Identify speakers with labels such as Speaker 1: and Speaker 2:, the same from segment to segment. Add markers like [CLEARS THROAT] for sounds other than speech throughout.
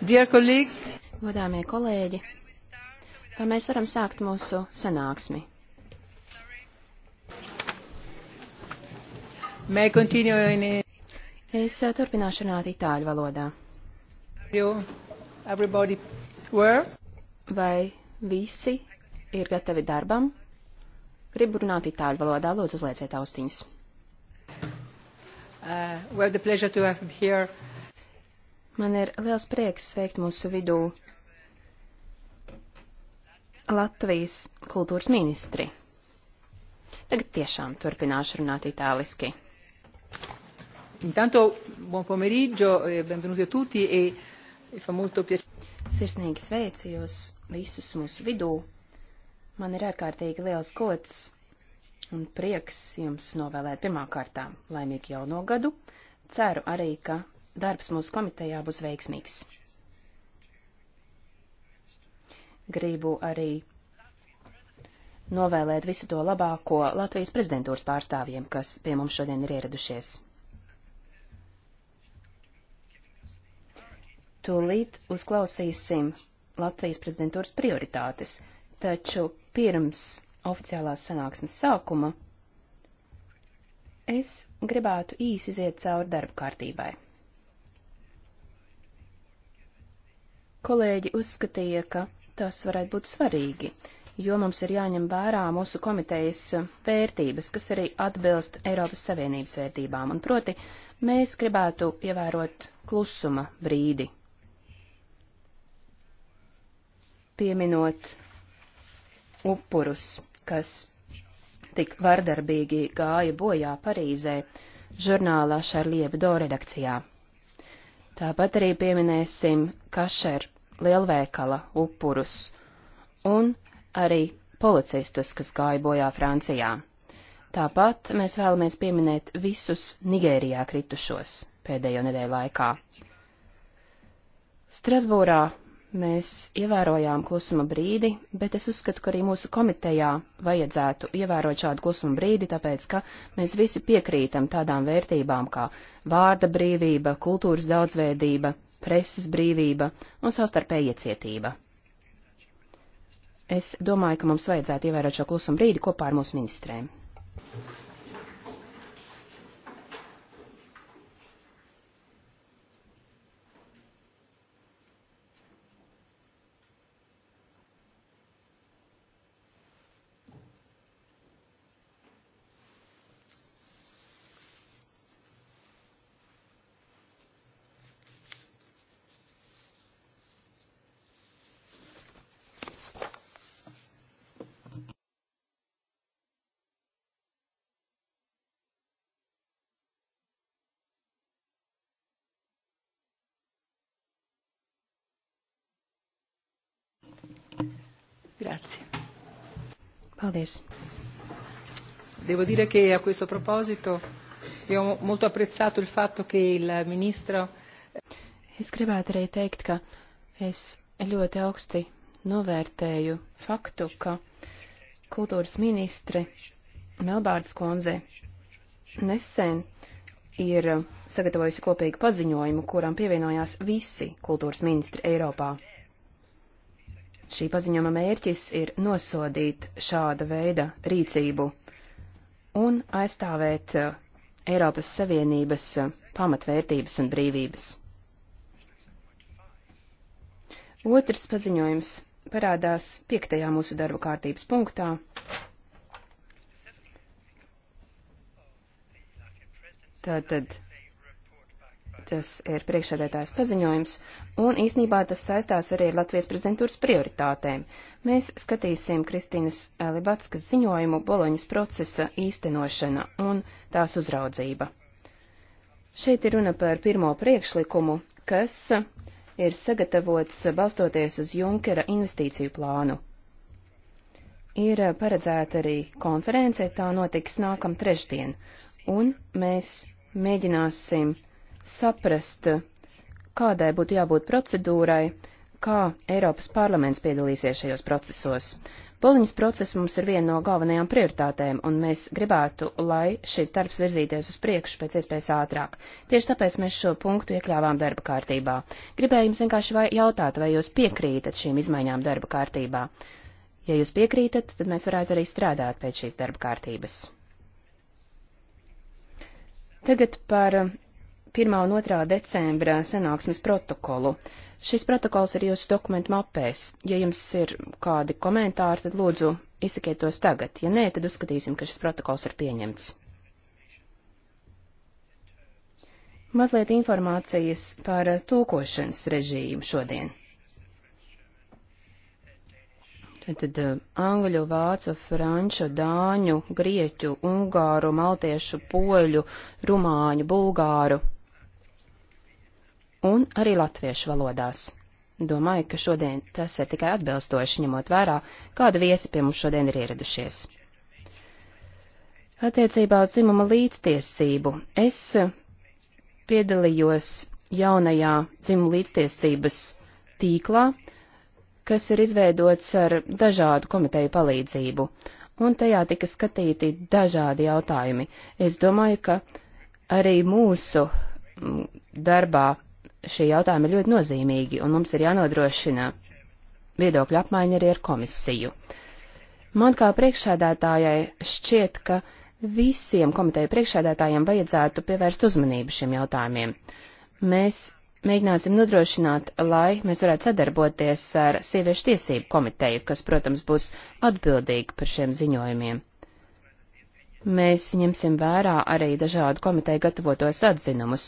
Speaker 1: Godāmie kolēģi, vai mēs varam sākt mūsu sanāksmi?
Speaker 2: In...
Speaker 1: Es eh, turpināšu runāt itāļu valodā. Vai visi ir gatavi darbam? Gribu runāt itāļu valodā, lūdzu uzlieciet austiņas. Uh, Man ir liels prieks sveikt mūsu vidū Latvijas kultūras ministri. Tagad tiešām turpināšu runāt itāliski. Intanto, buon pomeriggio, e, benvenuti a tutti e, e fa molto piacere. Sirsnīgi sveicu jūs visus mūsu vidū. Man ir ārkārtīgi liels gods un prieks jums novēlēt pirmkārtām laimīgu jauno gadu. Ceru arī, ka darbs mūsu komitejā būs veiksmīgs. Gribu arī novēlēt visu to labāko Latvijas prezidentūras pārstāvjiem, kas pie mums šodien ir ieradušies. Tūlīt uzklausīsim Latvijas prezidentūras prioritātes, taču pirms oficiālās sanāksmes sākuma es gribētu īsi iziet cauri darba kārtībai. Kolēģi uzskatīja, ka tas varētu būt svarīgi, jo mums ir jāņem vērā mūsu komitejas vērtības, kas arī atbilst Eiropas Savienības vērtībām, un proti mēs gribētu ievērot klusuma brīdi, pieminot upurus, kas tik vardarbīgi gāja bojā Parīzē žurnālā Šarlieba Do redakcijā. Tāpat arī pieminēsim kašer lielveikala upurus un arī policistus, kas gāja bojā Francijā. Tāpat mēs vēlamies pieminēt visus Nigērijā kritušos pēdējo nedēļu laikā. Strasbūrā Mēs ievērojām klusuma brīdi, bet es uzskatu, ka arī mūsu komitejā vajadzētu ievērot šādu klusuma brīdi, tāpēc, ka mēs visi piekrītam tādām vērtībām kā vārda brīvība, kultūras daudzveidība, preses brīvība un savstarpēja iecietība. Es domāju, ka mums vajadzētu ievērot šo klusuma brīdi kopā ar mūsu ministrēm.
Speaker 2: Paldies! Devo dire che a questo proposito io ho molto apprezzato il fatto che il ministro.
Speaker 1: Es gribētu arī teikt, ka es ļoti augsti novērtēju faktu, ka kultūras ministre Melbārdas kundze nesen ir sagatavojusi kopīgu paziņojumu, kuram pievienojās visi kultūras ministri Eiropā. Šī paziņojuma mērķis ir nosodīt šāda veida rīcību un aizstāvēt uh, Eiropas Savienības uh, pamatvērtības un brīvības. Otrs paziņojums parādās piektajā mūsu darba kārtības punktā. Tātad Tas ir priekšsēdētājs paziņojums, un īsnībā tas saistās arī ar Latvijas prezidentūras prioritātēm. Mēs skatīsim Kristīnas Libatskas ziņojumu Boloņas procesa īstenošana un tās uzraudzība. Šeit ir runa par pirmo priekšlikumu, kas ir sagatavots balstoties uz Junkera investīciju plānu. Ir paredzēta arī konference, tā notiks nākam trešdien, un mēs mēģināsim saprast, kādai būtu jābūt procedūrai, kā Eiropas parlaments piedalīsies šajos procesos. Poliņas process mums ir viena no galvenajām prioritātēm, un mēs gribētu, lai šis darbs virzīties uz priekšu pēc iespējas ātrāk. Tieši tāpēc mēs šo punktu iekļāvām darba kārtībā. Gribēju jums vienkārši vai jautāt, vai jūs piekrītat šīm izmaiņām darba kārtībā. Ja jūs piekrītat, tad mēs varētu arī strādāt pēc šīs darba kārtības. Tagad par 1. un 2. decembra sanāksmes protokolu. Šis protokols ir jūsu dokumentu mapēs. Ja jums ir kādi komentāri, tad lūdzu izsakiet tos tagad. Ja nē, tad uzskatīsim, ka šis protokols ir pieņemts. Mazliet informācijas par tulkošanas režīmu šodien. Tad uh, angļu, vācu, franču, dāņu, grieķu, ungāru, maltiešu, poļu, rumāņu, bulgāru, un arī latviešu valodās. Domāju, ka šodien tas ir tikai atbilstoši, ņemot vērā, kāda viesi pie mums šodien ir ieradušies. Attiecībā uz dzimuma līdztiesību es piedalījos jaunajā dzimuma līdztiesības tīklā, kas ir izveidots ar dažādu komiteju palīdzību, un tajā tika skatīti dažādi jautājumi. Es domāju, ka arī mūsu mm, darbā šie jautājumi ir ļoti nozīmīgi, un mums ir jānodrošina viedokļu apmaiņa arī ar komisiju. Man kā priekšsēdētājai šķiet, ka visiem komiteju priekšsēdētājiem vajadzētu pievērst uzmanību šiem jautājumiem. Mēs mēģināsim nodrošināt, lai mēs varētu sadarboties ar Sieviešu tiesību komiteju, kas, protams, būs atbildīga par šiem ziņojumiem. Mēs ņemsim vērā arī dažādu komiteju gatavotos atzinumus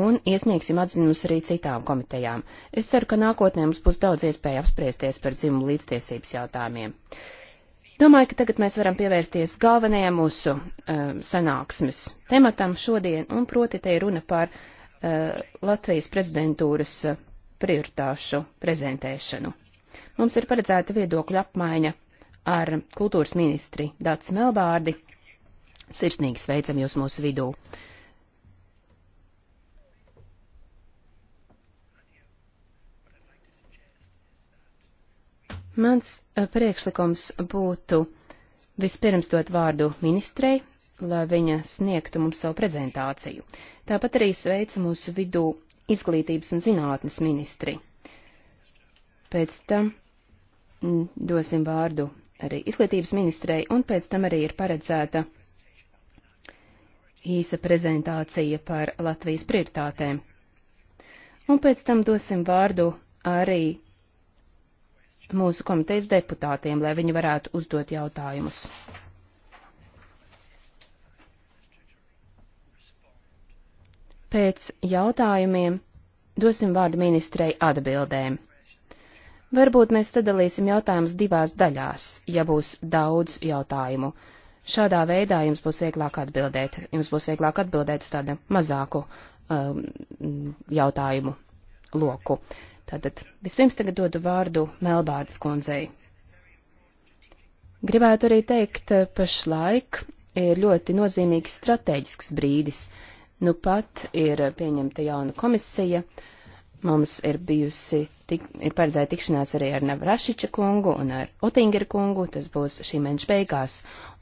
Speaker 1: un iesniegsim atzinumus arī citām komitejām. Es ceru, ka nākotnē mums būs daudz iespēju apspriesties par dzimumu līdztiesības jautājumiem. Domāju, ka tagad mēs varam pievērsties galvenajam mūsu um, sanāksmes tematam šodien, un proti te ir runa par uh, Latvijas prezidentūras uh, prioritāšu prezentēšanu. Mums ir paredzēta viedokļu apmaiņa ar kultūras ministri Dācis Melbārdi Sirsnīgi sveicam jūs mūsu vidū. Mans eh, priekšlikums būtu vispirms dot vārdu ministrei, lai viņa sniegtu mums savu prezentāciju. Tāpat arī sveicu mūsu vidū izglītības un zinātnes ministri. Pēc tam mm, dosim vārdu arī izglītības ministrei, un pēc tam arī ir paredzēta īsa prezentācija par Latvijas prioritātēm. Un pēc tam dosim vārdu arī mūsu komitejas deputātiem, lai viņi varētu uzdot jautājumus. Pēc jautājumiem dosim vārdu ministrei atbildēm. Varbūt mēs sadalīsim jautājumus divās daļās, ja būs daudz jautājumu. Šādā veidā jums būs vieglāk atbildēt. Jums būs vieglāk atbildēt uz tādu mazāku um, jautājumu loku. Tātad vispirms tagad dodu vārdu Melbārdas kundzei. Gribētu arī teikt, eh, pašlaik ir ļoti nozīmīgs strateģisks brīdis. Nu pat ir pieņemta jauna komisija, uh, Mums ir bijusi, tik, ir paredzēta tikšanās arī ar Navrašiča kungu un ar Otingeru kungu, tas būs šī mēneša beigās,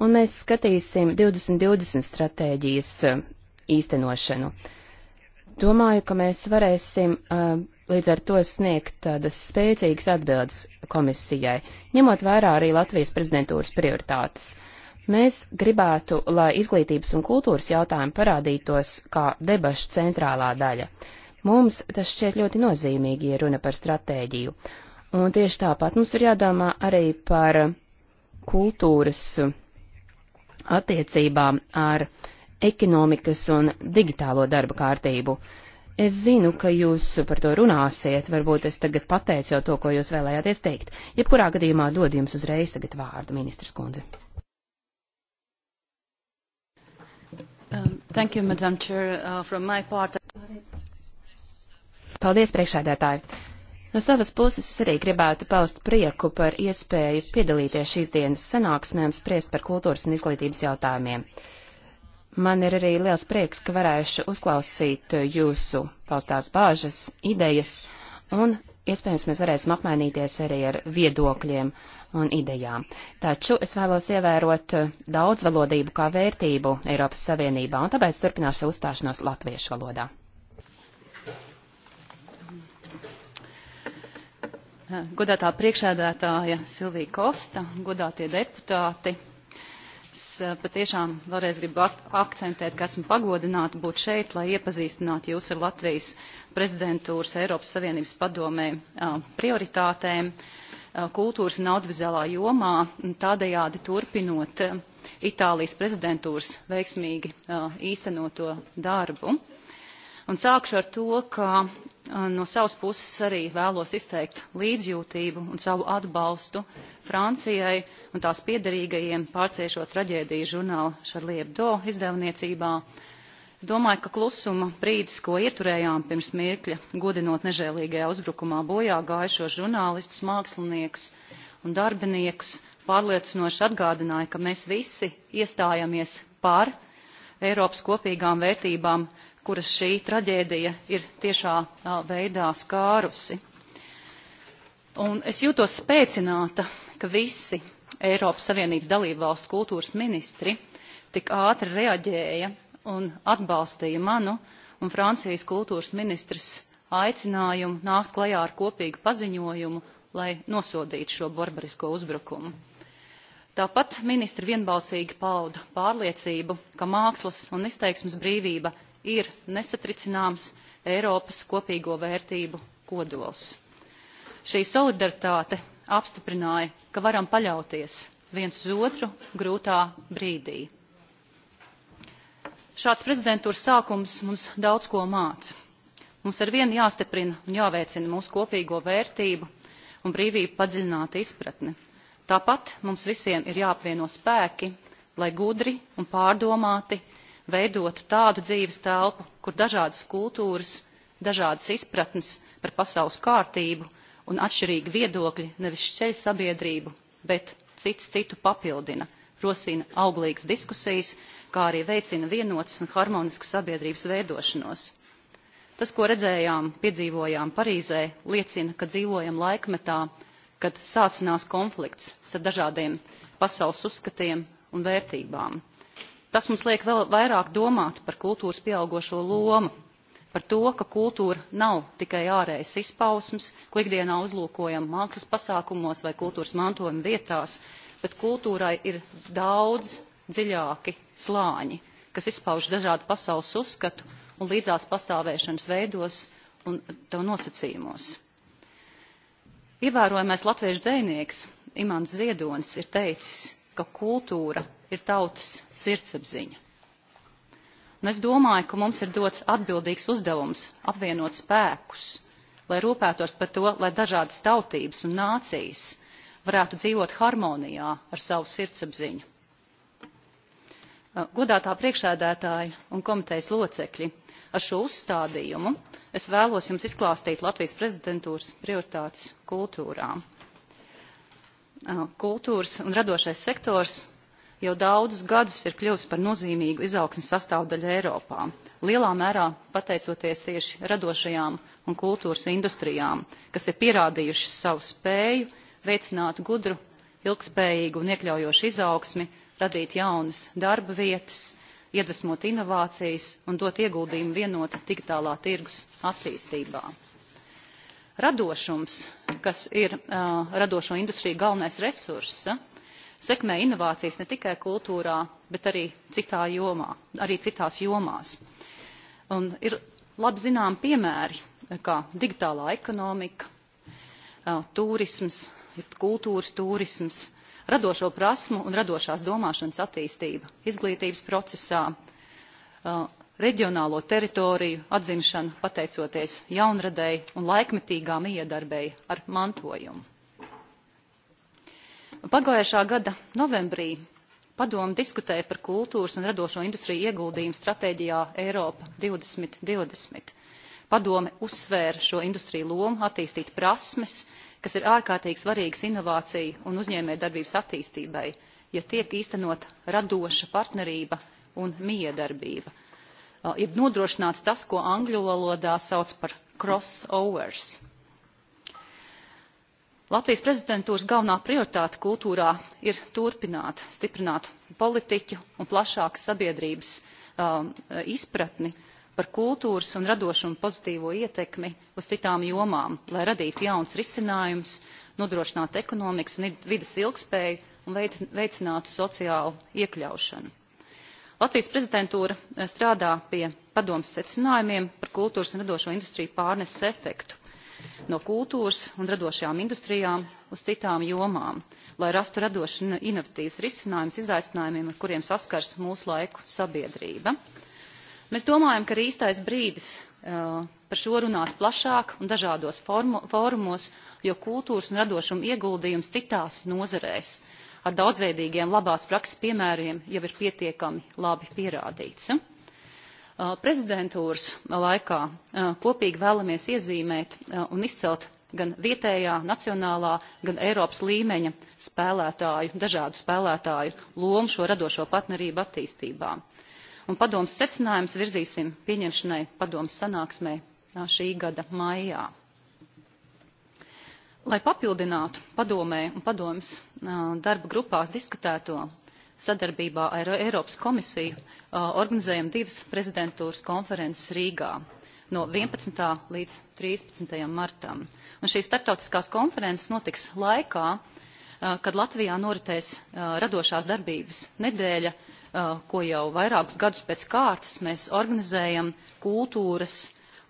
Speaker 1: un mēs skatīsim 2020 stratēģijas eh, īstenošanu. Domāju, ka mēs varēsim eh, līdz ar to sniegt tādas spēcīgas atbildes komisijai, ņemot vērā arī Latvijas prezidentūras prioritātes. Mēs gribētu, lai izglītības un kultūras jautājumi parādītos kā debašu centrālā daļa. Mums tas šķiet ļoti nozīmīgi, ja runa par stratēģiju. Un tieši tāpat mums ir jādomā arī par kultūras attiecībām ar ekonomikas un digitālo darba kārtību. Es zinu, ka jūs par to runāsiet, varbūt es tagad pateicu jau to, ko jūs vēlējāties teikt. Jebkurā gadījumā dod jums uzreiz tagad vārdu, ministrs kundze.
Speaker 3: Um, thank you, Madam Chair, uh, from my part.
Speaker 1: Paldies, priekšēdētāji! No savas puses es arī gribētu paust prieku par iespēju piedalīties šīs dienas sanāksmē un spriest par kultūras un izglītības jautājumiem. Man ir arī liels prieks, ka varēšu uzklausīt jūsu paustās bāžas, idejas, un iespējams mēs varēsim apmainīties arī ar viedokļiem un idejām. Taču es vēlos ievērot daudzvalodību kā vērtību Eiropas Savienībā, un tāpēc turpināšu uzstāšanos latviešu valodā.
Speaker 3: godātā priekšsēdētāja silvija kosta godātie deputāti es eh, patiešām vēlreiz gribu akcentēt ka esmu pagodināta būt šeit lai iepazīstinātu jūs ar latvijas prezidentūras eiropas savienības padomē prioritātēm kultūras un audiovizuālā jomā un tādējādi turpinot itālijas prezidentūras veiksmīgi īstenoto darbu. Un sākšu ar to, ka Uh, no savas puses arī vēlos izteikt līdzjūtību un savu atbalstu Francijai un tās piederīgajiem pārciešot traģēdiju žurnālu Charlie Hebdo izdevniecībā. Es domāju, ka klusuma brīdis, ko ieturējām pirms mirkļa, godinot nežēlīgajā uzbrukumā bojā gājušos žurnālistus, māksliniekus un darbiniekus, pārliecinoši atgādināja, ka mēs visi iestājamies par Eiropas kopīgām vērtībām, kuras šī traģēdija ir tiešā veidā skārusi. Un es jūtos spēcināta, ka visi Eiropas Savienības dalībvalstu kultūras ministri tik ātri reaģēja un atbalstīja manu un Francijas kultūras ministrs aicinājumu nākt klajā ar kopīgu paziņojumu, lai nosodītu šo barbarisko uzbrukumu. Tāpat ministri vienbalsīgi pauda pārliecību, ka mākslas un izteiksmes brīvība ir nesatricināms Eiropas kopīgo vērtību kodols. Šī solidaritāte apstiprināja, ka varam paļauties viens uz otru grūtā brīdī. Šāds prezidentūras sākums mums daudz ko māca. Mums ar vienu jāstiprina un jāveicina mūsu kopīgo vērtību un brīvību padziļināta izpratne. Tāpat mums visiem ir jāapvieno spēki, lai gudri un pārdomāti veidotu tādu dzīves telpu, kur dažādas kultūras, dažādas izpratnes par pasaules kārtību un atšķirīgi viedokļi nevis šķeļ sabiedrību, bet cits citu papildina, rosina auglīgas diskusijas, kā arī veicina vienotas un harmoniskas sabiedrības veidošanos. Tas, ko redzējām, piedzīvojām Parīzē, liecina, ka dzīvojam laikmetā, kad sāsinās konflikts ar dažādiem pasaules uzskatiem un vērtībām tas mums liek vēl vairāk domāt par kultūras pieaugušo lomu par to ka kultūra nav tikai ārējas izpausmes ko ikdienā uzlūkojam mākslas pasākumos vai kultūras mantojuma vietās bet kultūrai ir daudz dziļāki slāņi kas izpauž dažādu pasaules uzskatu un līdzās pastāvēšanas veidos un to nosacījumos. Ievērojamais latviešu dzēnieks Imants Ziedonis ir teicis, ka kultūra ir tautas sirdsapziņa. Un es domāju, ka mums ir dots atbildīgs uzdevums apvienot spēkus, lai rūpētos par to, lai dažādas tautības un nācijas varētu dzīvot harmonijā ar savu sirdsapziņu. Godātā priekšēdētāja un komitejas locekļi, ar šo uzstādījumu es vēlos jums izklāstīt Latvijas prezidentūras prioritātes kultūrā. Kultūras un radošais sektors jau daudzus gadus ir kļuvusi par nozīmīgu izaugsmes sastāvdaļu Eiropā, lielā mērā pateicoties tieši radošajām un kultūras industrijām, kas ir pierādījušas savu spēju veicināt gudru, ilgspējīgu un iekļaujošu izaugsmi, radīt jaunas darba vietas, iedvesmot inovācijas un dot ieguldījumu vienota digitālā tirgus attīstībā. Radošums, kas ir uh, radošo industriju galvenais resurss, sekmē inovācijas ne tikai kultūrā, bet arī, citā jomā, arī citās jomās. Un ir labi zinām piemēri, kā digitālā ekonomika, turisms, kultūras turisms, radošo prasmu un radošās domāšanas attīstība izglītības procesā, reģionālo teritoriju atzimšana pateicoties jaunradēji un laikmetīgām iedarbēji ar mantojumu pagājušā gada novembrī padome diskutēja par kultūras un radošo industriju ieguldījumu stratēģijā eiropa. two thousand and twenty padome uzsvēra šo industriju lomu attīstīt prasmes kas ir ārkārtīgi svarīgas inovāciju un uzņēmējdarbības attīstībai ja tiek īstenota radoša partnerība un miedarbība jeb uh, nodrošināts tas ko angļu valodā sauc par crossovers latvijas prezidentūras galvenā prioritāte kultūrā ir turpināt stiprināt politiķu un plašākas sabiedrības um, izpratni par kultūras un radošuma pozitīvo ietekmi uz citām jomām lai radītu jaunus risinājumus nodrošinātu ekonomikas un vides ilgtspēju un veicinātu sociālu iekļaušanu. latvijas prezidentūra eh, strādā pie padomes secinājumiem par kultūras un radošo industriju pārneses efektu no kultūras un radošajām industrijām uz citām jomām lai rastu radošus un inovatīvus risinājumus izaicinājumiem ar kuriem saskars mūsu laiku sabiedrība. mēs domājam ka ir īstais brīdis uh, par šo runāt plašāk un dažādos fórumos jo kultūras un radošuma ieguldījums citās nozarēs ar daudzveidīgiem labās prakses piemēriem jau ir pietiekami labi pierādīts prezidentūras laikā kopīgi vēlamies iezīmēt un izcelt gan vietējā nacionālā gan eiropas līmeņa spēlētāju dažādu spēlētāju lomu šo radošo partnerību attīstībā. Un padomes secinājumus virzīsim pieņemšanai padomes sanāksmē šī gada maijā. Lai papildinātu padomē un padomes darba grupās diskutēto sadarbībā ar Eiropas komisiju organizējam divas prezidentūras konferences Rīgā no 11. līdz 13. martam. Un šīs starptautiskās konferences notiks laikā, kad Latvijā noritēs radošās darbības nedēļa, ko jau vairākus gadus pēc kārtas mēs organizējam kultūras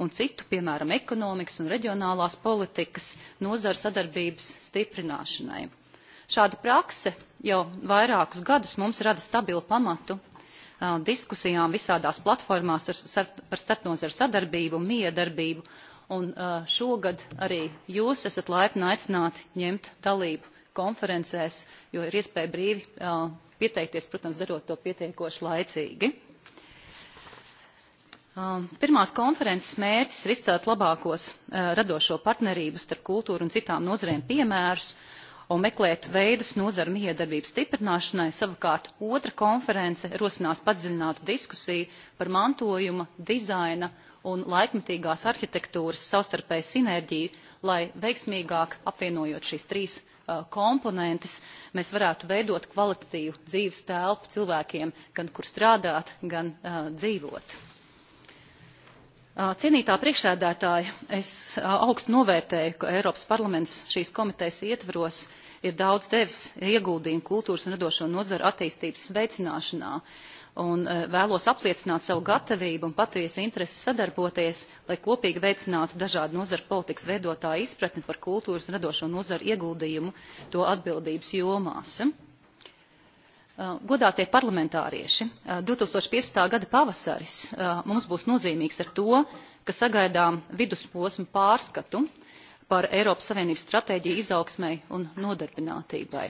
Speaker 3: un citu, piemēram, ekonomikas un reģionālās politikas nozaru sadarbības stiprināšanai. Šāda prakse jau vairākus gadus mums rada stabilu pamatu uh, diskusijām visādās platformās ar, starp, par starpnozaru sadarbību un miedarbību. Un uh, šogad arī jūs esat laipni aicināti ņemt dalību konferencēs, jo ir iespēja brīvi uh, pieteikties, protams, darot to pietiekoši laicīgi. Um, pirmās konferences mērķis ir izcelt labākos uh, radošo partnerību starp kultūru un citām nozarēm piemērus un meklēt veidus nozaru mijiedarbības stiprināšanai savukārt otra konference rosinās padziļinātu diskusiju par mantojuma dizaina un laikmetīgās arhitektūras savstarpēju sinerģiju lai veiksmīgāk apvienojot šīs trīs uh, komponentes mēs varētu veidot kvalitatīvu dzīves telpu cilvēkiem gan kur strādāt gan uh, dzīvot. Cienītā priekšsēdētāja, es augstu novērtēju, ka Eiropas parlaments šīs komitejas ietvaros ir daudz devis ieguldījumu kultūras un radošo nozaru attīstības veicināšanā un vēlos apliecināt savu gatavību un patiesu interesi sadarboties, lai kopīgi veicinātu dažādu nozaru politikas veidotāju izpratni par kultūras un radošo nozaru ieguldījumu to atbildības jomās. Ja? Uh, godātie parlamentārieši, 2015. Uh, gada pavasaris uh, mums būs nozīmīgs ar to, ka sagaidām vidusposmu pārskatu par Eiropas Savienības stratēģiju izaugsmai un nodarbinātībai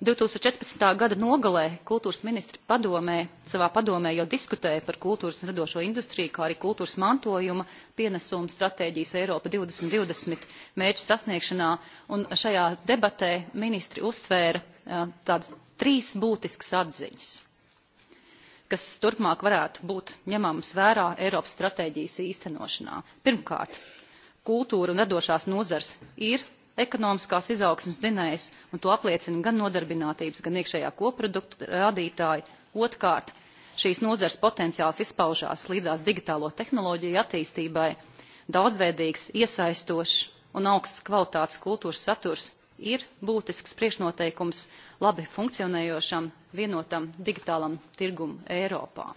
Speaker 3: 2014. gada nogalē kultūras ministri padomē, savā padomē jau diskutēja par kultūras un radošo industriju, kā arī kultūras mantojuma pienesumu stratēģijas Eiropa 2020 mērķu sasniegšanā. Un šajā debatē ministri uztvēra tādas trīs būtiskas atziņas kas turpmāk varētu būt ņemamas vērā Eiropas stratēģijas īstenošanā. Pirmkārt, kultūra un radošās nozars ir ekonomiskās izaugsmes dzinējs un to apliecina gan nodarbinātības gan iekšējā koprodukta rādītāji otrkārt šīs nozares potenciāls izpaužās līdzās digitālo tehnoloģiju attīstībai daudzveidīgs iesaistošs un augstas kvalitātes kultūras saturs ir būtisks priekšnoteikums labi funkcionējošam vienotam digitālam tirgum eiropā.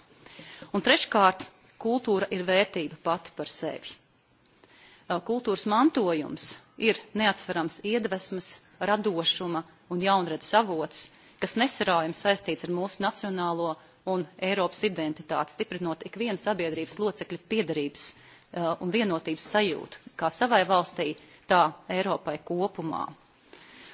Speaker 3: un treškārt kultūra ir vērtība pati par sevi kultūras mantojums ir neatsverams iedvesmas radošuma un jaunredzes avots kas nesaraujami saistīts ar mūsu nacionālo un eiropas identitāti stiprinot ikviena sabiedrības locekļa piederības un vienotības sajūtu kā savai valstij tā eiropai kopumā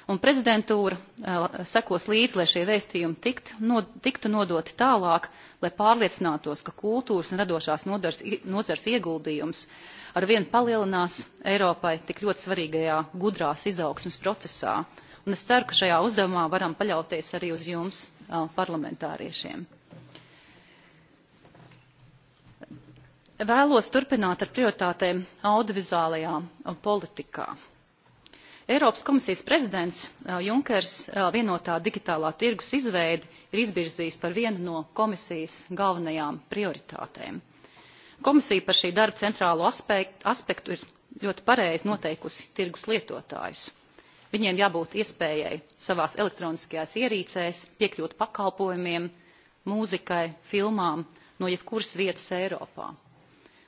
Speaker 3: un prezidentūra eh, sekos līdzi, lai šie vēstījumi tikt, no, tiktu nodoti tālāk, lai pārliecinātos, ka kultūras un radošās nodars, nozars ieguldījums arvien palielinās Eiropai tik ļoti svarīgajā gudrās izaugsmas procesā. Un es ceru, ka šajā uzdevumā varam paļauties arī uz jums, eh, parlamentāriešiem. vēlos turpināt ar prioritātēm audiovizuālajā politikā. Eiropas komisijas prezidents eh, Junkers eh, vienotā digitālā tirgus izveidi ir izvirzījis par vienu no komisijas galvenajām prioritātēm. Komisija par šī darba centrālo aspektu, aspektu ir ļoti pareizi noteikusi tirgus lietotājus. Viņiem jābūt iespējai savās elektroniskajās ierīcēs piekļūt pakalpojumiem, mūzikai, filmām no jebkuras vietas Eiropā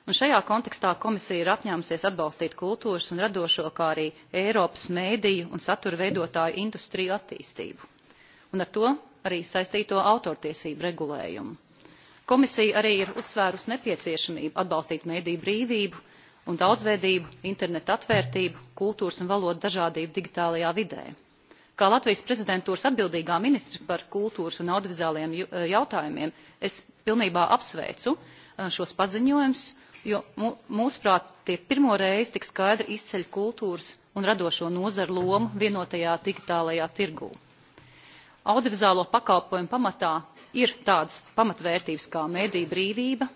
Speaker 3: Un šajā kontekstā komisija ir apņēmusies atbalstīt kultūras un radošo, kā arī Eiropas mēdīju un satura veidotāju industriju attīstību. Un ar to arī saistīto autortiesību regulējumu. Komisija arī ir uzsvērusi nepieciešamību atbalstīt mēdīju brīvību un daudzveidību, interneta atvērtību, kultūras un valodu dažādību digitālajā vidē. Kā Latvijas prezidentūras atbildīgā ministra par kultūras un audiovizuāliem eh, jautājumiem, es pilnībā apsveicu eh, šos paziņojumus jo mūsuprāt tie pirmo reizi tik skaidri izceļ kultūras un radošo nozaru lomu vienotajā digitālajā tirgū. Audiovizuālo pakalpojumu pamatā ir tādas pamatvērtības kā mēdīja brīvība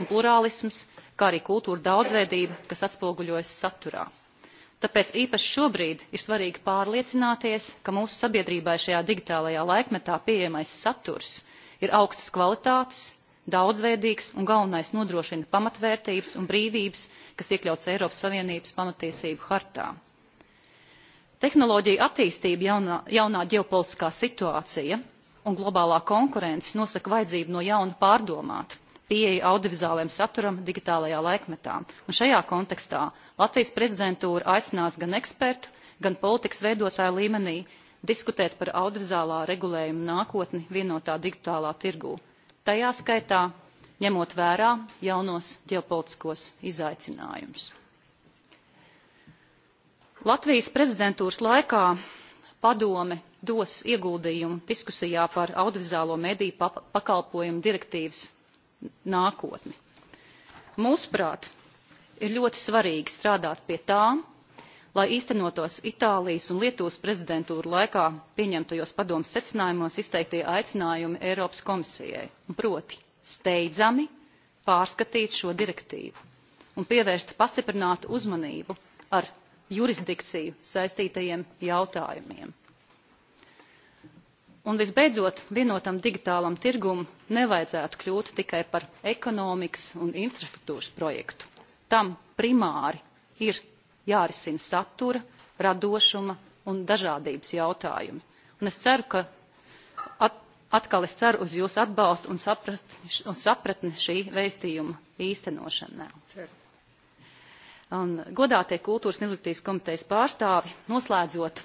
Speaker 3: un plurālisms, kā arī kultūra daudzveidība, kas atspoguļojas saturā. Tāpēc īpaši šobrīd ir svarīgi pārliecināties, ka mūsu sabiedrībai šajā digitālajā laikmetā pieejamais saturs ir augstas kvalitātes, daudzveidīgs un galvenais nodrošina pamatvērtības un brīvības kas iekļautas eiropas savienības pamatiesību hartā. tehnoloģiju attīstība jaunā, jaunā ģeopolitiskā situācija un globālā konkurence nosaka vajadzību no jauna pārdomāt pieeju audiovizuālajam saturam digitālajā laikmetā un šajā kontekstā latvijas prezidentūra aicinās gan ekspertu gan politikas veidotāju līmenī diskutēt par audiovizuālā regulējuma nākotni vienotā digitālā tirgū tajā skaitā ņemot vērā jaunos ģeopolitiskos izaicinājumus. Latvijas prezidentūras laikā padome dos ieguldījumu diskusijā par audiovizuālo mediju pakalpojumu direktīvas nākotni. Mūsuprāt, ir ļoti svarīgi strādāt pie tā, lai īstenotos itālijas un lietuvas prezidentūru laikā pieņemtajos padomes secinājumos izteiktie aicinājumi eiropas komisijai proti steidzami pārskatīt šo direktīvu un pievērst pastiprinātu uzmanību ar jurisdikciju saistītajiem jautājumiem. Un visbeidzot, vienotam digitālam tirgum nevajadzētu kļūt tikai par ekonomikas un infrastruktūras projektu. Tam primāri ir jārisina satura, radošuma un dažādības jautājumi. Un es ceru, ka at, atkal es ceru uz jūsu atbalstu un sapratni, un sapratni šī veistījuma īstenošanā. Un, godātie kultūras un izglītības komitejas pārstāvi, noslēdzot,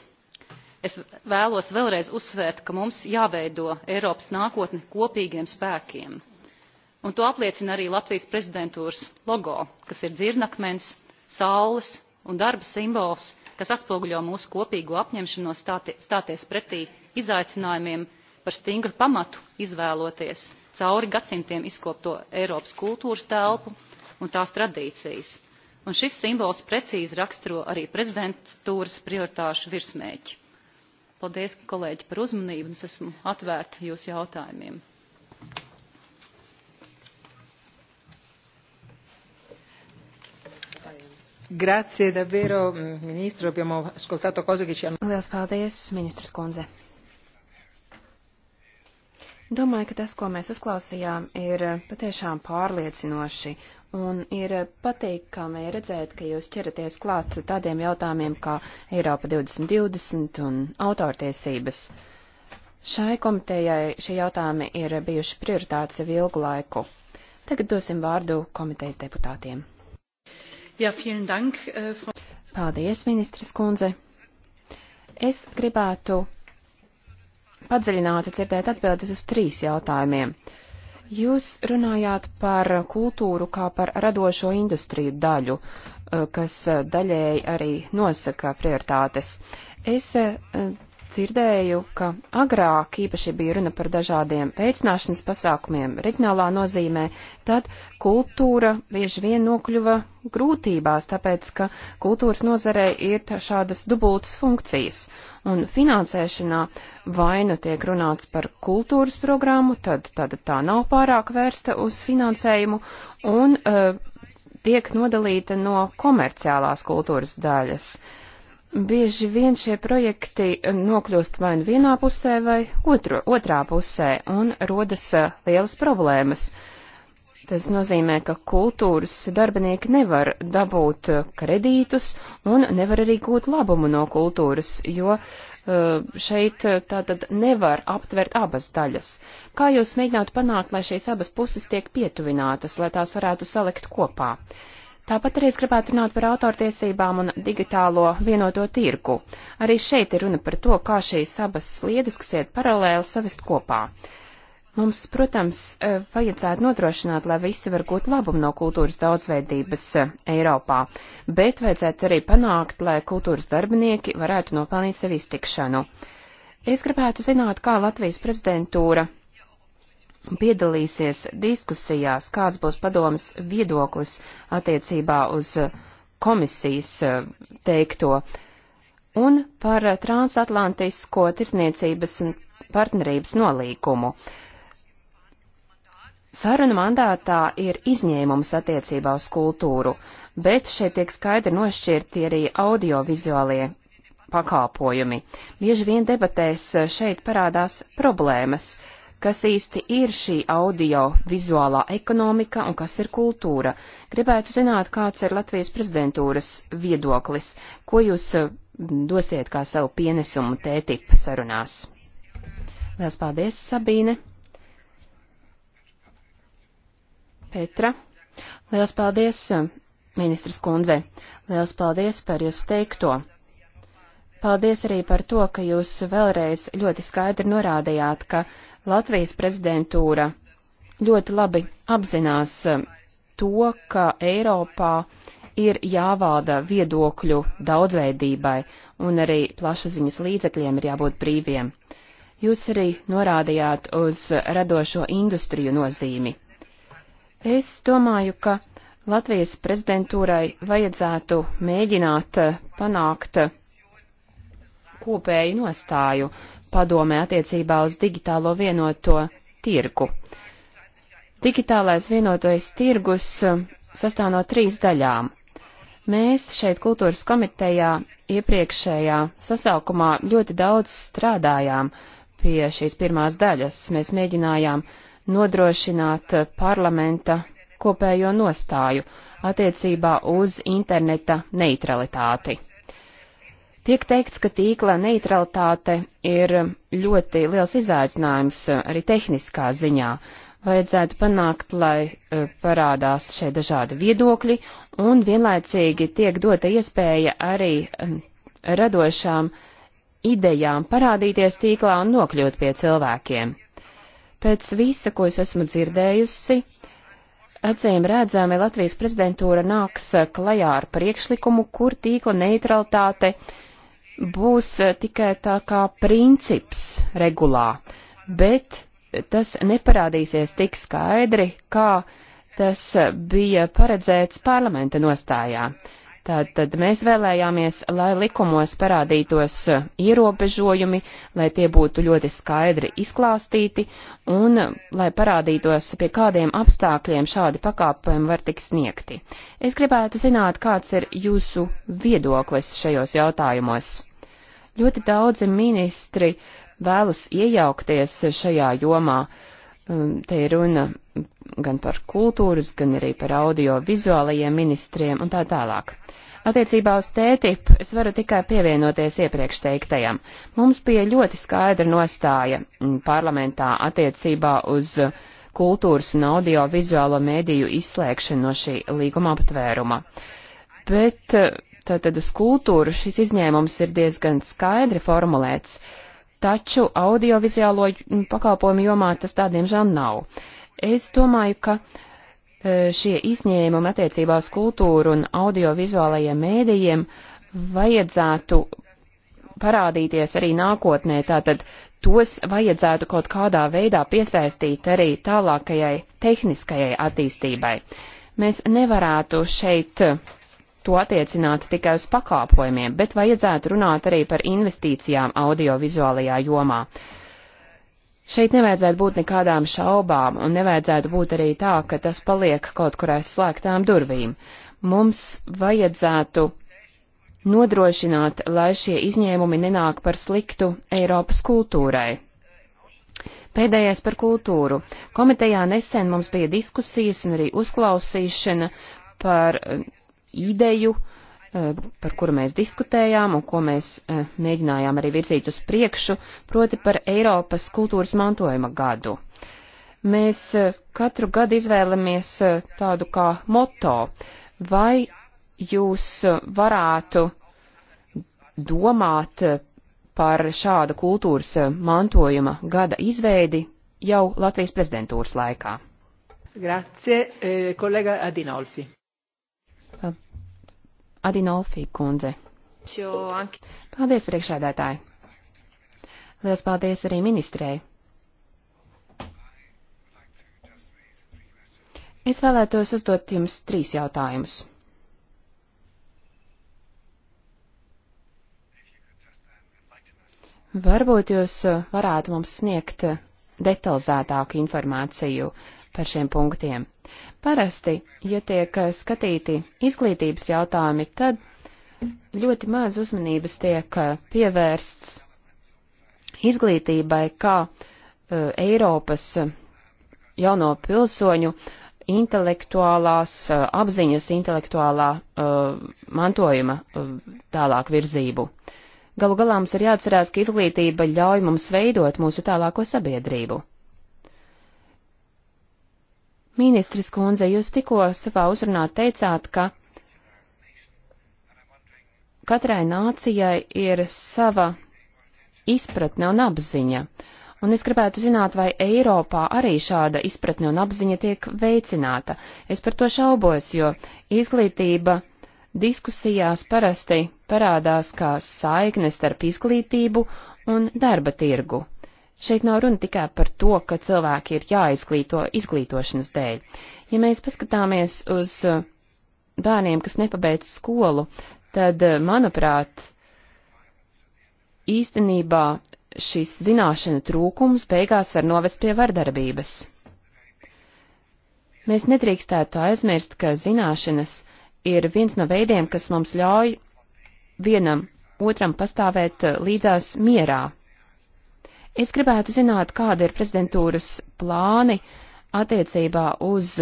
Speaker 3: es vēlos vēlreiz uzsvērt, ka mums jāveido Eiropas nākotne kopīgiem spēkiem. Un to apliecina arī Latvijas prezidentūras logo, kas ir dzirnakmens, saules un darba simbols kas atspoguļo mūsu kopīgo apņemšanos stāti, stāties pretī izaicinājumiem par stingru pamatu izvēloties cauri gadsimtiem izkopto Eiropas kultūras telpu un tās tradīcijas. Un šis simbols precīzi raksturo arī prezidentūras prioritāšu virsmēķi. Paldies, kolēģi, par uzmanību, un es esmu atvērta jūsu
Speaker 2: jautājumiem. Grazie davvero, ministro, abbiamo ascoltato cose che ci hanno.
Speaker 1: Lielas paldies, ministrs Kunze. Domāju, ka tas, ko mēs uzklausījām, ir patiešām pārliecinoši un ir patīkami redzēt, ka jūs ķeraties klāt tādiem jautājumiem kā Eiropa 2020 un autortiesības. Šai komitejai šie jautājumi ir bijuši prioritātes jau ilgu laiku. Tagad dosim vārdu komitejas deputātiem.
Speaker 3: Ja, dank, uh, Frau...
Speaker 1: Paldies, ministras kundze. Es gribētu padziļināti dzirdēt atbildes uz trīs jautājumiem. Jūs runājāt par kultūru kā par radošo industriju daļu, eh, kas eh, daļēji arī nosaka prioritātes. Es eh, dzirdēju, ka agrāk īpaši bija runa par dažādiem veicināšanas pasākumiem reģionālā nozīmē, tad kultūra bieži vien nokļuva grūtībās, tāpēc, ka kultūras nozarē ir šādas dubultas funkcijas. Un finansēšanā vainu tiek runāts par kultūras programmu, tad, tad tā nav pārāk vērsta uz finansējumu, un uh, tiek nodalīta no komerciālās kultūras daļas. Uh, bieži vien šie projekti nokļūst vai nu vienā pusē, vai otro, otrā pusē, un rodas eh, lielas problēmas. Tas nozīmē, ka kultūras darbinieki nevar dabūt eh, kredītus un nevar arī gūt labumu no kultūras, jo eh, šeit tātad nevar aptvert abas daļas. Kā jūs mēģināt panākt, lai šīs abas puses tiek pietuvinātas, lai tās varētu salikt kopā? Uh, Tāpat arī es gribētu runāt par autortiesībām un digitālo vienoto tirgu. Arī šeit ir runa par to, kā šīs abas sliedes, kas iet paralēli, savest kopā. Mums, protams, eh, vajadzētu nodrošināt, lai visi var gūt labumu no kultūras daudzveidības eh, Eiropā, bet vajadzētu arī panākt, lai kultūras darbinieki varētu nopelnīt sev iztikšanu. Es gribētu zināt, kā Latvijas prezidentūra piedalīsies diskusijās, kāds būs padomas viedoklis attiecībā uz komisijas eh, teikto un par transatlantisko tirsniecības un partnerības nolīkumu. Saruna mandātā ir izņēmums attiecībā uz kultūru, bet šeit tiek skaidri nošķirti arī audiovizuālie pakāpojumi. Bieži vien debatēs šeit parādās problēmas, uh, kas īsti ir šī audio vizuālā ekonomika un kas ir kultūra. Gribētu zināt, kāds ir Latvijas prezidentūras viedoklis, ko jūs eh, dosiet kā savu pienesumu tētip sarunās. Lielas paldies, Sabīne. Petra. Lielas paldies, eh, ministras kundze. Lielas paldies par jūsu teikto. Paldies arī par to, ka jūs vēlreiz ļoti skaidri norādījāt, ka Latvijas prezidentūra ļoti labi apzinās eh, to, ka Eiropā ir jāvalda viedokļu daudzveidībai un arī plašsaziņas līdzekļiem ir jābūt brīviem. Jūs arī norādījāt uz radošo industriju nozīmi. Es domāju, ka Latvijas prezidentūrai vajadzētu mēģināt eh, panākt eh, kopēju nostāju padomē attiecībā uz digitālo vienoto tirgu. Digitālais vienotais tirgus uh, sastāv no trīs daļām. Mēs šeit kultūras komitejā iepriekšējā sasaukumā ļoti daudz strādājām pie šīs pirmās daļas. Mēs mēģinājām nodrošināt uh, parlamenta kopējo nostāju attiecībā uz interneta neutralitāti. Tiek teikts, ka tīkla neutralitāte ir ļoti liels izaicinājums eh, arī tehniskā ziņā. Vajadzētu panākt, lai eh, parādās šie dažādi viedokļi un vienlaicīgi tiek dota iespēja arī eh, radošām idejām parādīties tīklā un nokļūt pie cilvēkiem. Pēc visa, ko es esmu dzirdējusi, Acīm redzami Latvijas prezidentūra nāks klajā ar priekšlikumu, kur tīkla neutralitāte būs eh, tikai tā kā princips regulā, bet tas neparādīsies tik skaidri, kā tas bija paredzēts parlamenta nostājā. Tātad mēs vēlējāmies, lai likumos parādītos eh, ierobežojumi, lai tie būtu ļoti skaidri izklāstīti un eh, lai parādītos, pie kādiem apstākļiem šādi pakāpojumi var tik sniegti. Es gribētu zināt, kāds ir jūsu viedoklis šajos jautājumos. Ļoti daudzi ministri vēlas iejaukties šajā jomā. Um, te ir runa gan par kultūras, gan arī par audio-vizuālajiem ministriem un tā tālāk. Attiecībā uz tētipu es varu tikai pievienoties iepriekš teiktajam. Mums bija ļoti skaidra nostāja mm, parlamentā attiecībā uz kultūras un audio-vizuālo mēdīju izslēgšanu no šī līguma aptvēruma. Bet Tātad uz kultūru šis izņēmums ir diezgan skaidri formulēts, taču audiovizuālo pakalpojumu jomā tas tādiem žēl nav. Es domāju, ka e, šie izņēmumi attiecībā uz kultūru un audiovizuālajiem mēdījiem vajadzētu parādīties arī nākotnē, tātad tos vajadzētu kaut kādā veidā piesaistīt arī tālākajai tehniskajai attīstībai. Mēs nevarētu šeit uh, to attiecināt tikai uz pakāpojumiem, bet vajadzētu runāt arī par investīcijām audiovizuālajā jomā. Šeit nevajadzētu būt nekādām šaubām, un nevajadzētu būt arī tā, ka tas paliek kaut kur aiz slēgtām durvīm. Mums vajadzētu nodrošināt, lai šie izņēmumi nenāk par sliktu Eiropas kultūrai. Pēdējais par kultūru. Komitejā nesen mums bija diskusijas un arī uzklausīšana par ideju, eh, par kuru mēs diskutējām un ko mēs eh, mēģinājām arī virzīt uz priekšu, proti par Eiropas kultūras mantojuma gadu. Mēs eh, katru gadu izvēlamies tādu kā moto, vai jūs varētu domāt par šāda kultūras mantojuma gada izveidi jau Latvijas prezidentūras laikā.
Speaker 2: Grazie, kolēga Adinolfi.
Speaker 1: Adinolfi kundze. Paldies, priekšēdētāji. Lielas paldies arī ministrei. Es vēlētos uzdot jums trīs jautājumus. Varbūt jūs varētu mums sniegt detalizētāku informāciju par šiem punktiem. Parasti, ja tiek eh, skatīti izglītības jautājumi, tad ļoti maz uzmanības tiek eh, pievērsts izglītībai kā eh, Eiropas jauno pilsoņu intelektuālās apziņas, intelektuālā mantojuma tālāk virzību. Galu galā mums ir jāatcerās, ka izglītība ļauj mums veidot mūsu tālāko sabiedrību. Ministris kundze, jūs tikko savā uzrunā teicāt, ka katrai nācijai ir sava izpratne un apziņa. Un es gribētu zināt, vai Eiropā arī šāda izpratne un apziņa tiek veicināta. Es par to šaubos, jo izglītība diskusijās parasti parādās kā saikne starp izglītību un darba tirgu. Šeit nav runa tikai par to, ka cilvēki ir jāizglīto izglītošanas dēļ. Ja mēs paskatāmies uz uh, bērniem, kas nepabeidz skolu, tad, uh, manuprāt, īstenībā šis zināšana trūkums beigās var novest pie vardarbības. Mēs nedrīkstētu aizmirst, ka zināšanas ir viens no veidiem, kas mums ļauj vienam otram pastāvēt uh, līdzās mierā Es gribētu zināt, kāda ir prezidentūras plāni attiecībā uz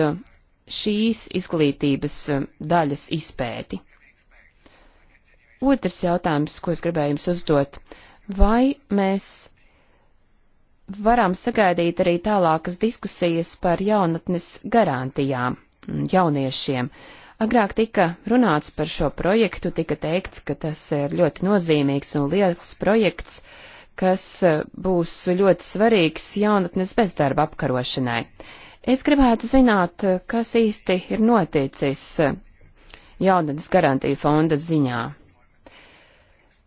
Speaker 1: šīs izglītības eh, daļas izpēti. Otrs jautājums, ko es gribēju jums uzdot. Vai mēs varam sagaidīt arī tālākas diskusijas par jaunatnes garantijām mm, jauniešiem? Agrāk tika runāts par šo projektu, tika teikts, ka tas ir ļoti nozīmīgs un liels projekts, uh, kas eh, būs ļoti svarīgs jaunatnes bezdarba apkarošanai. Es gribētu zināt, eh, kas īsti ir noticis eh, jaunatnes garantija fonda ziņā.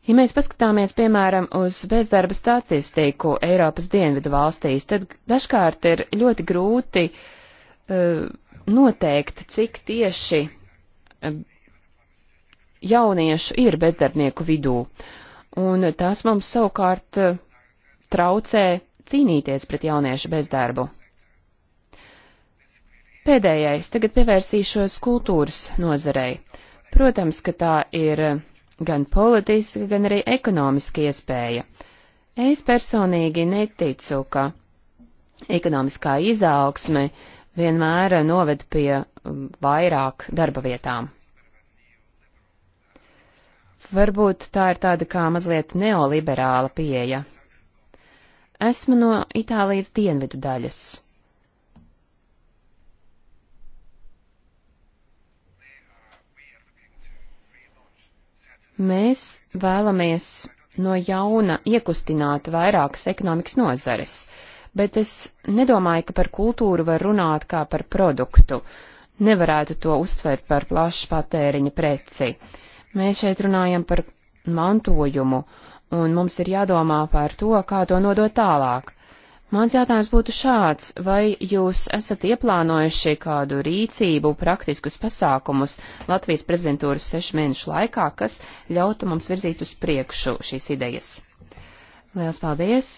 Speaker 1: Ja mēs paskatāmies, piemēram, uz bezdarba statistiku Eiropas dienvidu valstīs, tad dažkārt ir ļoti grūti uh, noteikt, cik tieši uh, jauniešu ir bezdarbnieku vidū. Uh, un tas mums savukārt eh, traucē cīnīties pret jauniešu bezdarbu. Pēdējais, tagad pievērsīšos kultūras nozarei. Protams, ka tā ir gan politiska, gan arī ekonomiska iespēja. Es personīgi neticu, ka ekonomiskā izaugsme vienmēr noved pie mm, vairāk darba vietām. Varbūt tā ir tāda kā mazliet neoliberāla pieeja. Esmu no Itālijas dienvidu daļas. Mēs vēlamies no jauna iekustināt vairākas ekonomikas nozares, bet es nedomāju, ka par kultūru var runāt kā par produktu. Nevarētu to uzsvērt par plašu patēriņa preci. Uh, Mēs šeit runājam par mantojumu, un mums ir jādomā par to, kā to nodot tālāk. Mans jautājums būtu šāds, vai jūs esat ieplānojuši kādu rīcību, praktiskus pasākumus Latvijas prezidentūras sešu mēnešu laikā, kas ļautu mums virzīt uz priekšu šīs idejas? Liels paldies!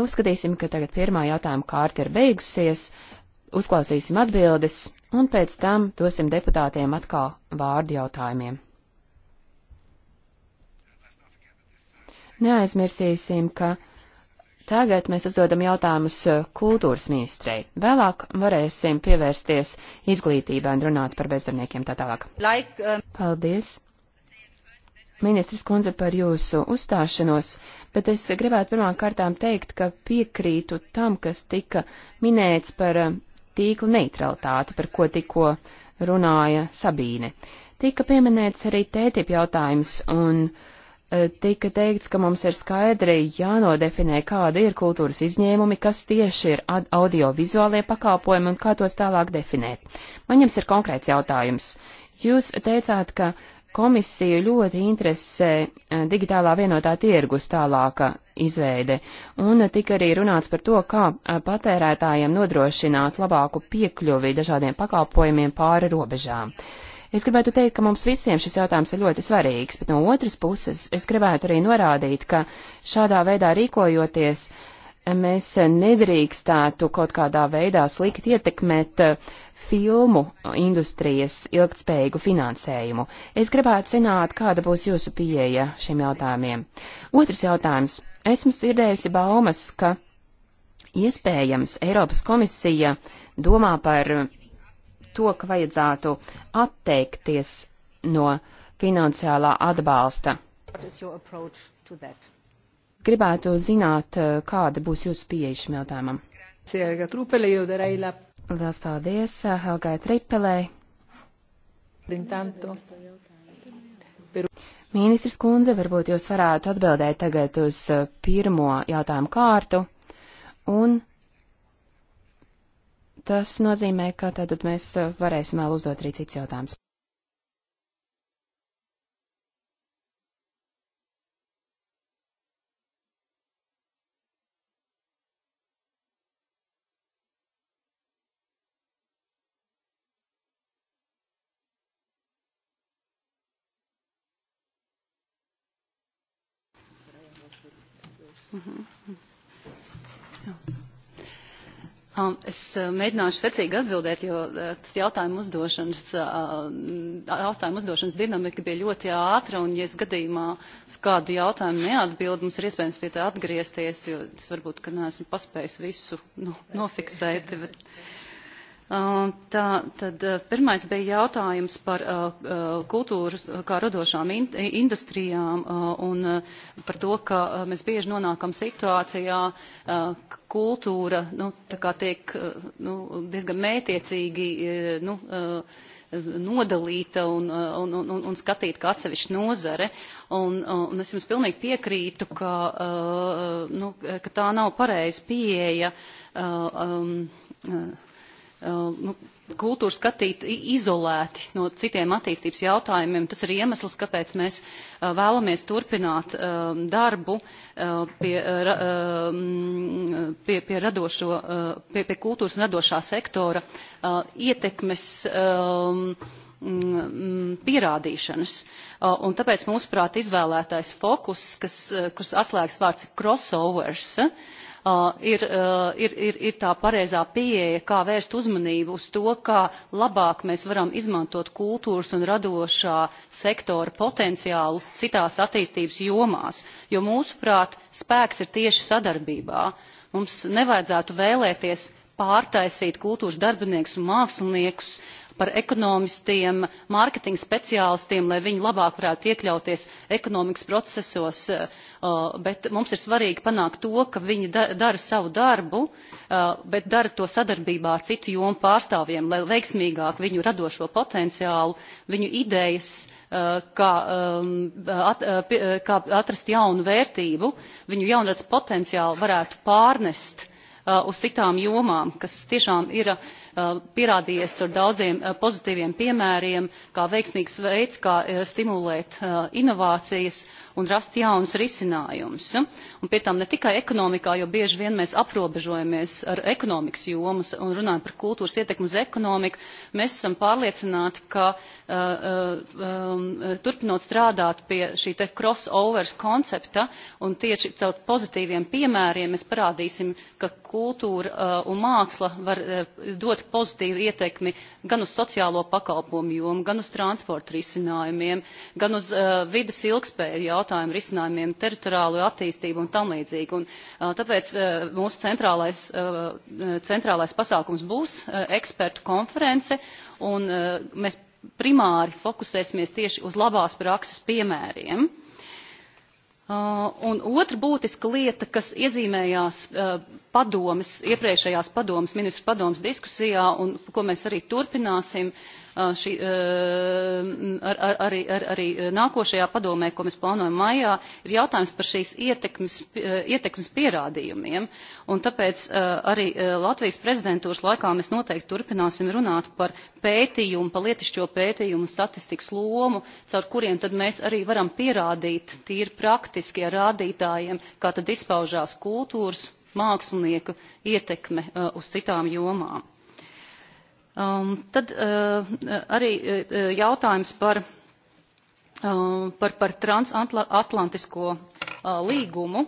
Speaker 1: Uzskatīsim, ka tagad pirmā jautājuma kārta ir beigusies, uzklausīsim atbildes un pēc tam dosim deputātiem atkal vārdu jautājumiem. Neaizmirsīsim, ka tagad mēs uzdodam jautājumus eh, kultūras ministrei. Vēlāk varēsim pievērsties izglītībai un runāt par bezdarbniekiem tā tālāk. Like, um... Paldies! Ministrs kundze par jūsu uzstāšanos, bet es gribētu pirmām kārtām teikt, ka piekrītu tam, kas tika minēts par eh, tīkla neutralitāti, par ko tikko runāja Sabīne. Tika pieminēts arī tētip jautājums, un tika teikts, ka mums ir skaidri jānodefinē, kāda ir kultūras izņēmumi, kas tieši ir audiovizuālie pakalpojumi un kā tos tālāk definēt. Man jums ir konkrēts jautājums. Jūs teicāt, ka komisiju ļoti interesē eh, digitālā vienotā tirgus tālāka izveide, un tika arī runāts par to, kā eh, patērētājiem nodrošināt labāku piekļuvi dažādiem pakalpojumiem pāri robežām. Uh, Es gribētu teikt, ka mums visiem šis jautājums ir ļoti svarīgs, bet no otras puses es gribētu arī norādīt, ka šādā veidā rīkojoties, mēs nedrīkstētu kaut kādā veidā slikti ietekmēt eh, filmu industrijas ilgtspējīgu finansējumu. Es gribētu zināt, kāda būs jūsu pieeja šiem jautājumiem. Otrs jautājums. Esmu dzirdējusi baumas, ka iespējams Eiropas komisija domā par to, ka vajadzētu atteikties no finansiālā atbalsta. Gribētu zināt, eh, kāda būs jūsu pieeja šim jautājumam. Lielas paldies eh, Helgai Tripelei. Ministrs kundze, varbūt jūs varētu atbildēt tagad uz eh, pirmo jautājumu kārtu un Tas nozīmē, ka tātad mēs uh, varēsim vēl uzdot arī cits jautājums.
Speaker 2: Mm-hmm.
Speaker 3: Es eh, mēģināšu secīgi atbildēt, jo eh, tas jautājuma uzdošanas, eh, jautājuma uzdošanas dinamika bija ļoti ātra, un, ja es gadījumā uz kādu jautājumu neatbildu, mums ir iespējams pie tā atgriezties, jo es varbūt, ka neesmu paspējis visu nu, nofiksēt. [LAUGHS] Bet, uh, Um, tā, tad uh, pirmais bija jautājums par uh, uh, kultūras kā radošām in, industrijām un par to, ka mēs bieži nonākam situācijā, kultūra nu, tā kā tiek nu, diezgan mētiecīgi nu, nodalīta un, un, un, un skatīta kā atsevišķa nozare. Un, un es jums pilnīgi piekrītu, ka, nu, ka tā nav pareiza pieeja. Um, Uh, nu, kultūru skatīt izolēti no citiem attīstības jautājumiem. Tas ir iemesls, kāpēc mēs uh, vēlamies turpināt um, darbu uh, pie, um, pie, pie, radošo, pie, pie kultūras un radošā sektora ietekmes um, mm, pierādīšanas. Un tāpēc, mūsuprāt, izvēlētais fokus, kas, kas atslēgas vārds crossovers, uh, Uh, ir, uh, ir, ir, ir tā pareizā pieeja, kā vērst uzmanību uz to, kā labāk mēs varam izmantot kultūras un radošā sektora potenciālu citās attīstības jomās, jo mūsuprāt spēks ir tieši sadarbībā. Mums nevajadzētu vēlēties pārtaisīt kultūras darbiniekus un māksliniekus uh, par ekonomistiem, mārketinga speciālistiem, lai viņi labāk varētu iekļauties ekonomikas procesos, eh, bet mums ir svarīgi panākt to, ka viņi dara savu darbu, eh, bet dara to sadarbībā ar citu jomu pārstāvjiem, lai veiksmīgāk viņu radošo potenciālu, viņu idejas, eh, kā, um, at, kā atrast jaunu vērtību, viņu jaunredz potenciālu varētu pārnest uz citām jomām, kas tiešām ir uh, Uh, pierādījies ar daudziem uh, pozitīviem piemēriem kā veiksmīgs veids kā uh, stimulēt inovācijas un rast jaunus risinājumus un pie tam ne tikai ekonomikā jo bieži vien mēs aprobežojamies ar ekonomikas jomu un runājam par kultūras ietekmi uz ekonomiku mēs esam pārliecināti ka um, turpinot strādāt pie šī te crossovers koncepta un tieši caur pozitīviem piemēriem mēs parādīsim ka kultūra un māksla var dot ļoti pozitīvu ietekmi gan uz sociālo pakalpojumu jomu, gan uz transporta risinājumiem, gan uz uh, vidas ilgspēju jautājumu risinājumiem, teritoriālo attīstību un tam līdzīgi. Un, uh, tāpēc uh, mūsu centrālais, uh, centrālais pasākums būs uh, ekspertu konference, un uh, mēs primāri fokusēsimies tieši uz labās prakses piemēriem. Uh, Uh, un otra būtiska lieta, kas iezīmējās uh, padomes, iepriekšējās padomes, ministru padomes diskusijā un ko mēs arī turpināsim, uh, šī, ar, ar, arī, ar, arī nākošajā padomē, ko mēs plānojam maijā, ir jautājums par šīs ietekmes, ietekmes pierādījumiem. Un tāpēc arī Latvijas prezidentūras laikā mēs noteikti turpināsim runāt par pētījumu, par lietišķo pētījumu un statistikas lomu, caur kuriem tad mēs arī varam pierādīt tīri praktiski ar rādītājiem, kā tad izpaužās kultūras mākslinieku ietekme uh, uz citām jomām. Um, tad uh, arī uh, uh jautājums par, uh, par, par transatlantisko uh, līgumu.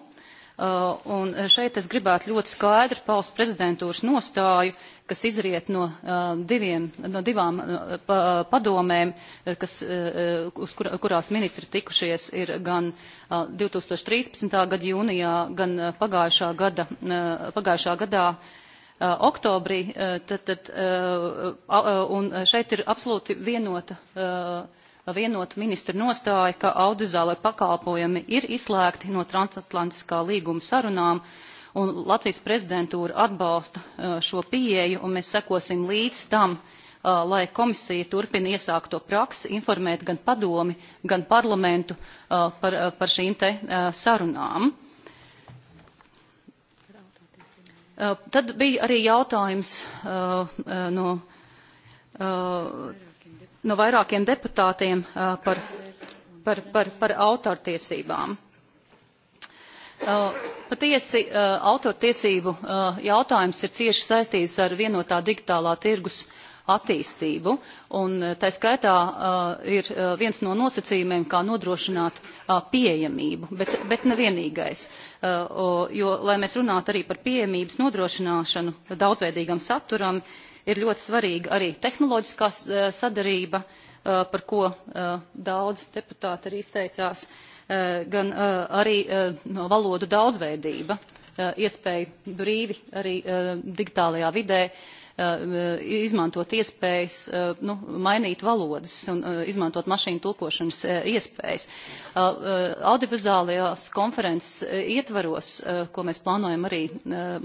Speaker 3: Uh, un šeit es gribētu ļoti skaidri paust prezidentūras nostāju, kas izriet no, uh, diviem, no divām uh, pa, padomēm, uh, kas, uh, uh kur, kurās ministri tikušies ir gan uh, 2013. gada jūnijā, gan uh, pagājušā, gada, uh, pagājušā gadā uh, Eh, oktobrī, eh, tad, tad, eh, un šeit ir absolūti vienota vienota ministra nostāja, ka audiovizuālai pakalpojumi ir izslēgti no transatlantiskā līguma sarunām, un Latvijas prezidentūra atbalsta šo pieeju, un mēs sekosim līdz tam, lai komisija turpina iesākto praksi, informēt gan padomi, gan parlamentu par, par šīm te sarunām. Uh, tad bija arī jautājums uh, uh, no, no vairākiem deputātiem par, par, par, par autortiesībām. Patiesi autortiesību jautājums ir cieši saistīts ar vienotā digitālā tirgus attīstību. Un, eh, tā skaitā uh, ir eh, viens no nosacījumiem, kā nodrošināt uh, pieejamību, bet, bet nevienīgais. Uh, jo, lai mēs runātu arī par pieejamības nodrošināšanu daudzveidīgam saturam, ir ļoti svarīga arī tehnoloģiskā sadarība, par ko daudz deputāti arī izteicās, gan arī valodu daudzveidība iespēju brīvi arī digitālajā vidē Uh, uh, izmantot iespējas uh, nu, mainīt valodas un izmantot mašīnu tulkošanas iespējas. Audiovizuālajās konferences ietvaros, ko mēs plānojam arī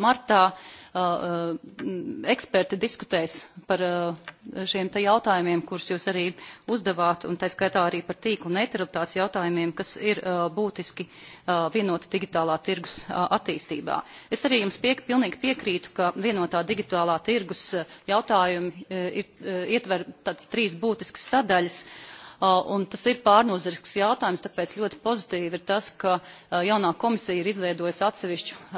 Speaker 3: martā, Uh, uh, eksperti diskutēs par uh, šiem te jautājumiem, kurus jūs arī uzdevāt, un tā skaitā arī par tīkla neutralitātes jautājumiem, kas ir būtiski vienota digitālā tirgus attīstībā. Es arī jums piek, pilnīgi piekrītu, ka vienotā digitālā tirgus jautājumi ir, ietver tāds trīs būtiskas sadaļas. Uh, un tas ir pārnozarisks jautājums, tāpēc ļoti pozitīvi ir tas, ka jaunā komisija ir izveidojusi atsevišķu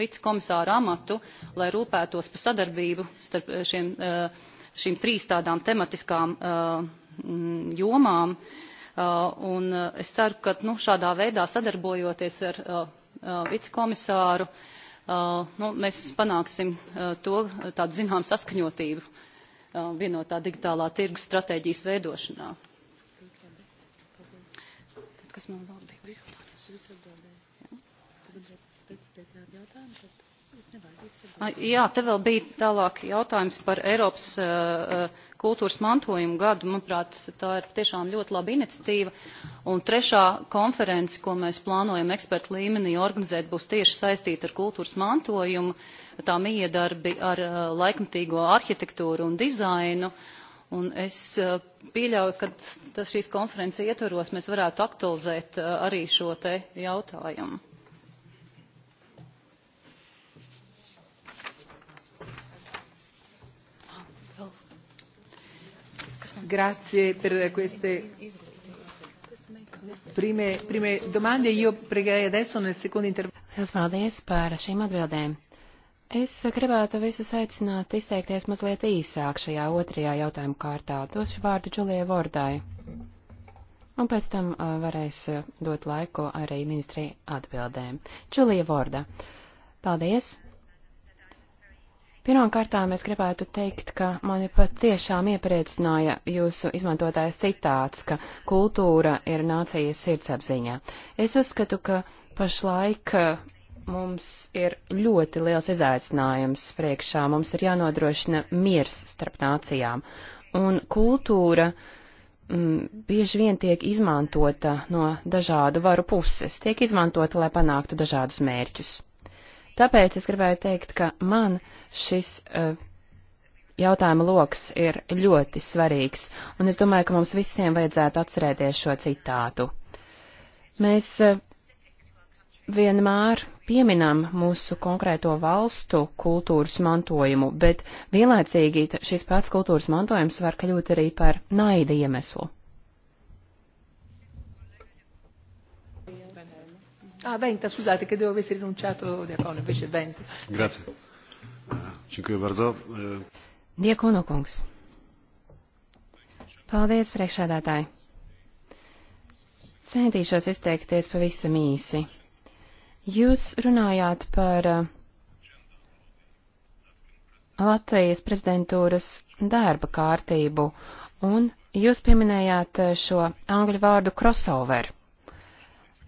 Speaker 3: vicekomisāru amatu, lai rūpētos par sadarbību starp e, šiem, e, šīm trīs tādām tematiskām jomām. Un e, es ceru, ka nu, šādā veidā sadarbojoties ar vicekomisāru, Uh, nu, mēs panāksim uh, to tādu zināmu saskaņotību uh, vienotā digitālā tirgus stratēģijas veidošanā kas no valdības. Jūs atbildējāt jautājumu, tad Jā, te vēl bija tālāk jautājums par Eiropas uh, uh, kultūras mantojumu gadu. Manuprāt, tā ir tiešām ļoti laba iniciatīva. Un trešā konference, ko mēs plānojam ekspertu līmenī organizēt, būs tieši saistīta ar kultūras mantojumu, tā miedarbi ar uh, laikmatīgo arhitektūru un dizainu. Uh, Un es eh, pieļauju, ka šīs konferences ietvaros mēs varētu aktualizēt eh, arī šo te jautājumu.
Speaker 2: Grazie per queste prime, prime domande. Io pregherei adesso
Speaker 1: nel secondo intervento. Paldies par šīm atbildēm. Es gribētu visus aicināt izteikties mazliet īsāk šajā otrajā jautājuma kārtā. Došu vārdu Džulijai Vordai. Un pēc tam uh, varēs uh, dot laiku arī ministrī atbildēm. Džulija Vorda. Paldies! Pirmkārtām es gribētu teikt, ka mani pat tiešām iepriecināja jūsu izmantotājs citāts, ka kultūra ir nācijas sirdsapziņā. Es uzskatu, ka pašlaik uh, mums ir ļoti liels izaicinājums priekšā. Mums ir jānodrošina miers starp nācijām. Un kultūra mm, bieži vien tiek izmantota no dažādu varu puses, tiek izmantota, lai panāktu dažādus mērķus. Tāpēc es gribēju teikt, ka man šis uh, jautājuma loks ir ļoti svarīgs, un es domāju, ka mums visiem vajadzētu atcerēties šo citātu. Mēs uh, vienmēr pieminam mūsu konkrēto valstu kultūras mantojumu, bet vienlaicīgi šis pats kultūras mantojums var kļūt arī par naida iemeslu.
Speaker 2: Ah, 20, scusate, che devo aver rinunciato Diacono, invece 20.
Speaker 3: Grazie. Dziękuję
Speaker 1: bardzo. Diakono kungs. Paldies, priekšādātāji. Centīšos izteikties pavisam īsi. Jūs runājāt par uh, Latvijas prezidentūras darba kārtību, un jūs pieminējāt uh, šo angļu vārdu crossover.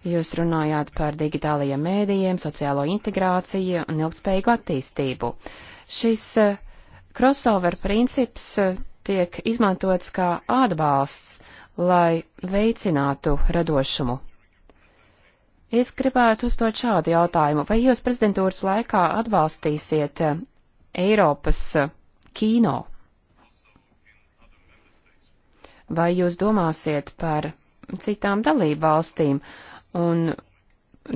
Speaker 1: Jūs runājāt par digitālajiem mēdījiem, sociālo integrāciju un ilgspējīgu attīstību. Šis uh, crossover princips tiek izmantots kā atbalsts, lai veicinātu radošumu Es gribētu uzdot šādu jautājumu. Vai jūs prezidentūras laikā atbalstīsiet eh, Eiropas eh, kino? Vai jūs domāsiet par citām dalību valstīm un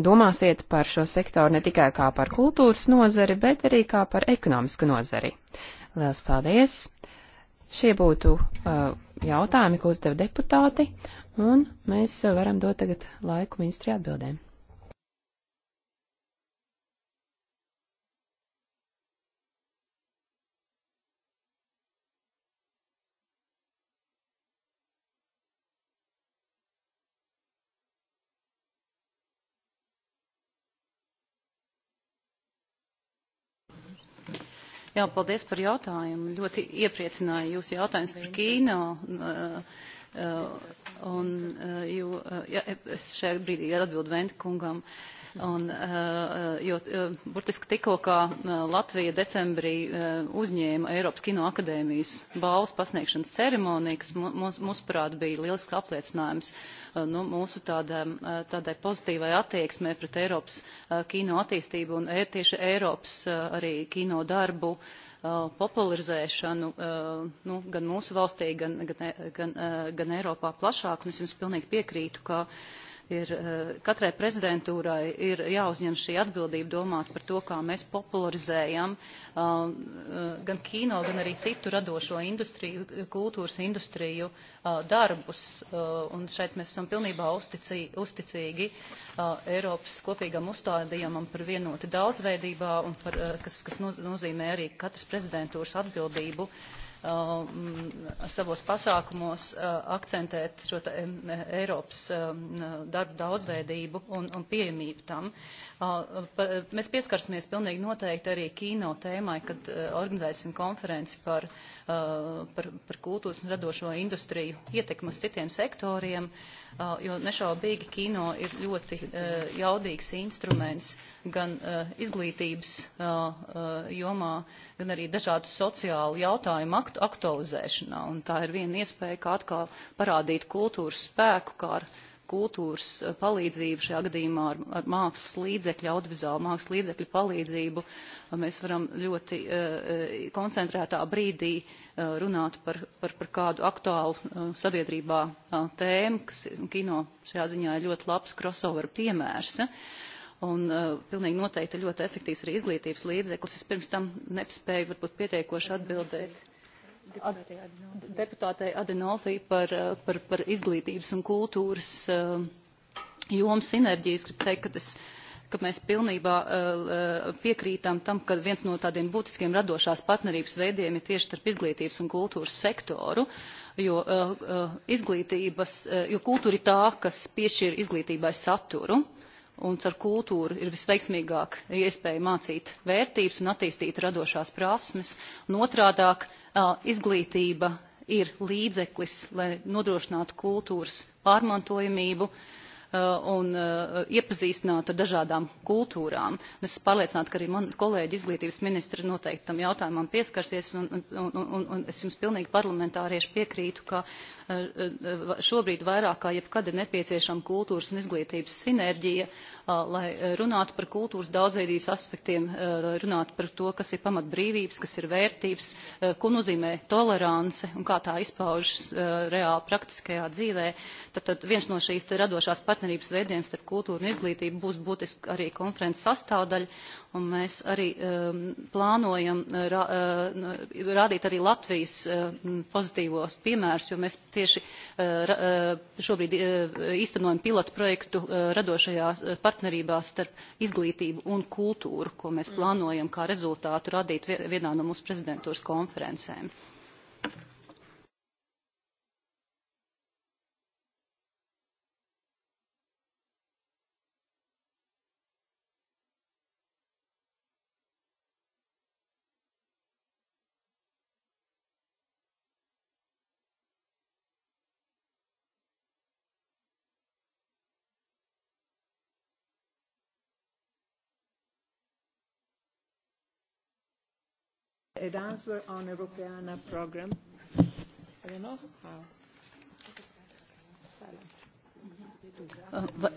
Speaker 1: domāsiet par šo sektoru ne tikai kā par kultūras nozari, bet arī kā par ekonomisku nozari? Lielas paldies! Šie būtu uh, jautājumi, ko uzdeva deputāti. Uh, un mēs varam dot tagad laiku ministri atbildēm.
Speaker 3: Jā, paldies par jautājumu. Ļoti iepriecināja jūsu jautājums par Ķīnu. Uh, Un, uh, uh, jo, uh, ja, es šajā brīdī atbildu Venta kungam. Un, jo burtiski tikko, kā Latvija decembrī uzņēma Eiropas kinoakadēmijas balvas pasniegšanas ceremoniju, kas mums, mūsuprāt, bija lielisks apliecinājums nu, mūsu tādai, tādai pozitīvai attieksmē pret Eiropas kino attīstību un e, tieši Eiropas arī kino darbu. Uh, Uh, popularizēšanu uh, nu, gan mūsu valstī, gan, gan, e, gan, e, gan Eiropā plašāk. Un es jums pilnīgi piekrītu, ka uh, ir eh, katrai prezidentūrai ir jāuzņem šī atbildība domāt par to, kā mēs popularizējam um, eh, gan kino, gan arī citu radošo industriju, kultūras industriju eh, darbus. Un šeit mēs esam pilnībā uzticīgi, uzticīgi Eiropas kopīgam uzstādījumam par vienoti daudzveidībā, un par, kas, kas nozīmē arī katras prezidentūras atbildību uh, Uh, mm, savos pasākumos uh, akcentēt šo mm, Eiropas um, darbu daudzveidību un, un pieejamību tam. Uh, mēs pieskarsimies pilnīgi noteikti arī kino tēmai, kad organizēsim konferenci par, par, par kultūras un radošo industriju ietekmu uz citiem sektoriem, jo nešaubīgi kino ir ļoti jaudīgs instruments gan uh, izglītības uh, uh, jomā, gan arī dažādu sociālu jautājumu aktu, aktualizēšanā. Un tā ir viena iespēja, kā atkal parādīt kultūras spēku, kā ar kultūras eh, palīdzību, šajā gadījumā ar, ar mākslas līdzekļu, audiovizuālu mākslas līdzekļu palīdzību, mēs varam ļoti uh, koncentrētā brīdī uh, runāt par, par, par kādu aktuālu uh, sabiedrībā tēmu, kas kino šajā ziņā ir ļoti labs crossover piemērs. Ja? un uh, pilnīgi noteikti ļoti efektīvs arī izglītības līdzeklis. Es pirms tam nespēju varbūt pietiekoši atbildēt. Deputātei Adenolfī par, uh, par, par izglītības un kultūras uh, jomu sinerģijas gribu teikt, ka tas ka mēs pilnībā uh, uh, piekrītam tam, ka viens no tādiem būtiskiem radošās partnerības veidiem ir tieši starp izglītības un kultūras sektoru, jo, uh, uh izglītības, uh, jo kultūra ir tā, kas piešķir izglītībai saturu. Uh, un caur kultūru ir visveiksmīgāk iespēja mācīt vērtības un attīstīt radošās prasmes. Un otrādāk, izglītība ir līdzeklis, lai nodrošinātu kultūras pārmantojamību, uh, Uh, un uh, iepazīstinātu ar dažādām kultūrām. Es esmu pārliecināta, ka arī man kolēģi izglītības ministri noteikti tam jautājumam pieskarsies, un, un, un, un es jums pilnīgi parlamentārieši piekrītu, ka uh, šobrīd vairāk kā jebkad ir nepieciešama kultūras un izglītības sinerģija, lai runātu par kultūras daudzveidības aspektiem, lai runātu par to, kas ir pamatbrīvības, kas ir vērtības, ko nozīmē tolerance un kā tā izpaužas reāli praktiskajā dzīvē. Tad, tad viens no šīs radošās partnerības veidiem starp kultūru un izglītību būs būtiski arī konferences sastāvdaļa un mēs arī um, plānojam rā, uh, uh nu, rādīt arī Latvijas uh, pozitīvos piemērus, jo mēs tieši uh, uh šobrīd uh, īstenojam pilotu projektu radošajās partnerībās starp izglītību un kultūru, ko mēs mm. plānojam kā rezultātu radīt vienā no mūsu prezidentūras konferencēm.
Speaker 4: an answer on Europeana program. I don't know how.
Speaker 2: Uh, uh,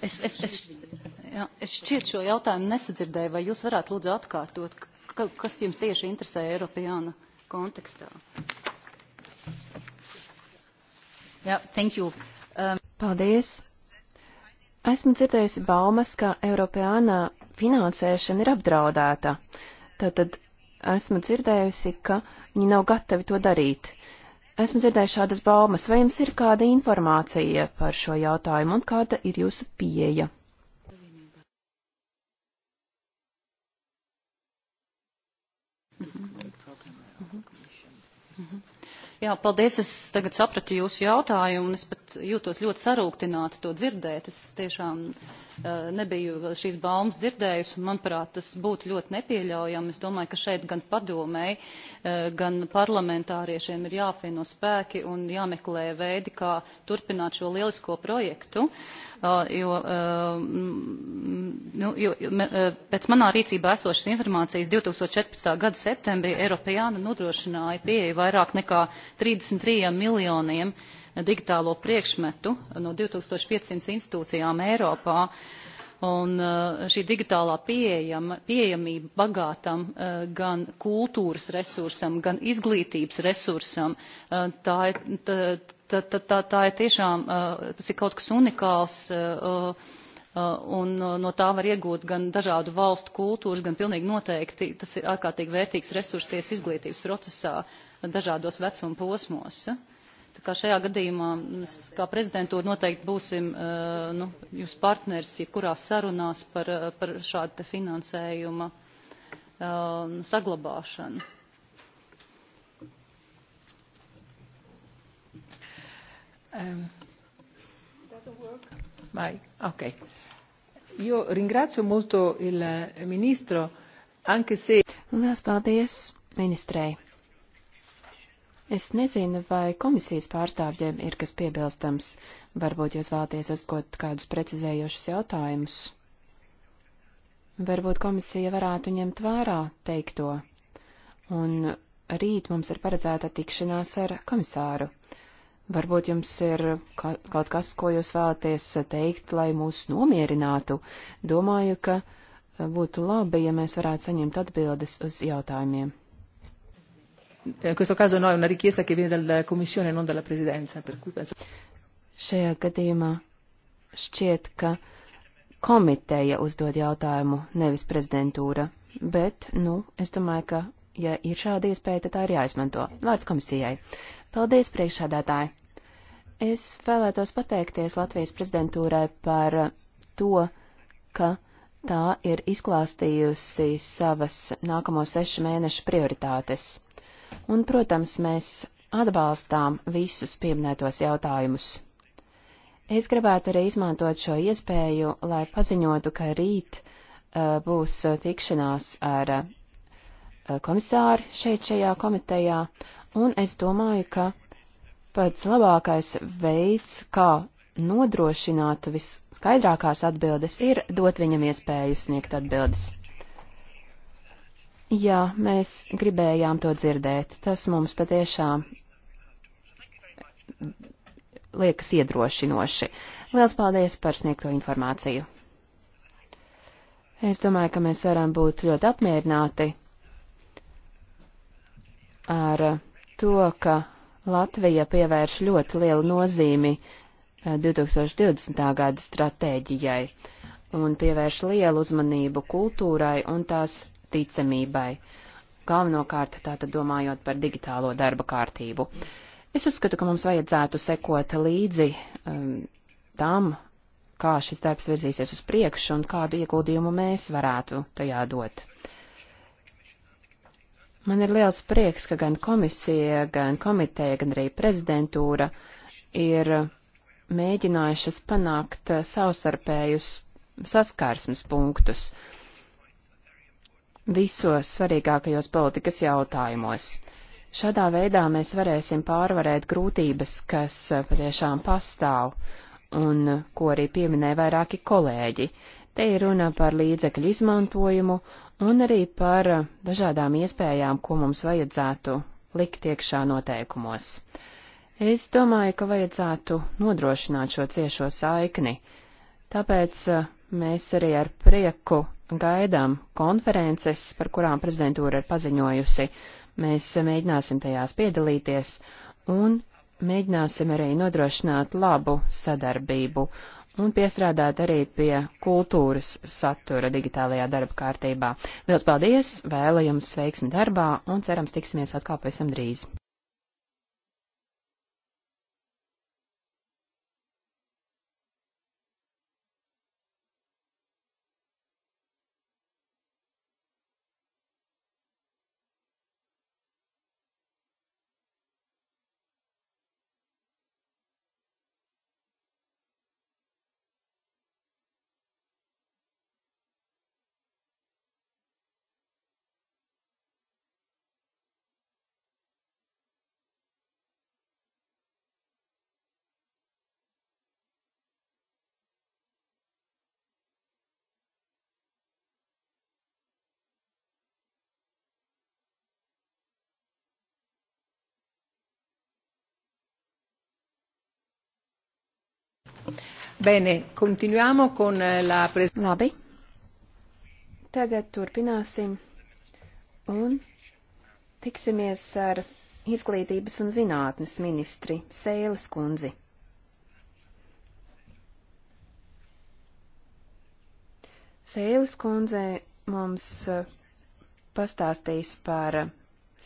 Speaker 2: es, es, es,
Speaker 3: jā, es šķiet šo jautājumu nesadzirdēju, vai jūs varētu lūdzu atkārtot, ka, kas jums tieši interesē Eiropijāna kontekstā? Jā, yeah, thank you. Um, Paldies.
Speaker 1: Esmu dzirdējusi baumas, ka Eiropijāna finansēšana ir apdraudēta. Tātad esmu dzirdējusi, ka viņi nav gatavi to darīt. Esmu dzirdējusi šādas baumas, vai jums ir kāda informācija par šo jautājumu un kāda ir jūsu pieeja?
Speaker 3: Jā, paldies, es tagad sapratu jūsu jautājumu, un es pat jūtos ļoti sarūktināta to dzirdēt. Es tiešām eh, nebiju šīs baumas dzirdējusi, un manuprāt, tas būtu ļoti nepieļaujami. Es domāju, ka šeit gan padomēji, eh, gan parlamentāriešiem ir jāapvieno spēki un jāmeklē veidi, kā turpināt šo lielisko projektu. Eh, jo, nu, jo pēc manā rīcībā esošas informācijas 2014. gada septembrī Eiropajāna nodrošināja pieeju vairāk nekā 33 miljoniem digitālo priekšmetu no 2500 institūcijām Eiropā. Un eh, šī digitālā pieejama, pieejamība bagātam eh, gan kultūras resursam, gan izglītības resursam, eh, tā ir, tā, tā, tā, tā ir tiešām, tas ir kaut kas unikāls un no tā var iegūt gan dažādu valstu kultūras, gan pilnīgi noteikti tas ir ārkārtīgi vērtīgs resurs tiesu izglītības procesā dažādos vecuma posmos. Ja? Tā kā šajā gadījumā mēs kā prezidentūra noteikti būsim eh, nu, jūs partners, ja kurās sarunās par, eh, par šādu finansējuma eh, nu, saglabāšanu.
Speaker 2: Um, Vai, okay. Io ringrazio molto il ministro, anche se. Lielas paldies
Speaker 1: ministrei. Es nezinu, vai komisijas pārstāvjiem ir kas piebilstams. Varbūt jūs vēlaties uzskot kādus precizējošus jautājumus. Varbūt komisija varētu ņemt vērā teikto. Un rīt mums ir paredzēta tikšanās ar komisāru. Varbūt jums ir kaut kas, ko jūs vēlaties teikt, lai mūs nomierinātu. Domāju, ka būtu labi, ja mēs varētu saņemt atbildes uz jautājumiem
Speaker 2: in eh, questo caso no, è una richiesta che viene dalla Commissione, non dalla Presidenza. Per cui penso...
Speaker 1: Šajā gadījumā šķiet, ka komiteja uzdod jautājumu, nevis prezidentūra, bet, nu, es domāju, ka, ja ir šāda iespēja, tad tā ir jāizmanto. Vārds komisijai. Paldies, priekšādātāji! Es vēlētos pateikties Latvijas prezidentūrai par to, ka tā ir izklāstījusi savas nākamo sešu mēnešu prioritātes. Un, protams, mēs atbalstām visus pieminētos jautājumus. Es gribētu arī izmantot šo iespēju, lai paziņotu, ka rīt uh, būs tikšanās ar uh, komisāru šeit šajā komitejā, un es domāju, ka pats labākais veids, kā nodrošināt viskaidrākās atbildes, ir dot viņam iespēju sniegt atbildes. Jā, mēs gribējām to dzirdēt. Tas mums patiešām liekas iedrošinoši. Liels paldies par sniegto informāciju. Es domāju, ka mēs varam būt ļoti apmierināti ar to, ka Latvija pievērš ļoti lielu nozīmi 2020. Eh, gada stratēģijai un pievērš lielu uzmanību kultūrai un tās ticamībai, galvenokārt tātad domājot par digitālo darba kārtību. Es uzskatu, ka mums vajadzētu sekot līdzi um, tam, kā šis darbs virzīsies uz priekšu un kādu ieguldījumu mēs varētu tajā dot. Man ir liels prieks, ka gan komisija, gan komiteja, gan arī prezidentūra ir mēģinājušas panākt savsarpējus saskarsmes punktus, visos svarīgākajos politikas jautājumos. Šādā veidā mēs varēsim pārvarēt grūtības, kas eh, patiešām pastāv un eh, ko arī pieminēja vairāki kolēģi. Te ir runa par līdzekļu izmantojumu un arī par eh, dažādām iespējām, ko mums vajadzētu likt iekšā noteikumos. Es domāju, ka vajadzētu nodrošināt šo ciešo saikni, tāpēc mēs arī ar prieku gaidām konferences, par kurām prezidentūra ir paziņojusi. Mēs mēģināsim tajās piedalīties un mēģināsim arī nodrošināt labu sadarbību un piestrādāt arī pie kultūras satura digitālajā darba kārtībā. Liels paldies, vēlu jums veiksmi darbā un cerams tiksimies atkal pavisam drīz.
Speaker 2: Bene, continuiamo con eh, la Labi.
Speaker 1: Tagad turpināsim un tiksimies ar izglītības un zinātnes ministri Sēles kundzi. Sēles kundze mums eh, pastāstīs par eh,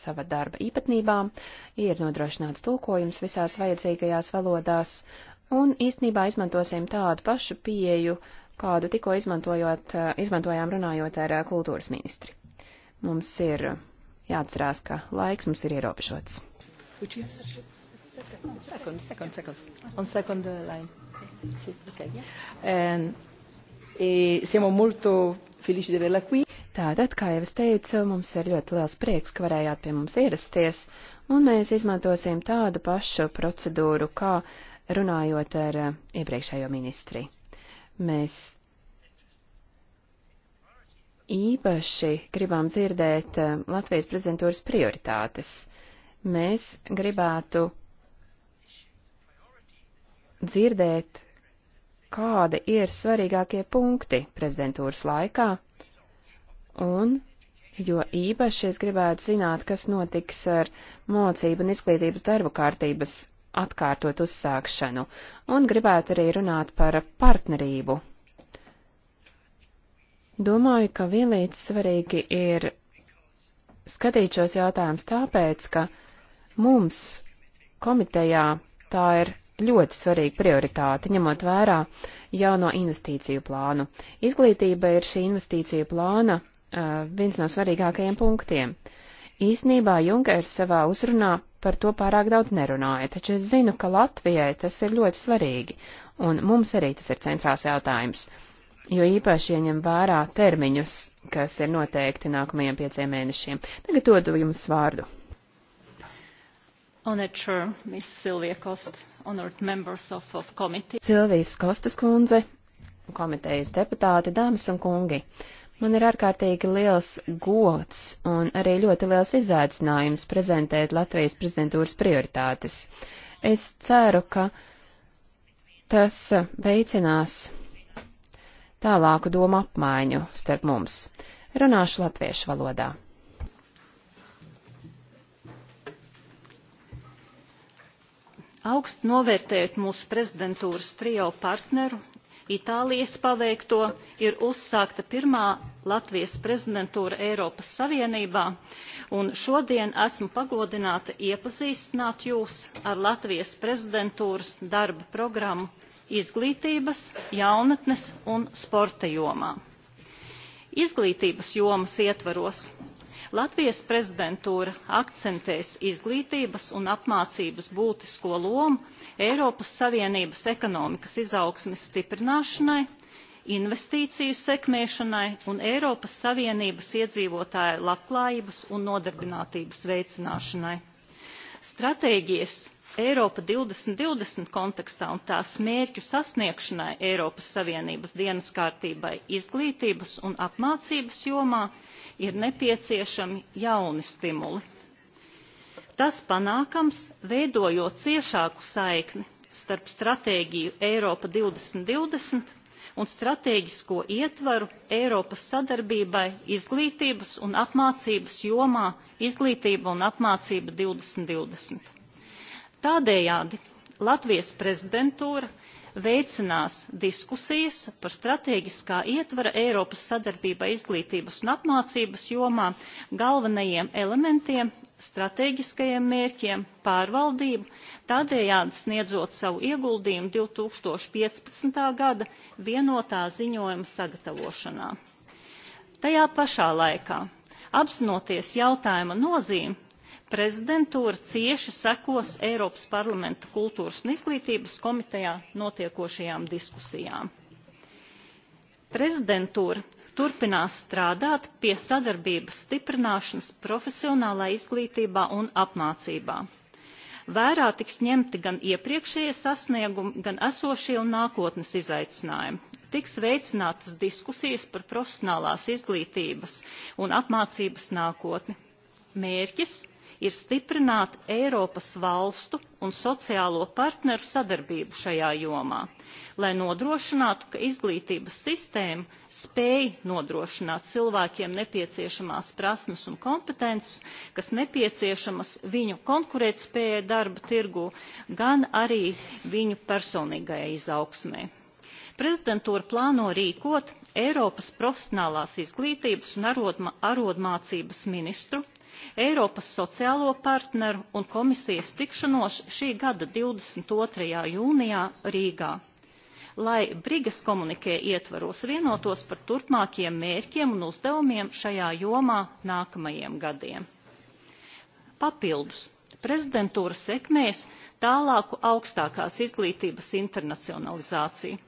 Speaker 1: sava darba īpatnībām, ir nodrošināts tulkojums visās vajadzīgajās valodās, un īstenībā izmantosim tādu pašu pieeju, kādu tikko izmantojām runājot ar kultūras ministri. Mums ir jāatcerās, ka laiks mums ir ierobežots.
Speaker 2: Second, second, second. On second line. Sì, okay.
Speaker 1: um, e siamo molto felici di averla qui. Tātad, kā jau es teicu, mums ir ļoti liels prieks, ka varējāt pie mums ierasties, un mēs izmantosim tādu pašu procedūru, kā uh, runājot ar eh, iepriekšējo ministri. Mēs īpaši gribam dzirdēt eh, Latvijas prezidentūras prioritātes. Mēs gribētu dzirdēt, kādi ir svarīgākie punkti prezidentūras laikā, un jo īpaši es gribētu zināt, kas notiks ar mocību un izglītības darbu kārtības atkārtot uzsākšanu, un gribētu arī runāt par partnerību. Domāju, ka vienlīdz svarīgi ir skatīt šos jautājumus tāpēc, ka mums komitejā tā ir ļoti svarīga prioritāte, ņemot vērā jauno investīciju plānu. Izglītība ir šī investīciju plāna uh, viens no svarīgākajiem punktiem. Īsnībā Junkers savā uzrunā par to pārāk daudz nerunāja, taču es zinu, ka Latvijai tas ir ļoti svarīgi, un mums arī tas ir centrāls jautājums, jo īpaši ieņem vērā termiņus, kas ir noteikti nākamajiem pieciem mēnešiem. Tagad dodu jums vārdu.
Speaker 5: Sure, Silvijas Kost,
Speaker 1: Kostas kundze, komitejas deputāti, dāmas un kungi. Man ir ārkārtīgi liels gods un arī ļoti liels izaicinājums prezentēt Latvijas prezidentūras prioritātes. Es ceru, ka tas veicinās tālāku domu apmaiņu starp mums. Runāšu latviešu valodā. Augst novērtējot
Speaker 5: mūsu prezidentūras trio partneru Itālijas paveikto ir uzsākta pirmā Latvijas prezidentūra Eiropas Savienībā, un šodien esmu pagodināta iepazīstināt jūs ar Latvijas prezidentūras darba programmu izglītības, jaunatnes un sporta jomā. Izglītības jomas ietvaros Latvijas prezidentūra akcentēs izglītības un apmācības būtisko lomu Eiropas Savienības ekonomikas izaugsmes stiprināšanai, investīciju sekmēšanai un Eiropas Savienības iedzīvotāju labklājības un nodarbinātības veicināšanai. Stratēģijas Eiropa 2020 kontekstā un tās mērķu sasniegšanai Eiropas Savienības dienas kārtībai izglītības un apmācības jomā ir nepieciešami jauni stimuli. Tas panākams, veidojot ciešāku saikni starp stratēģiju Eiropa 2020 un stratēģisko ietvaru Eiropas sadarbībai izglītības un apmācības jomā izglītība un apmācība 2020. Tādējādi Latvijas prezidentūra veicinās diskusijas par stratēģiskā ietvara Eiropas sadarbībai izglītības un apmācības jomā, galvenajiem elementiem, stratēģiskajiem mērķiem, pārvaldību, tādējādi sniedzot savu ieguldījumu 2015. gada vienotā ziņojuma sagatavošanā. Tajā pašā laikā, apzinoties jautājuma nozīmi, prezidentūra cieši sekos Eiropas parlamenta kultūras un izglītības komitejā notiekošajām diskusijām. Prezidentūra turpinās strādāt pie sadarbības stiprināšanas profesionālā izglītībā un apmācībā. Vērā tiks ņemti gan iepriekšējie sasniegumi, gan esošie un nākotnes izaicinājumi. Tiks veicinātas diskusijas par profesionālās izglītības un apmācības nākotni. Mērķis ir stiprināt Eiropas valstu un sociālo partneru sadarbību šajā jomā, lai nodrošinātu, ka izglītības sistēma spēj nodrošināt cilvēkiem nepieciešamās prasmes un kompetences, kas nepieciešamas viņu konkurētspējai darba tirgu, gan arī viņu personīgajai izaugsmē. Prezidentūra plāno rīkot Eiropas profesionālās izglītības un arodmācības ministru Eiropas sociālo partneru un komisijas tikšanos šī gada 22. jūnijā Rīgā lai Brigas komunikē ietvaros vienotos par turpmākiem mērķiem un uzdevumiem šajā jomā nākamajiem gadiem. Papildus prezidentūra sekmēs tālāku augstākās izglītības internacionalizāciju.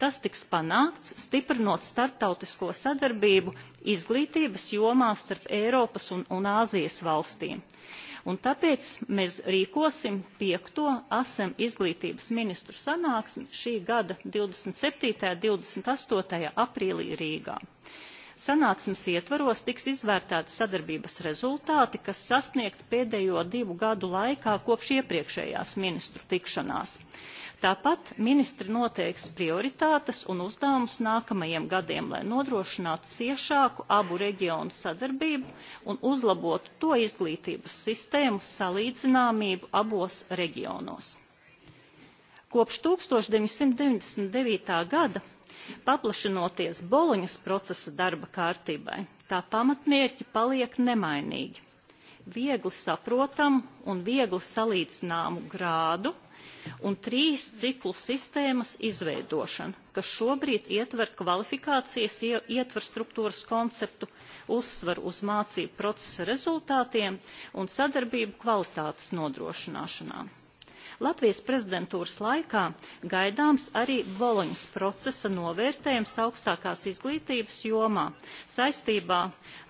Speaker 5: Tas tiks panākts, stiprinot starptautisko sadarbību izglītības jomā starp Eiropas un, un Āzijas valstīm. Un tāpēc mēs rīkosim piekto asem izglītības ministru sanāksmi šī gada 27. un 28. aprīlī Rīgā sanāksmes ietvaros tiks izvērtēti sadarbības rezultāti, kas sasniegti pēdējo divu gadu laikā kopš iepriekšējās ministru tikšanās. Tāpat ministri noteiks prioritātes un uzdevumus nākamajiem gadiem, lai nodrošinātu ciešāku abu reģionu sadarbību un uzlabotu to izglītības sistēmu salīdzināmību abos reģionos. Kopš 1999. gada Paplašinoties Boloņas procesa darba kārtībai, tā pamatmērķi paliek nemainīgi - viegli saprotamu un viegli salīdzināmu grādu un trīs ciklu sistēmas izveidošana, kas šobrīd ietver kvalifikācijas ietverstruktūras konceptu, uzsvaru uz mācību procesa rezultātiem un sadarbību kvalitātes nodrošināšanām. Latvijas prezidentūras laikā gaidāms arī Boloņas procesa novērtējums augstākās izglītības jomā saistībā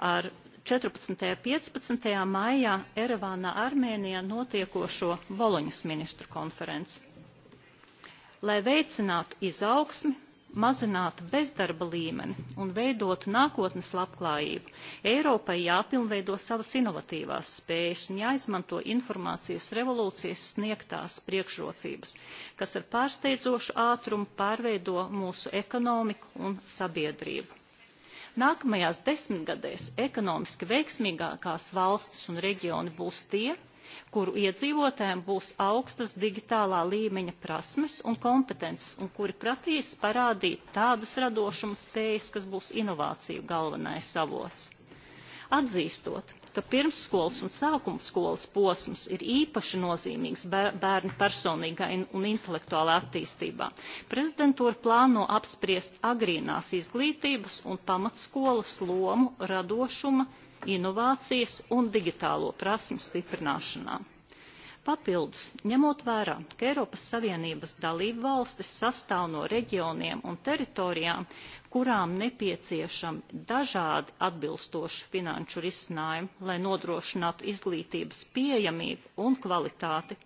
Speaker 5: ar 14. un 15. maijā Erevānā, Armēnijā notiekošo Boloņas ministru konferenci. Lai veicinātu izaugsmi, mazinātu bezdarba līmeni un veidotu nākotnes labklājību, Eiropai jāpilnveido savas inovatīvās spējas un jāizmanto informācijas revolūcijas sniegtās priekšrocības, kas ar pārsteidzošu ātrumu pārveido mūsu ekonomiku un sabiedrību. Nākamajās desmitgadēs ekonomiski veiksmīgākās valstis un reģioni būs tie, kuru iedzīvotājiem būs augstas digitālā līmeņa prasmes un kompetences, un kuri prasīs parādīt tādas radošuma spējas, kas būs inovāciju galvenais avots. Atzīstot, ka pirmsskolas un sākuma skolas posms ir īpaši nozīmīgs bērnu personīgā un intelektuālā attīstībā. Prezidentūra plāno apspriest agrīnās izglītības un pamatskolas lomu radošuma inovācijas un digitālo prasmu stiprināšanā. Papildus, ņemot vērā, ka Eiropas Savienības dalību valstis sastāv no reģioniem un teritorijām, kurām nepieciešami dažādi atbilstoši finanšu risinājumi, lai nodrošinātu izglītības pieejamību un kvalitāti,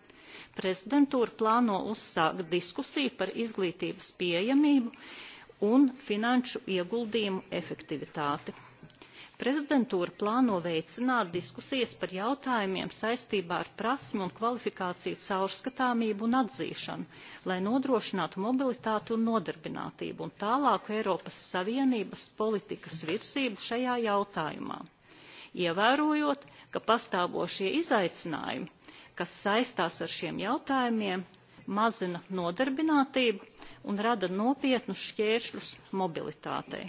Speaker 5: prezidentūra plāno uzsākt diskusiju par izglītības pieejamību un finanšu ieguldījumu efektivitāti. Prezidentūra plāno veicināt diskusijas par jautājumiem saistībā ar prasmu un kvalifikāciju caurskatāmību un atzīšanu, lai nodrošinātu mobilitāti un nodarbinātību un tālāku Eiropas Savienības politikas virzību šajā jautājumā. Ievērojot, ka pastāvošie izaicinājumi, kas saistās ar šiem jautājumiem, mazina nodarbinātību un rada nopietnus šķēršļus mobilitātei,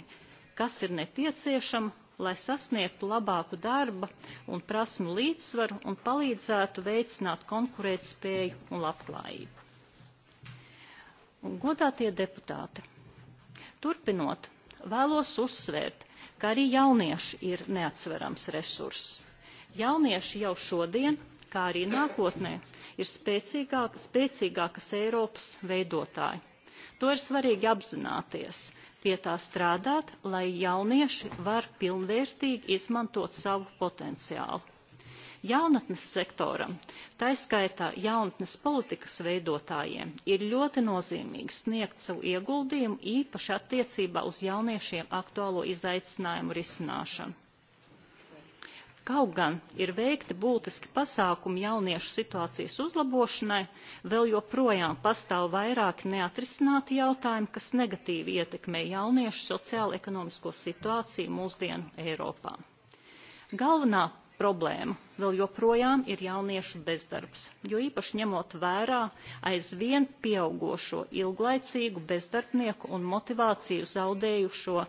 Speaker 5: kas ir nepieciešama lai sasniegtu labāku darba un prasmu līdzsvaru un palīdzētu veicināt konkurētspēju un labklājību. Un, godātie deputāti, turpinot, vēlos uzsvērt, ka arī jaunieši ir neatsverams resurss. Jaunieši jau šodien, kā arī nākotnē, ir spēcīgāk, spēcīgākas Eiropas veidotāji. To ir svarīgi apzināties, pie tā strādāt, lai jaunieši var pilnvērtīgi izmantot savu potenciālu. Jaunatnes sektoram, tā skaitā jaunatnes politikas veidotājiem, ir ļoti nozīmīgi sniegt savu ieguldījumu īpaši attiecībā uz jauniešiem aktuālo izaicinājumu risināšanu. Kaut gan ir veikti būtiski pasākumi jauniešu situācijas uzlabošanai, vēl joprojām pastāv vairāki neatrisināti jautājumi, kas negatīvi ietekmē jauniešu sociālo-ekonomisko situāciju mūsdienu Eiropā. Galvenā problēma vēl joprojām ir jauniešu bezdarbs, jo īpaši ņemot vērā aizvien pieaugošo ilglaicīgu bezdarbnieku un motivāciju zaudējušo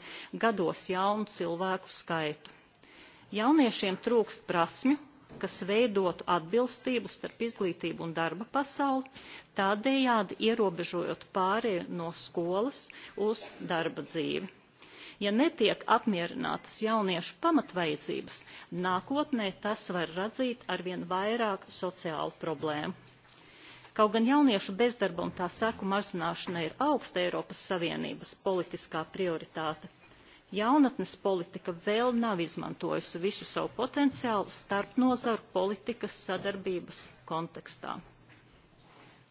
Speaker 5: gados jaunu cilvēku skaitu. Jauniešiem trūkst prasmju, kas veidotu atbilstību starp izglītību un darba pasauli, tādējādi ierobežojot pārēju no skolas uz darba dzīvi. Ja netiek apmierinātas jauniešu pamatvajadzības, nākotnē tas var radzīt arvien vairāk sociālu problēmu. Kaut gan jauniešu bezdarba un tā seku mazināšana ir augsta Eiropas Savienības politiskā prioritāte, jaunatnes politika vēl nav izmantojusi visu savu potenciālu starpnozaru politikas sadarbības kontekstā.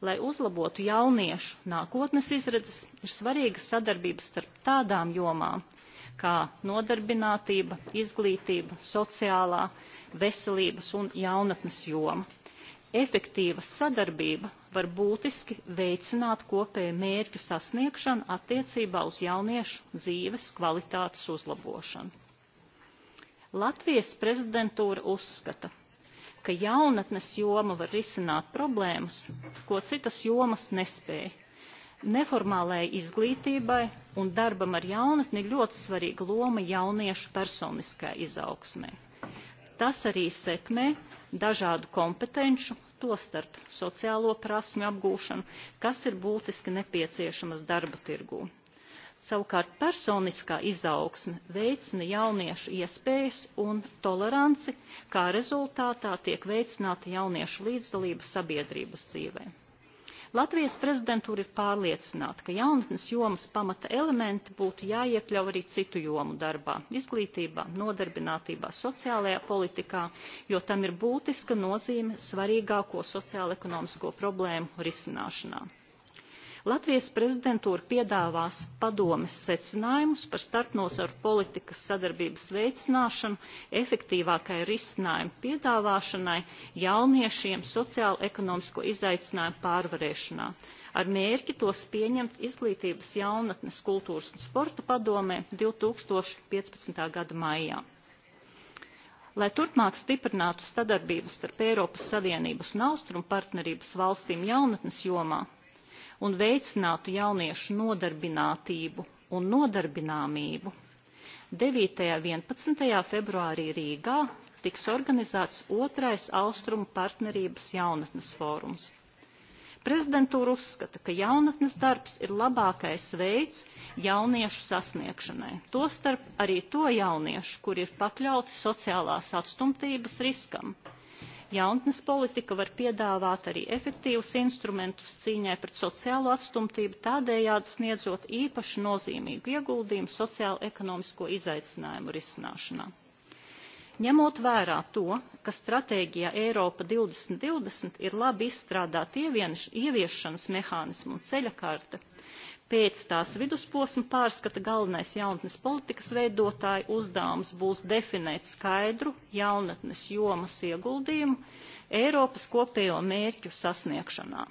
Speaker 5: Lai uzlabotu jauniešu nākotnes izredzes, ir svarīga sadarbība starp tādām jomām kā nodarbinātība, izglītība, sociālā, veselības un jaunatnes joma efektīva sadarbība var būtiski veicināt kopēju mērķu sasniegšanu attiecībā uz jauniešu dzīves kvalitātes uzlabošanu. Latvijas prezidentūra uzskata, ka jaunatnes joma var risināt problēmas, ko citas jomas nespēja. Neformālajai izglītībai un darbam ar jaunatni ļoti svarīga loma jauniešu personiskajā izaugsmē. Tas arī sekmē dažādu kompetenču, tostarp sociālo prasmu apgūšanu, kas ir būtiski nepieciešamas darba tirgū. Savukārt personiskā izaugsme veicina jauniešu iespējas un toleranci, kā rezultātā tiek veicināta jauniešu līdzdalība sabiedrības dzīvēm Latvijas prezidentūra ir pārliecināta, ka jaunatnes jomas pamata elementi būtu jāiekļau arī citu jomu darbā - izglītībā, nodarbinātībā, sociālajā politikā, jo tam ir būtiska nozīme svarīgāko sociālo ekonomisko problēmu risināšanā. Latvijas prezidentūra piedāvās padomes secinājumus par starpnosaru politikas sadarbības veicināšanu, efektīvākai risinājumu piedāvāšanai jauniešiem sociālo-ekonomisko izaicinājumu pārvarēšanā ar mērķi tos pieņemt izglītības jaunatnes kultūras un sporta padomē 2015. gada maijā. Lai turpmāk stiprinātu sadarbību starp Eiropas Savienības un Austrumu partnerības valstīm jaunatnes jomā, un veicinātu jauniešu nodarbinātību un nodarbināmību. 9. un 11. februārī Rīgā tiks organizēts otrais Austrumu partnerības jaunatnes fórums. Prezidentūra uzskata, ka jaunatnes darbs ir labākais veids jauniešu sasniegšanai, tostarp arī to jauniešu, kur ir pakļauti sociālās atstumtības riskam. Jaunatnes politika var piedāvāt arī efektīvus instrumentus cīņai pret sociālo atstumtību, tādējādi sniedzot īpaši nozīmīgu ieguldījumu sociālo-ekonomisko izaicinājumu risināšanā. Ņemot vērā to, ka stratēģijā Eiropa 2020 ir labi izstrādāta ieviešanas mehānismu un ceļakārta, Pēc tās vidusposma pārskata galvenais jaunatnes politikas veidotāja uzdevums būs definēt skaidru jaunatnes jomas ieguldījumu Eiropas kopējo mērķu sasniegšanā.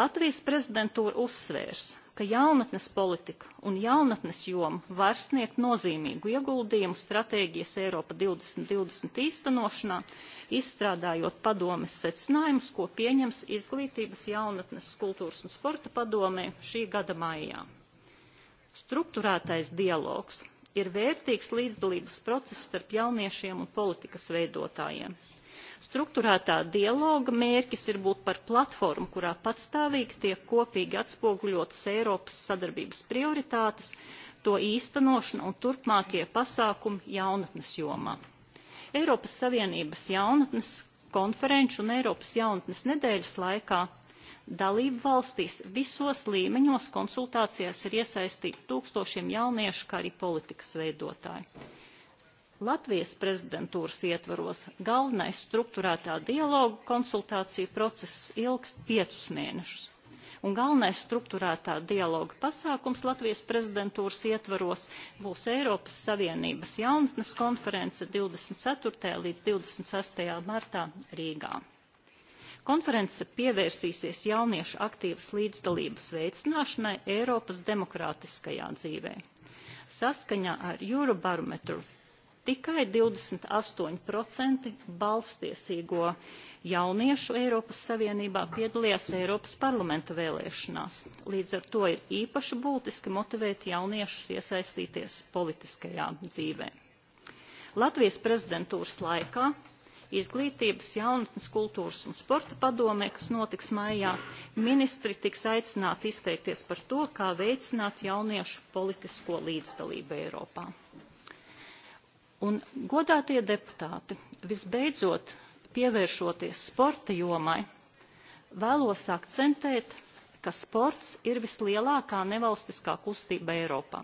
Speaker 5: Latvijas prezidentūra uzsvērs, ka jaunatnes politika un jaunatnes joma var sniegt nozīmīgu ieguldījumu stratēģijas Eiropa 2020 īstenošanā, izstrādājot padomes secinājumus, ko pieņems Izglītības jaunatnes kultūras un sporta padomē šī gada maijā. Strukturētais dialogs ir vērtīgs līdzdalības process starp jauniešiem un politikas veidotājiem Struktūrētā dialoga mērķis ir būt par platformu, kurā patstāvīgi tiek kopīgi atspoguļotas Eiropas sadarbības prioritātes, to īstenošana un turpmākie pasākumi jaunatnes jomā. Eiropas Savienības jaunatnes konferenču un Eiropas jaunatnes nedēļas laikā dalību valstīs visos līmeņos konsultācijās ir iesaistīti tūkstošiem jauniešu, kā arī politikas veidotāji. Latvijas prezidentūras ietvaros galvenais struktūrētā dialoga konsultāciju process ilgst piecus mēnešus. Un galvenais struktūrētā dialoga pasākums Latvijas prezidentūras ietvaros būs Eiropas Savienības jaunatnes konference 24. līdz 26. martā Rīgā. Konference pievērsīsies jauniešu aktīvas līdzdalības veicināšanai Eiropas demokrātiskajā dzīvē. Saskaņā ar Eurobarometru tikai 28% balstiesīgo jauniešu Eiropas Savienībā piedalījās Eiropas parlamenta vēlēšanās. Līdz ar to ir īpaši būtiski motivēt jauniešus iesaistīties politiskajā dzīvē. Latvijas prezidentūras laikā izglītības, jaunatnes, kultūras un sporta padomē, kas notiks maijā, ministri tiks aicināti izteikties par to, kā veicināt jauniešu politisko līdzdalību Eiropā. Un, godātie deputāti, visbeidzot, pievēršoties sporta jomai, vēlos akcentēt, ka sports ir vislielākā nevalstiskā kustība Eiropā.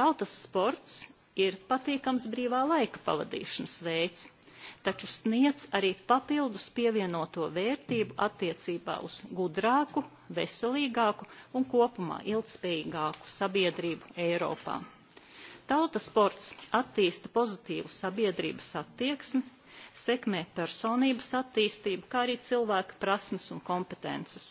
Speaker 5: Tautas sports ir patīkams brīvā laika pavadīšanas veids, taču sniedz arī papildus pievienoto vērtību attiecībā uz gudrāku, veselīgāku un kopumā ilgspējīgāku sabiedrību Eiropā. Tautasports attīsta pozitīvu sabiedrības attieksmi, sekmē personības attīstību, kā arī cilvēka prasmes un kompetences.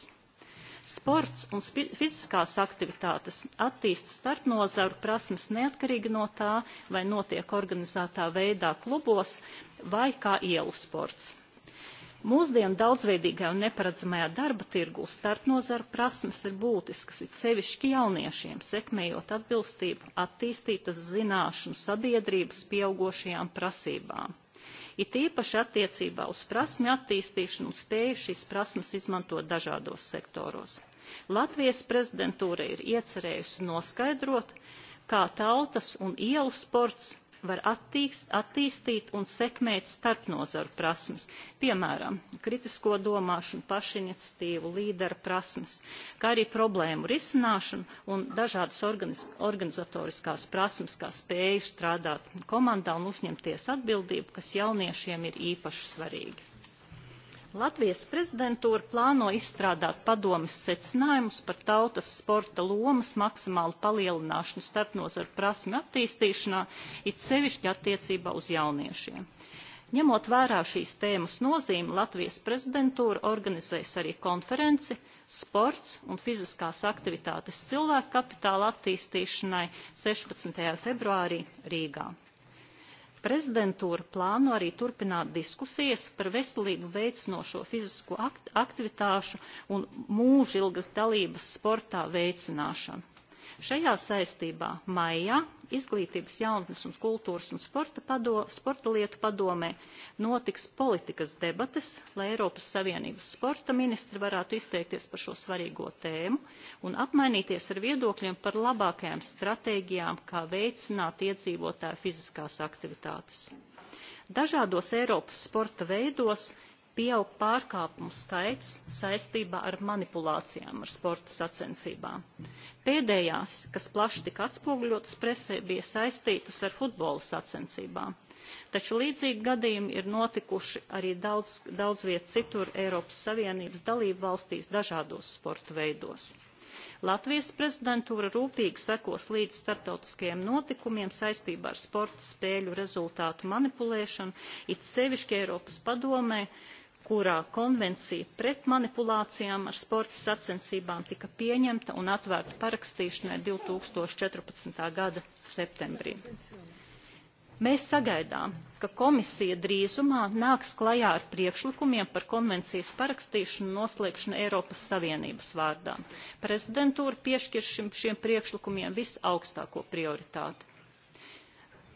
Speaker 5: Sports un fiziskās aktivitātes attīsta starpnozaru prasmes neatkarīgi no tā, vai notiek organizētā veidā klubos vai kā ielu sports. Mūsdienu daudzveidīgā un neparedzamajā darba tirgū starpnozaru prasmes ir būtiskas, it sevišķi jauniešiem, sekmējot atbilstību attīstītas zināšanu sabiedrības pieaugošajām prasībām. It īpaši attiecībā uz prasmi attīstīšanu un spēju šīs prasmes izmantot dažādos sektoros. Latvijas prezidentūra ir iecerējusi noskaidrot, kā tautas un ielu sports var attīst, attīstīt un sekmēt starpnozaru prasmes, piemēram, kritisko domāšanu, pašiniciatīvu, līdera prasmes, kā arī problēmu risināšanu un dažādas organiz, organizatoriskās prasmes, kā spēju strādāt komandā un uzņemties atbildību, kas jauniešiem ir īpaši svarīgi. Latvijas prezidentūra plāno izstrādāt padomas secinājumus par tautas sporta lomas maksimālu palielināšanu starpnozaru prasmi attīstīšanā, it sevišķi attiecībā uz jauniešiem. Ņemot vērā šīs tēmas nozīmi, Latvijas prezidentūra organizēs arī konferenci Sports un fiziskās aktivitātes cilvēku kapitāla attīstīšanai 16. februārī Rīgā. Prezidentūra plāno arī turpināt diskusijas par veselību veicinošo fizisko aktivitāšu un mūžilgas dalības sportā veicināšanu Šajā saistībā maijā Izglītības jaunatnes un kultūras un sporta, pado, sporta lietu padomē notiks politikas debates, lai Eiropas Savienības sporta ministri varētu izteikties par šo svarīgo tēmu un apmainīties ar viedokļiem par labākajām stratēģijām, kā veicināt iedzīvotāju fiziskās aktivitātes. Dažādos Eiropas sporta veidos pieaug pārkāpumu skaits saistībā ar manipulācijām ar sporta sacensībām. Pēdējās, kas plaši tika atspoguļotas presē, bija saistītas ar futbola sacensībām. Taču līdzīgi gadījumi ir notikuši arī daudz, daudz viet citur Eiropas Savienības dalību valstīs dažādos sporta veidos. Latvijas prezidentūra rūpīgi sekos līdz starptautiskajiem notikumiem saistībā ar sporta spēļu rezultātu manipulēšanu, it sevišķi Eiropas padomē, kurā konvencija pret manipulācijām ar sporta sacensībām tika pieņemta un atvērta parakstīšanai 2014. gada septembrī. Mēs sagaidām, ka komisija drīzumā nāks klajā ar priekšlikumiem par konvencijas parakstīšanu un noslēgšanu Eiropas Savienības vārdā. Prezidentūra piešķir šim, šiem priekšlikumiem visaugstāko prioritāti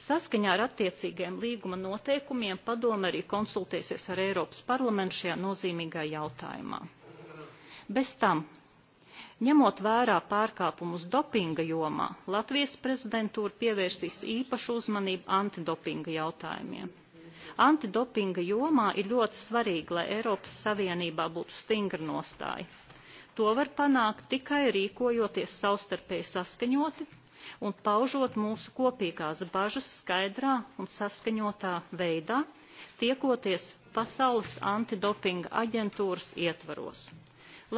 Speaker 5: Saskaņā ar attiecīgiem līguma noteikumiem padome arī konsultēsies ar Eiropas parlamentu šajā nozīmīgā jautājumā. Bez tam, ņemot vērā pārkāpumus dopinga jomā, Latvijas prezidentūra pievērsīs īpašu uzmanību antidopinga jautājumiem. Antidopinga jomā ir ļoti svarīgi, lai Eiropas Savienībā būtu stingra nostāja. To var panākt tikai rīkojoties savstarpēji saskaņoti un paužot mūsu kopīgās bažas skaidrā un saskaņotā veidā, tiekoties Pasaules antidopinga aģentūras ietvaros.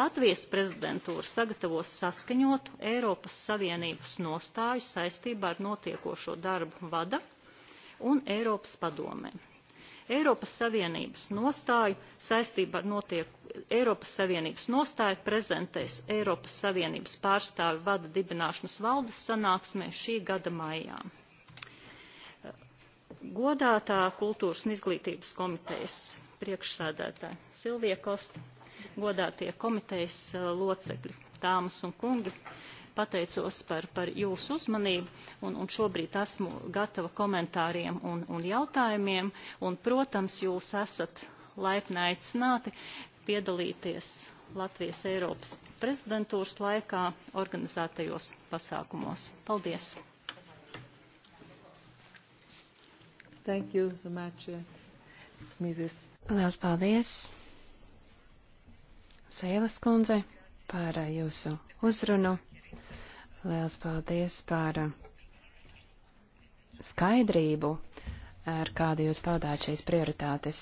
Speaker 5: Latvijas prezidentūra sagatavos saskaņotu Eiropas Savienības nostāju saistībā ar notiekošo darbu vada un Eiropas padomēm. Eiropas Savienības nostāju saistībā ar notiek Eiropas Savienības nostāju prezentēs Eiropas Savienības pārstāvi vada dibināšanas valdes sanāksmē šī gada maijā. Godātā kultūras un izglītības komitejas priekšsēdētāja Silvija Kosta, godātie komitejas eh, locekļi, dāmas un kungi, pateicos par, par jūsu uzmanību, un, un šobrīd esmu gatava komentāriem un, un jautājumiem, un, protams, jūs esat laipni aicināti piedalīties Latvijas Eiropas prezidentūras laikā organizētajos pasākumos. Paldies!
Speaker 4: Thank you so much, uh, Mrs. Liels
Speaker 1: paldies, Sēlas kundze, par uh, jūsu uzrunu. Liels paldies par uh, skaidrību, ar kādu jūs paudāt šīs prioritātes.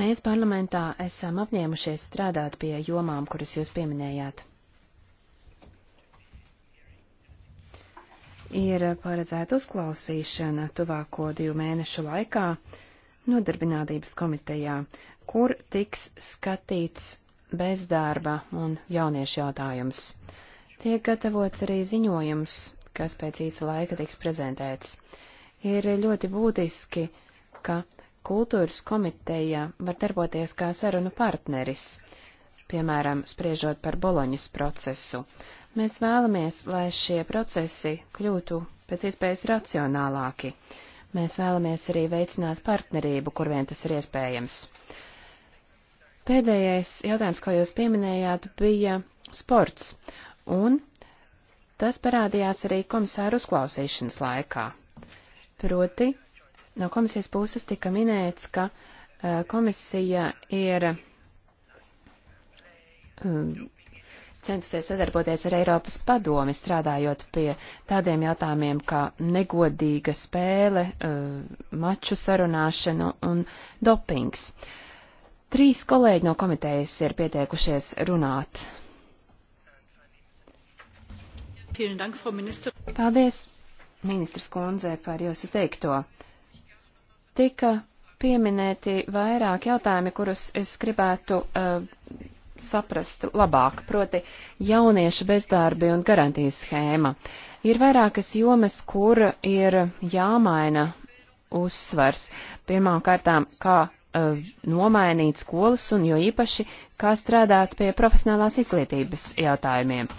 Speaker 1: Mēs parlamentā esam apņēmušies strādāt pie jomām, kuras jūs pieminējāt. Ir paredzēta uzklausīšana tuvāko divu mēnešu laikā nodarbinātības komitejā, kur tiks skatīts bezdarba un jauniešu jautājums. Tiek gatavots arī ziņojums, kas pēc īsa laika tiks prezentēts. Ir ļoti būtiski, ka kultūras komiteja var darboties kā sarunu partneris, piemēram, spriežot par Boloņas procesu. Mēs vēlamies, lai šie procesi kļūtu pēc iespējas racionālāki. Mēs vēlamies arī veicināt partnerību, kur vien tas ir iespējams. Pēdējais jautājums, ko jūs pieminējāt, bija sports, un tas parādījās arī komisāru uzklausīšanas laikā. Proti, no komisijas puses tika minēts, ka uh, komisija ir um, centusies sadarboties ar Eiropas padomi, strādājot pie tādiem jautājumiem kā negodīga spēle, eh, maču sarunāšana un dopings. Trīs kolēģi no komitejas ir pieteikušies runāt. Paldies, ministrs kundze, par jūsu teikto. Tika pieminēti vairāk jautājumi, kurus es gribētu uh, saprast labāk, proti jauniešu bezdarbi un garantijas schēma. Ir vairākas jomas, kur ir jāmaina uzsvars. Pirmām kārtām, kā uh, nomainīt skolas un jo īpaši, kā strādāt pie profesionālās izglītības jautājumiem.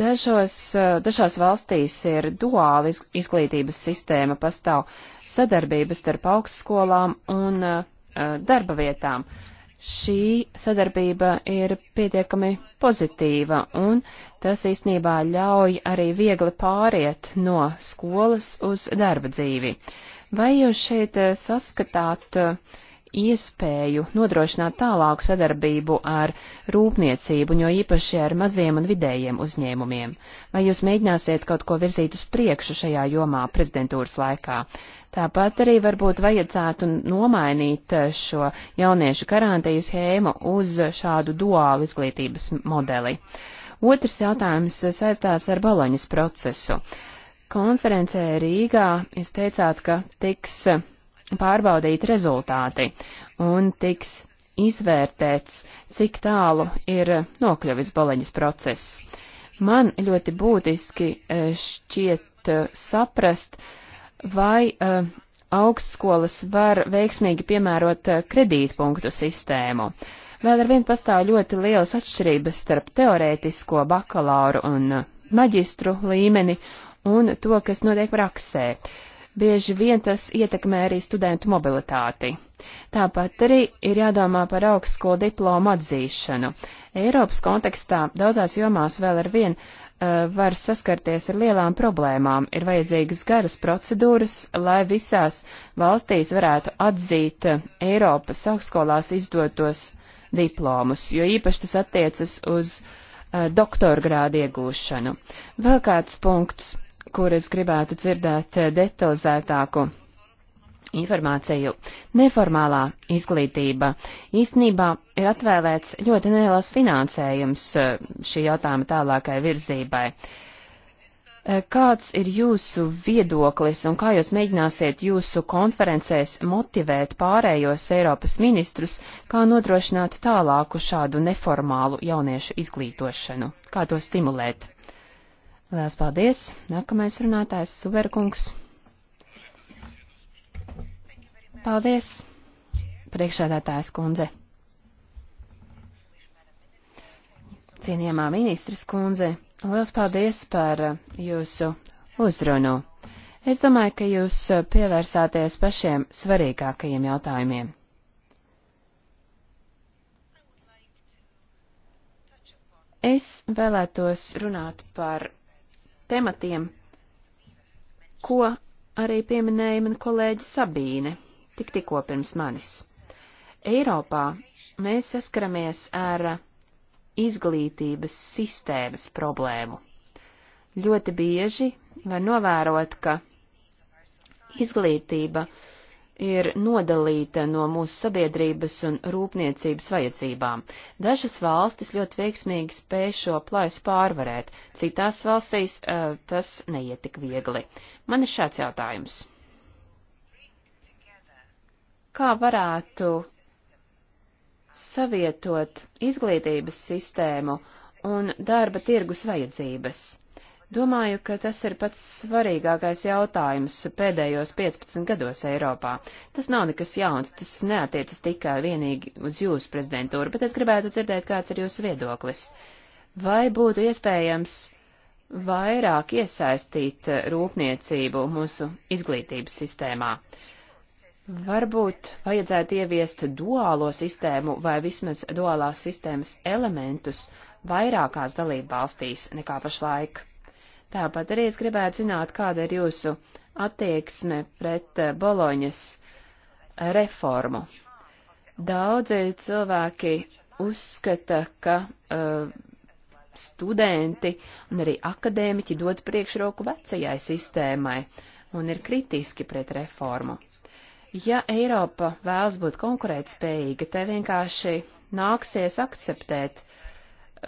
Speaker 1: Dažos, uh, dažās valstīs ir duāla izglītības sistēma, pastāv sadarbības starp augstskolām un uh, darba vietām. Šī sadarbība ir pietiekami pozitīva, un tas īstenībā ļauj arī viegli pāriet no skolas uz darba dzīvi. Vai jūs šeit saskatāt uh, iespēju nodrošināt tālāku sadarbību ar rūpniecību, jo īpaši ar maziem un vidējiem uzņēmumiem? Vai jūs mēģināsiet kaut ko virzīt uz priekšu šajā jomā prezidentūras laikā? Tāpat arī varbūt vajadzētu nomainīt šo jauniešu garantiju schēmu uz šādu duālu izglītības modeli. Otrs jautājums saistās ar Boloņas procesu. Konferencē Rīgā jūs teicāt, ka tiks pārbaudīti rezultāti un tiks izvērtēts, cik tālu ir nokļuvis boloņas process. Man ļoti būtiski e, šķiet e, saprast, vai e, augstskolas var veiksmīgi piemērot kredītpunktu sistēmu. Vēl ar vienu pastāv ļoti lielas atšķirības starp teorētisko bakalauru un maģistru līmeni un to, kas notiek praksē. Uh, bieži vien tas ietekmē arī studentu mobilitāti. Tāpat arī ir jādomā par augstskolu diplomu atzīšanu. Eiropas kontekstā daudzās jomās vēl ar vien uh, var saskarties ar lielām problēmām. Ir vajadzīgas garas procedūras, lai visās valstīs varētu atzīt uh, Eiropas augstskolās izdotos diplomus, jo īpaši tas attiecas uz uh, doktorgrādu iegūšanu. Vēl kāds punkts kur es gribētu dzirdēt eh, detalizētāku informāciju. Neformālā izglītība. Īstenībā ir atvēlēts ļoti neliels finansējums eh, šī jautājuma tālākai virzībai. Eh, kāds ir jūsu viedoklis un kā jūs mēģināsiet jūsu konferencēs motivēt pārējos Eiropas ministrus, kā nodrošināt tālāku šādu neformālu jauniešu izglītošanu? Kā to stimulēt? Lielas paldies! Nākamais runātājs Suverkungs. Paldies, priekšādātājs kundze. Cienījamā ministras kundze, liels paldies par jūsu uzrunu. Es domāju, ka jūs pievērsāties pašiem svarīgākajiem jautājumiem. Es vēlētos runāt par tematiem, ko arī pieminēja mana kolēģi Sabīne tik tikko pirms manis. Eiropā mēs saskaramies ar izglītības sistēmas problēmu. Ļoti bieži var novērot, ka izglītība uh, ir nodalīta no mūsu sabiedrības un rūpniecības vajadzībām. Dažas valstis ļoti veiksmīgi spēj šo plaisu pārvarēt, citās valstīs uh, tas neiet tik viegli. Man ir šāds jautājums. Kā varētu savietot izglītības sistēmu un darba tirgus vajadzības? Domāju, ka tas ir pats svarīgākais jautājums pēdējos 15 gados Eiropā. Tas nav nekas jauns, tas neatiecas tikai vienīgi uz jūsu prezidentūru, bet es gribētu dzirdēt, kāds ir jūsu viedoklis. Vai būtu iespējams vairāk iesaistīt rūpniecību mūsu izglītības sistēmā? Varbūt vajadzētu ieviest duālo sistēmu vai vismaz duālās sistēmas elementus vairākās dalību valstīs nekā pašlaik. Tāpat arī es gribētu zināt, kāda ir jūsu attieksme pret eh, Boloņas eh, reformu. Daudzi cilvēki uzskata, ka uh, studenti un arī akadēmiķi dod priekšroku vecajai sistēmai un ir kritiski pret reformu. Ja Eiropa vēlas būt konkurētspējīga, te vienkārši nāksies akceptēt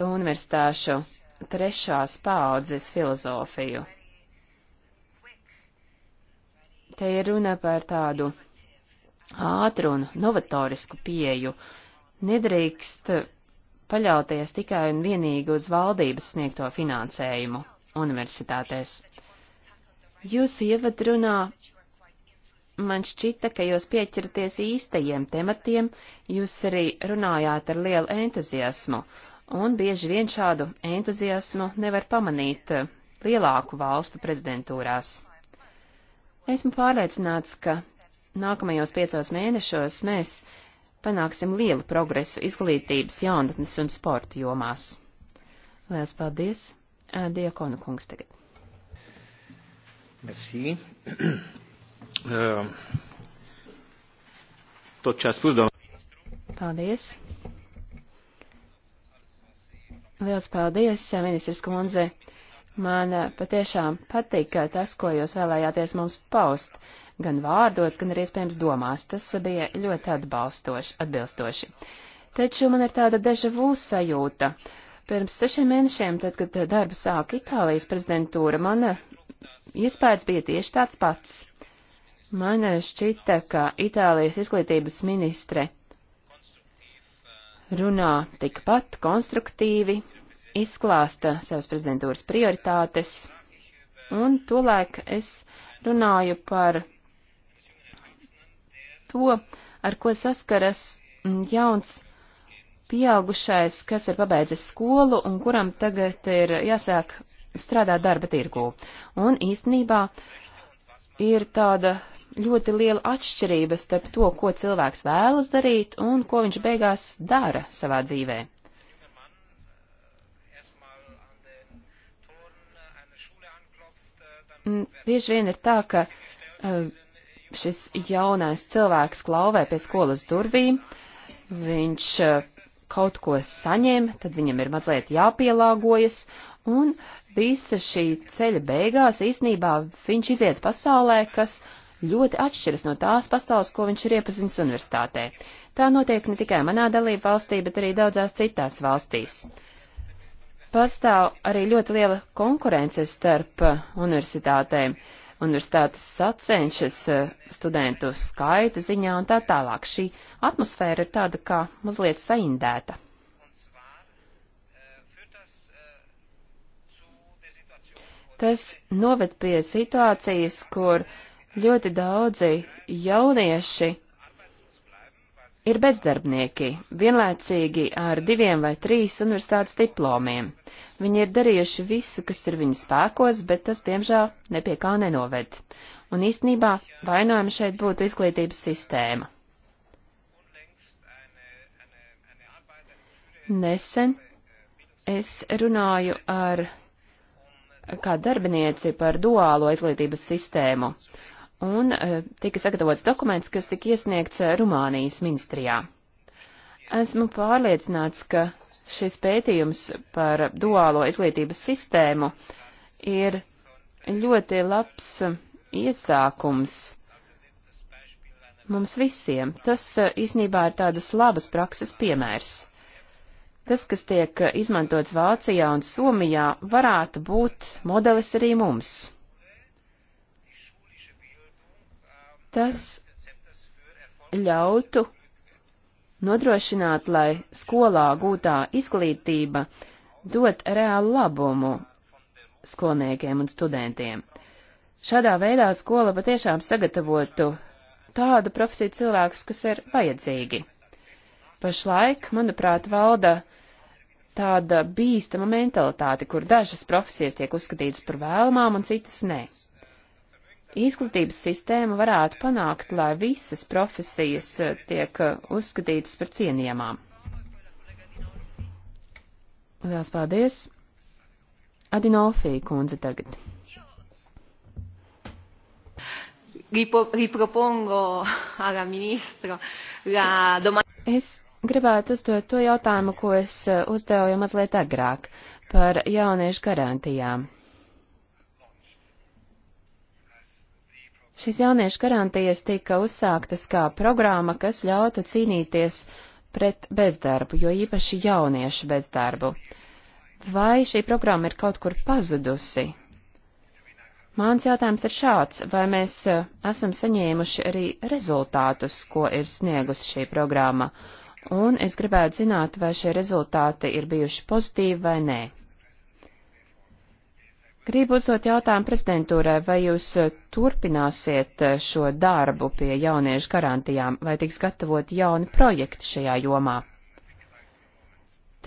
Speaker 1: universitāšu trešās paaudzes filozofiju. Te ir runa par tādu ātru un novatorisku pieju. Nedrīkst paļauties tikai un vienīgi uz valdības sniegto finansējumu universitātēs. Jūsu ievadrunā man šķita, ka jūs pieķeraties īstajiem tematiem, jūs arī runājāt ar lielu entuziasmu, un bieži vien šādu entuziasmu nevar pamanīt eh, lielāku valstu prezidentūrās. Esmu pārliecināts, ka nākamajos piecos mēnešos mēs panāksim lielu progresu izglītības, jaunatnes un sporta jomās. Lielas paldies! Eh, Diakonu kungs tagad. Merci. [COUGHS]
Speaker 2: Euh, tot šās pusdomas.
Speaker 1: Paldies. Liels paldies, ministrs kundze. Man eh, patiešām patika eh, tas, ko jūs vēlējāties mums paust, gan vārdos, gan arī iespējams domās. Tas bija ļoti atbalstoši, atbilstoši. Taču man ir tāda deja vu sajūta. Pirms sešiem mēnešiem, tad, kad darbu sāka Itālijas prezidentūra, man eh, iespējas bija tieši tāds pats. Man šķita, ka Itālijas izglītības ministre runā tikpat konstruktīvi, izklāsta savas prezidentūras prioritātes, un tolēk es runāju par to, ar ko saskaras jauns pieaugušais, kas ir pabeidzis skolu un kuram tagad ir jāsāk strādāt darba tirgū. Un īstenībā ir tāda ļoti liela atšķirība starp to, ko cilvēks vēlas darīt un ko viņš beigās dara savā dzīvē. Bieži vien ir tā, ka uh, šis jaunais cilvēks klauvē pie skolas durvīm, viņš uh, kaut ko saņem, tad viņam ir mazliet jāpielāgojas, un visa šī ceļa beigās īsnībā viņš iziet pasaulē, kas uh, ļoti atšķiras no tās pasaules, ko viņš ir iepazinis universitātē. Tā notiek ne tikai manā dalību valstī, bet arī daudzās citās valstīs. Pastāv arī ļoti liela konkurence starp uh, universitātēm. Universitātes sacenšas uh, studentu skaita ziņā un tā tālāk. Šī atmosfēra ir tāda kā mazliet saindēta. Tas noved pie situācijas, kur uh, ļoti daudzi jaunieši ir bezdarbnieki, vienlaicīgi ar diviem vai trīs universitātes diplomiem. Viņi ir darījuši visu, kas ir viņu spēkos, bet tas, diemžēl, nepie kā nenoved. Un īstenībā vainojama šeit būtu izglītības sistēma. Nesen es runāju ar kā darbinieci par duālo izglītības sistēmu, un e, tika sagatavots dokuments, kas tika iesniegts e, Rumānijas ministrijā. Esmu pārliecināts, ka šis pētījums par duālo izglītības sistēmu ir ļoti labs e, iesākums mums visiem. Tas īsnībā ir tādas labas prakses piemērs. Tas, kas tiek izmantots Vācijā un Somijā, varētu būt modelis arī mums. Tas ļautu nodrošināt, lai skolā gūtā izglītība dot reālu labumu skolniekiem un studentiem. Šādā veidā skola patiešām sagatavotu tādu profesiju cilvēkus, kas ir vajadzīgi. Pašlaik, manuprāt, valda tāda bīstama mentalitāte, kur dažas profesijas tiek uzskatītas par vēlamām un citas nē izglītības sistēma varētu panākt, lai visas profesijas eh, tiek eh, uzskatītas par cienījamām. Lielas paldies! Adinolfī kundze tagad. Es gribētu uzdot to jautājumu, ko es eh, uzdevu jau mazliet agrāk par jauniešu garantijām. Šīs jauniešu garantijas tika uzsāktas kā programma, kas ļautu cīnīties pret bezdarbu, jo īpaši jauniešu bezdarbu. Vai šī programma ir kaut kur pazudusi? Mans jautājums ir šāds, vai mēs eh, esam saņēmuši arī rezultātus, ko ir sniegusi šī programma, un es gribētu zināt, vai šie rezultāti ir bijuši pozitīvi vai nē. Gribu uzdot jautājumu prezidentūrai, vai jūs eh, turpināsiet eh, šo darbu pie jauniešu garantijām, vai tiks gatavot jauni projekti šajā jomā?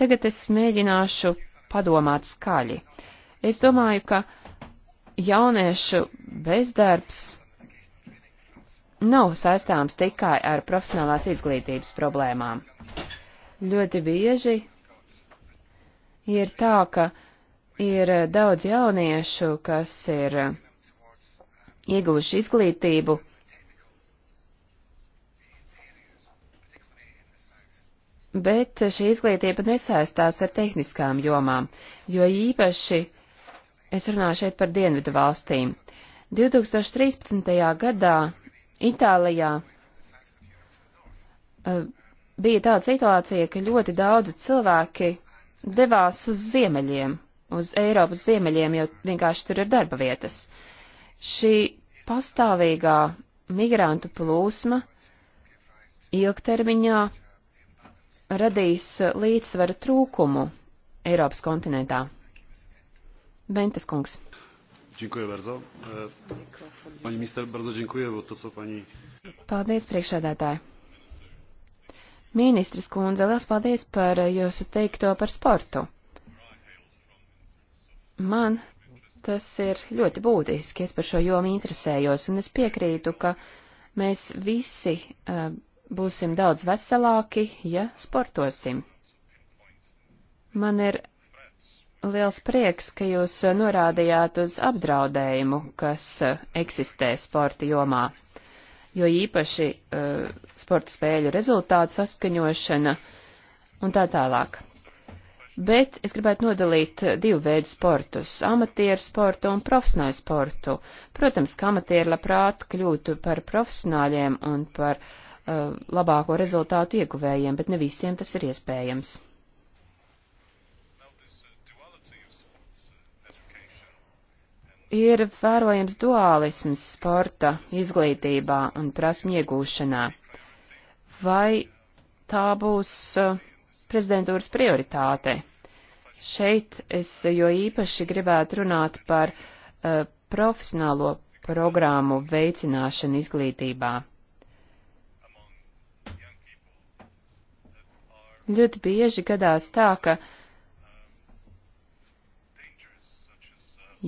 Speaker 1: Tagad es mēģināšu padomāt skaļi. Es domāju, ka jauniešu bezdarbs nav saistāms tikai ar profesionālās izglītības problēmām. Ļoti bieži ir tā, ka ir eh, daudz jauniešu, kas ir eh, ieguvuši izglītību. Bet šī izglītība nesaistās ar tehniskām jomām, jo īpaši es runāju šeit par dienvidu valstīm. 2013. gadā Itālijā eh, bija tāda situācija, ka ļoti daudzi cilvēki devās uz ziemeļiem, uz Eiropas ziemeļiem, jo vienkārši tur ir darba vietas. Šī pastāvīgā migrantu plūsma ilgtermiņā radīs līdzsvara trūkumu Eiropas kontinentā. Bentes kungs.
Speaker 3: Dziękuję bardzo. E, pani minister, bardzo dziękuję, bo to, co pani...
Speaker 1: Paldies, priekšsēdētāji. Ministres kundze, liels paldies par jūsu teikto par sportu. Man tas ir ļoti būtiski, es par šo jomu interesējos, un es piekrītu, ka mēs visi uh, būsim daudz veselāki, ja sportosim. Man ir liels prieks, ka jūs norādījāt uz apdraudējumu, kas uh, eksistē sporta jomā, jo īpaši uh, sporta spēļu rezultātu saskaņošana un tā tālāk bet es gribētu nodalīt divu veidu sportus - amatieru sportu un profesionālu sportu. Protams, ka amatieri labprāt kļūtu par profesionāļiem un par uh, labāko rezultātu ieguvējiem, bet ne visiem tas ir iespējams. Ir vērojams duālisms sporta izglītībā un prasmju iegūšanā. Vai tā būs uh, prezidentūras prioritāte. Šeit es jo īpaši gribētu runāt par uh, profesionālo programmu veicināšanu izglītībā. Ļoti bieži gadās tā, ka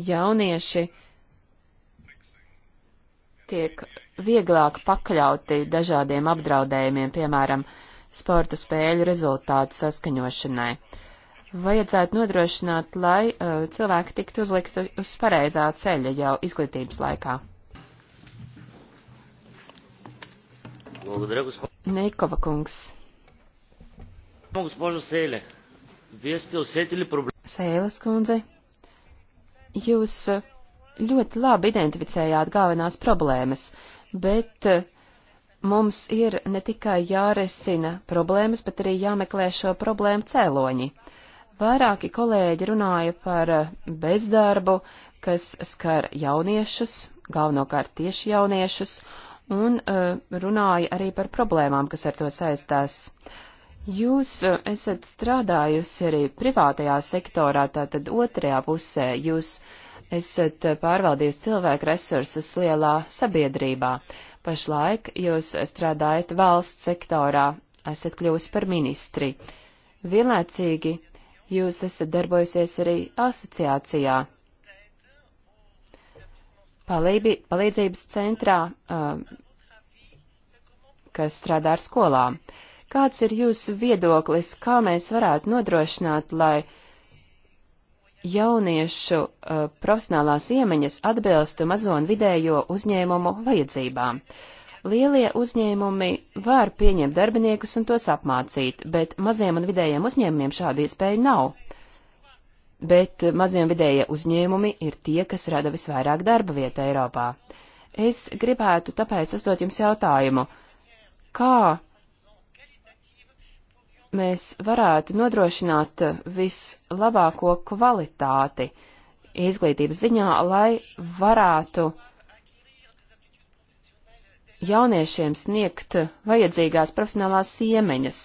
Speaker 1: jaunieši tiek vieglāk pakļauti dažādiem apdraudējumiem, piemēram, uh, sporta spēļu rezultātu saskaņošanai. Vajadzētu nodrošināt, lai uh, cilvēki tiktu uzlikti uz pareizā ceļa jau izglītības laikā.
Speaker 5: Благодаря, госпожо.
Speaker 1: Нейкова Кунгс.
Speaker 5: Госпожо Сейле, вие сте усетили проблем.
Speaker 1: Сейлас Кунгзе, jūs э, ļoti labi identificējāt galvenās problēmas, bet э, mums ir ne tikai jāresina problēmas, bet arī jāmeklē šo problēmu cēloņi. Vairāki kolēģi runāja par bezdarbu, kas skar jauniešus, galvenokārt tieši jauniešus, un uh, runāja arī par problēmām, kas ar to saistās. Jūs uh, esat strādājusi arī privātajā sektorā, tātad otrajā pusē, jūs esat eh, pārvaldījis cilvēku resursus lielā sabiedrībā. Uh, Pašlaik jūs strādājat valsts sektorā, esat kļuvusi par ministri. Vienlaicīgi jūs esat darbojusies arī asociācijā. Palībi, palīdzības centrā, um, kas strādā ar skolām. Kāds ir jūsu viedoklis, kā mēs varētu nodrošināt, lai uh, jauniešu uh, profesionālās iemaņas atbilstu mazo un vidējo uzņēmumu vajadzībām. Lielie uzņēmumi var pieņemt darbiniekus un tos apmācīt, bet maziem un vidējiem uzņēmumiem šādu iespēju nav. Bet mazie un vidējie uzņēmumi ir tie, kas rada visvairāk darba vietu Eiropā. Es gribētu tāpēc uzdot jums jautājumu, kā mēs varētu nodrošināt vislabāko kvalitāti izglītības ziņā, lai varētu jauniešiem sniegt vajadzīgās profesionālās siemeņas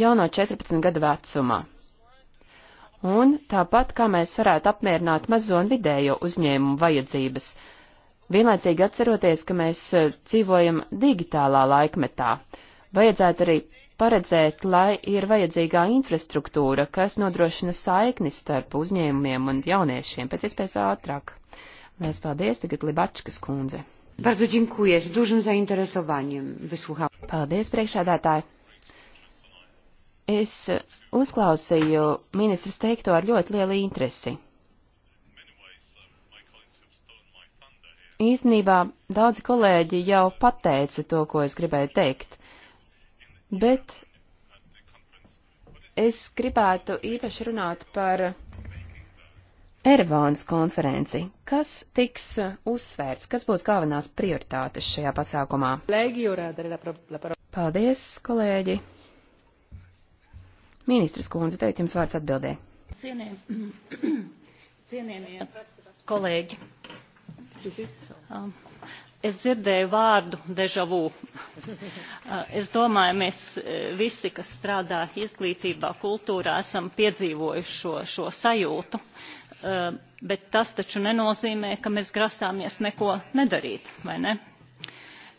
Speaker 1: jau no 14 gadu vecumā. Un tāpat, kā mēs varētu apmierināt mazo un vidējo uzņēmumu vajadzības, vienlaicīgi atceroties, ka mēs dzīvojam digitālā laikmetā, vajadzētu arī paredzēt, lai ir vajadzīgā infrastruktūra, kas nodrošina saikni starp uzņēmumiem un jauniešiem pēc iespējas ātrāk. Lielas paldies, tagad Libačkas kundze. Bardzo dziękuję, z dużym zainteresowaniem wysłuchałam. Paldies, priekšādātāji. Es uzklausīju ministrs teikto ar ļoti lielu interesi. Īstenībā daudzi kolēģi jau pateica to, ko es gribēju teikt bet es gribētu īpaši runāt par Ervānas konferenci. Kas tiks uh, uzsvērts? Kas būs galvenās prioritātes šajā pasākumā? Paldies, kolēģi! Ministras kundze, teikt jums vārds atbildē. Cieniem. [CLEARS THROAT] Cienījamie
Speaker 5: kolēģi! Um, Es dzirdēju vārdu dežavu. Es domāju, mēs e, visi, kas strādā izglītībā, kultūrā, esam piedzīvojuši šo, šo sajūtu. E, bet tas taču nenozīmē, ka mēs grasāmies neko nedarīt, vai ne?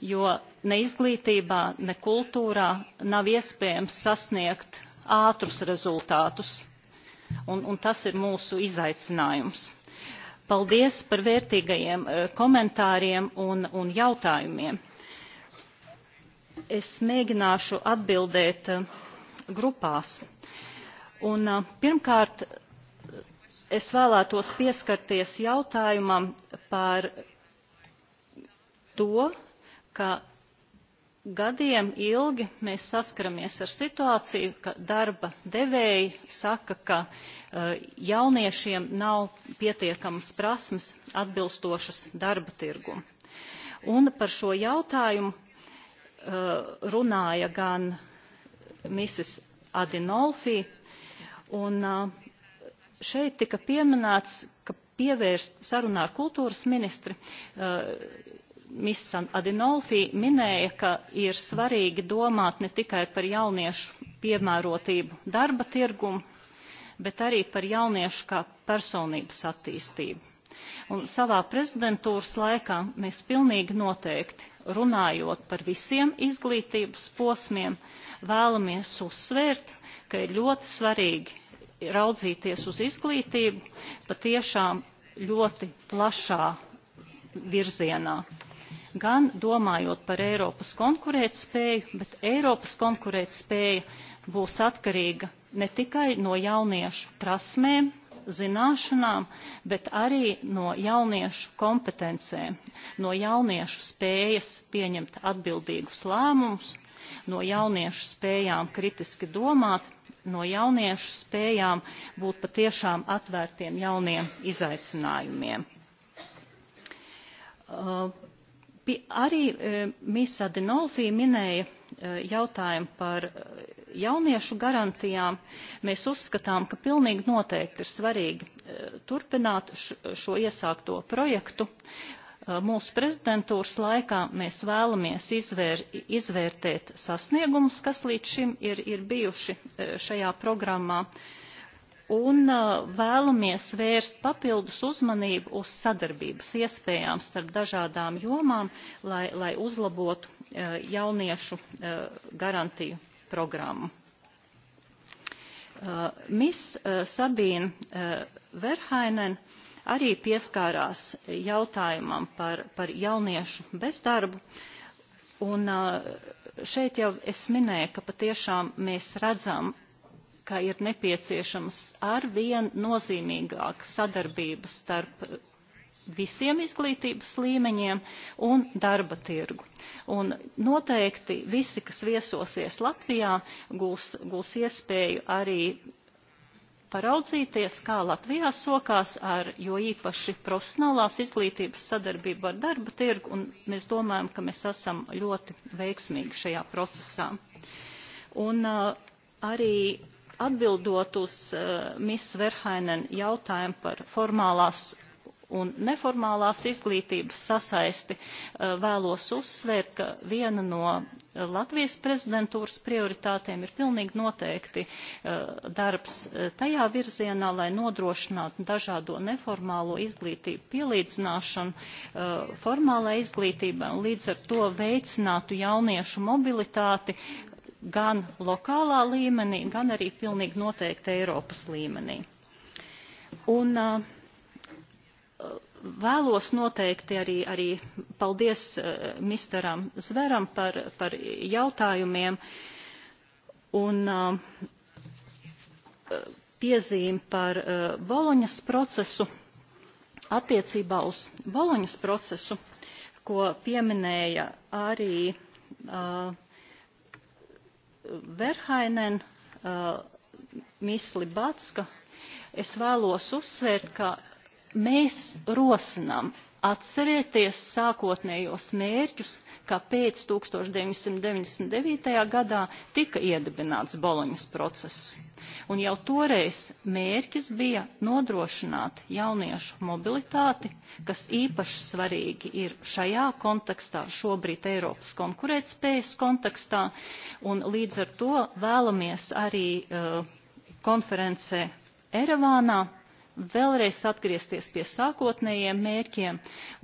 Speaker 5: Jo ne izglītībā, ne kultūrā nav iespējams sasniegt ātrus rezultātus. Un, un tas ir mūsu izaicinājums. Paldies par vērtīgajiem eh, komentāriem un, un jautājumiem. Es mēģināšu atbildēt eh, grupās. Un, eh, pirmkārt, es vēlētos pieskarties jautājumam par to, ka gadiem ilgi mēs saskaramies ar situāciju ka darba devēji saka ka uh, jauniešiem nav pietiekamas prasmes atbilstošas darba tirgum. Un par šo jautājumu uh, runāja gan Mrs. Adinolfi, un uh, šeit tika pieminēts, ka pievērst sarunā ar kultūras ministri Misa Adinolfi minēja, ka ir svarīgi domāt ne tikai par jauniešu piemērotību darba tirgumu, bet arī par jauniešu kā personības attīstību. Un savā prezidentūras laikā mēs pilnīgi noteikti, runājot par visiem izglītības posmiem, vēlamies uzsvērt, ka ir ļoti svarīgi raudzīties uz izglītību patiešām ļoti plašā virzienā gan domājot par Eiropas konkurētspēju, bet Eiropas konkurētspēja būs atkarīga ne tikai no jauniešu prasmēm, zināšanām, bet arī no jauniešu kompetencēm, no jauniešu spējas pieņemt atbildīgus lēmumus, no jauniešu spējām kritiski domāt, no jauniešu spējām būt patiešām atvērtiem jauniem izaicinājumiem. Uh, Arī e, Misa Denolfī minēja e, jautājumu par e, jauniešu garantijām. Mēs uzskatām, ka pilnīgi noteikti ir svarīgi turpināt šo iesākto projektu. Mūsu prezidentūras laikā mēs vēlamies izvēr, izvērtēt sasniegumus, kas līdz šim ir, ir bijuši šajā programmā. Uh, un uh, vēlamies vērst papildus uzmanību uz sadarbības iespējām starp dažādām jomām, lai, lai uzlabotu uh, jauniešu uh, garantiju programmu. Miss Sabīna Verhainen arī pieskārās jautājumam par, par jauniešu bezdarbu. Un šeit jau es minēju, ka patiešām mēs redzam ka ir nepieciešams arvien nozīmīgāk sadarbība starp visiem izglītības līmeņiem un darba tirgu. Un noteikti visi, kas viesosies Latvijā, gūs, gūs iespēju arī paraudzīties, kā Latvijā sokās ar jo īpaši profesionālās izglītības sadarbību ar darba tirgu, un mēs domājam, ka mēs esam ļoti veiksmīgi šajā procesā. Un uh, arī Atbildot uz uh, Miss Verhainen jautājumu par formālās un neformālās izglītības sasaisti eh, vēlos uzsvērt, ka viena no eh, Latvijas prezidentūras prioritātēm ir pilnīgi noteikti darbs tajā virzienā, lai nodrošinātu dažādo neformālo izglītību pielīdzināšanu formālai izglītībai un līdz ar to veicinātu jauniešu mobilitāti gan lokālā līmenī, gan arī pilnīgi noteikti Eiropas līmenī. Un uh, vēlos noteikti arī, arī paldies uh, misteram Zveram par, par jautājumiem un uh, piezīmi par Boloņas procesu. Attiecībā uz Boloņas procesu, ko pieminēja arī uh, Verhainen, uh, Miss Libatska, es vēlos uzsvērt, ka mēs rosinām Atcerieties sākotnējos mērķus, kāpēc 1999. gadā tika iedibināts Boloņas process. Un jau toreiz mērķis bija nodrošināt jauniešu mobilitāti, kas īpaši svarīgi ir šajā kontekstā, šobrīd Eiropas konkurētspējas kontekstā, un līdz ar to vēlamies arī uh, konferencē Erevānā vēlreiz atgriezties pie sākotnējiem mērķiem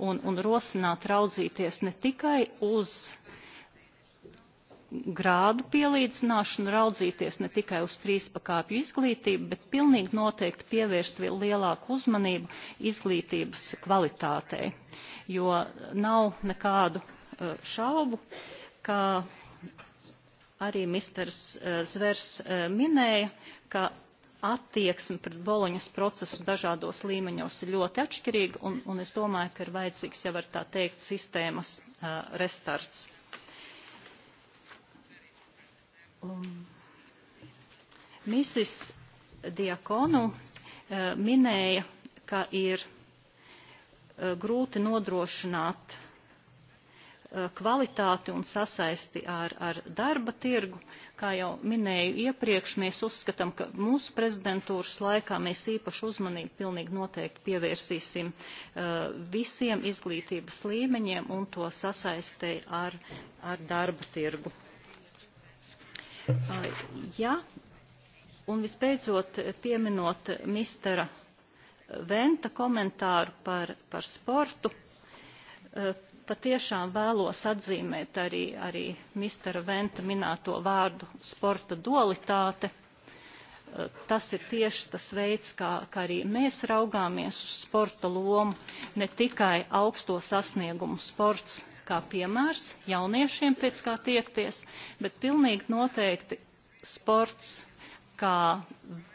Speaker 5: un, un rosināt raudzīties ne tikai uz grādu pielīdzināšanu, raudzīties ne tikai uz trīs pakāpju izglītību, bet pilnīgi noteikti pievērst vēl lielāku uzmanību izglītības kvalitātei, jo nav nekādu eh, šaubu, ka arī misters eh, Zvers eh, minēja, ka attieksme pret Boloņas procesu dažādos līmeņos ir ļoti atšķirīga, un, un es domāju, ka ir vajadzīgs, ja var tā teikt, sistēmas uh, restarts. Um, Mrs. Diakonu uh, minēja, ka ir uh, grūti nodrošināt uh, Uh, kvalitāti un sasaisti ar, ar darba tirgu. Kā jau minēju iepriekš, mēs uzskatām, ka mūsu prezidentūras laikā mēs īpašu uzmanību pilnīgi noteikti pievērsīsim uh, visiem izglītības līmeņiem un to sasaistē ar, ar darba tirgu. Uh, ja, un visbeidzot pieminot mistera Venta komentāru par, par sportu, patiešām vēlos atzīmēt arī, arī mistera Venta minēto vārdu sporta dualitāte. Eh, tas ir tieši tas veids, kā, kā arī mēs raugāmies uz sporta lomu, ne tikai augsto sasniegumu sports kā piemērs jauniešiem pēc kā tiekties, bet pilnīgi noteikti sports kā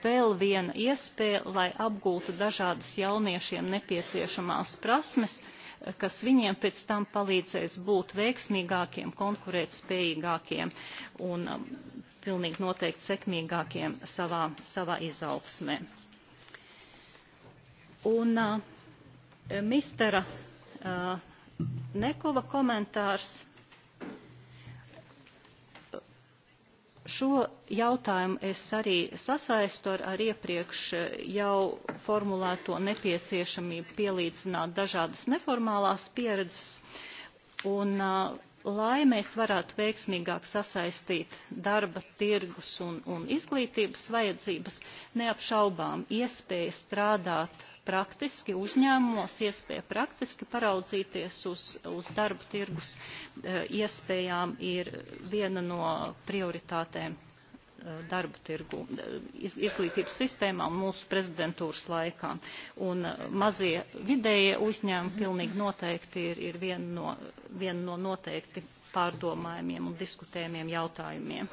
Speaker 5: vēl viena iespēja, lai apgūtu dažādas jauniešiem nepieciešamās prasmes, uh, kas viņiem pēc tam palīdzēs būt veiksmīgākiem, konkurētspējīgākiem un um, pilnīgi noteikti sekmīgākiem savā, savā izaugsmē. Un uh, mistera uh, Nekova komentārs Šo jautājumu es arī sasaistu ar, ar iepriekš e, jau formulēto nepieciešamību pielīdzināt dažādas neformālās pieredzes un uh, lai mēs varētu veiksmīgāk sasaistīt darba tirgus un, un izglītības vajadzības, neapšaubām iespēja strādāt praktiski uzņēmumos, iespēja praktiski paraudzīties uz, uz darba tirgus e, iespējām ir viena no prioritātēm. Eh, darba tirgu, eh, izglītības sistēmām mūsu prezidentūras laikā. Un eh, mazie vidējie uzņēmumi pilnīgi noteikti ir, ir viena no, vien no noteikti pārdomājumiem un diskutējumiem jautājumiem.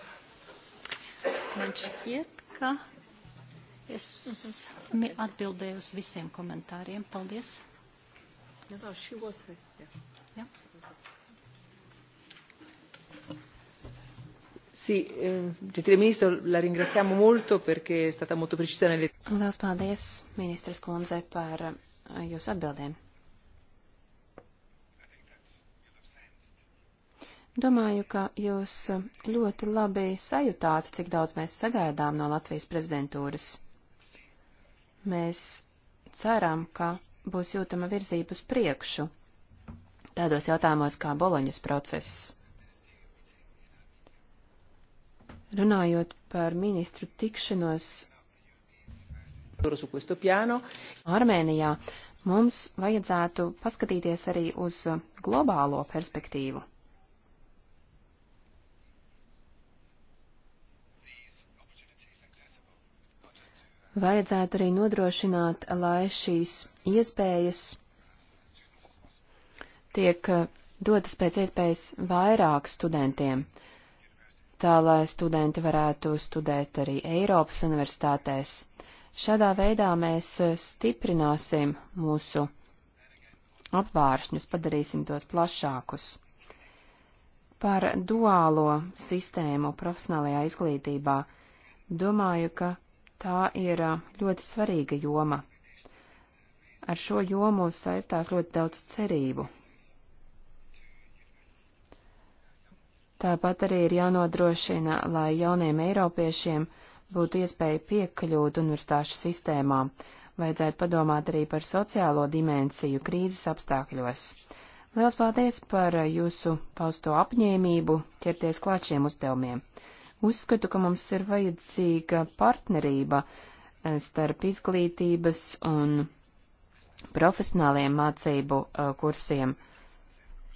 Speaker 5: Man šķiet, ka es mhm. atbildēju uz visiem komentāriem. Paldies.
Speaker 1: Yeah, she was. Yeah. Yeah.
Speaker 4: Sì, eh, gentile ministro, la ringraziamo molto perché è stata molto precisa nelle.
Speaker 1: Lielas paldies, ministras kundze, par eh, jūsu atbildēm. Domāju, ka jūs ļoti labi sajūtāt, cik daudz mēs sagaidām no Latvijas prezidentūras. Mēs ceram, ka būs jūtama virzība uz priekšu tādos jautājumos kā Boloņas process. Runājot par ministru tikšanos Armēnijā, mums vajadzētu paskatīties arī uz globālo perspektīvu. Vajadzētu arī nodrošināt, lai šīs iespējas tiek dotas pēc iespējas vairāk studentiem. Uh, tā lai studenti varētu studēt arī Eiropas universitātēs. Šādā veidā mēs eh, stiprināsim mūsu apvāršņus, padarīsim tos plašākus. Par duālo sistēmu profesionālajā izglītībā domāju, ka tā ir eh, ļoti svarīga joma. Ar šo jomu saistās ļoti daudz cerību, Tāpat arī ir jānodrošina, lai jauniem eiropiešiem būtu iespēja piekļūt universitāšu sistēmām. Vajadzētu padomāt arī par sociālo dimensiju krīzes apstākļos. Liels paldies par jūsu pausto apņēmību ķerties klāt šiem uzdevumiem. Uzskatu, ka mums ir vajadzīga partnerība eh, starp izglītības un profesionāliem mācību eh, kursiem. Uh,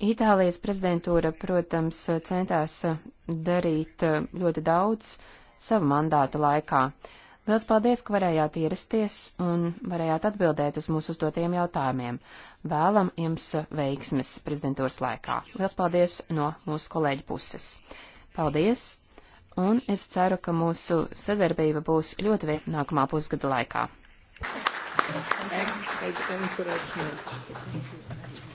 Speaker 1: Itālijas prezidentūra, protams, centās darīt ļoti daudz savu mandāta laikā. Liels paldies, ka varējāt ierasties un varējāt atbildēt uz mūsu uzdotajiem jautājumiem. Vēlam jums veiksmes prezidentūras laikā. Liels paldies no mūsu kolēģa puses. Paldies! Un es ceru, ka mūsu sadarbība būs ļoti veiksmīga nākamā pusgada laikā.
Speaker 4: Thank
Speaker 5: you.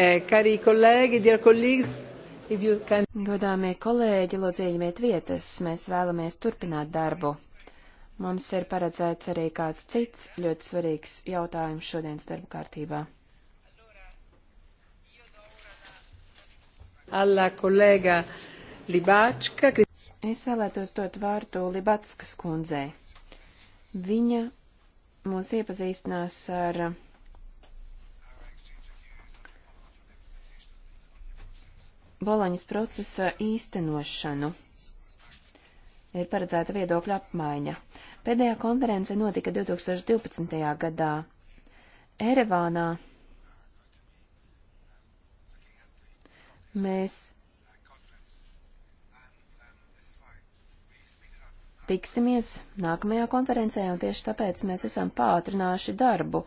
Speaker 4: Eh, cari colleghi, dear colleagues,
Speaker 1: if you can... Godāmie kolēģi, lūdzu ieņemiet vietas, mēs vēlamies turpināt darbu. Mums ir paredzēts arī kāds cits ļoti svarīgs jautājums šodienas darba kārtībā. Alla kolēga Libāčka. Es vēlētos dot vārdu Libackas kundzei. Viņa mūs iepazīstinās ar Bolaņas procesa īstenošanu. Ir paredzēta viedokļa apmaiņa. Pēdējā konference notika 2012. gadā. Erevānā mēs tiksimies nākamajā konferencē, un tieši tāpēc mēs esam pātrinājuši darbu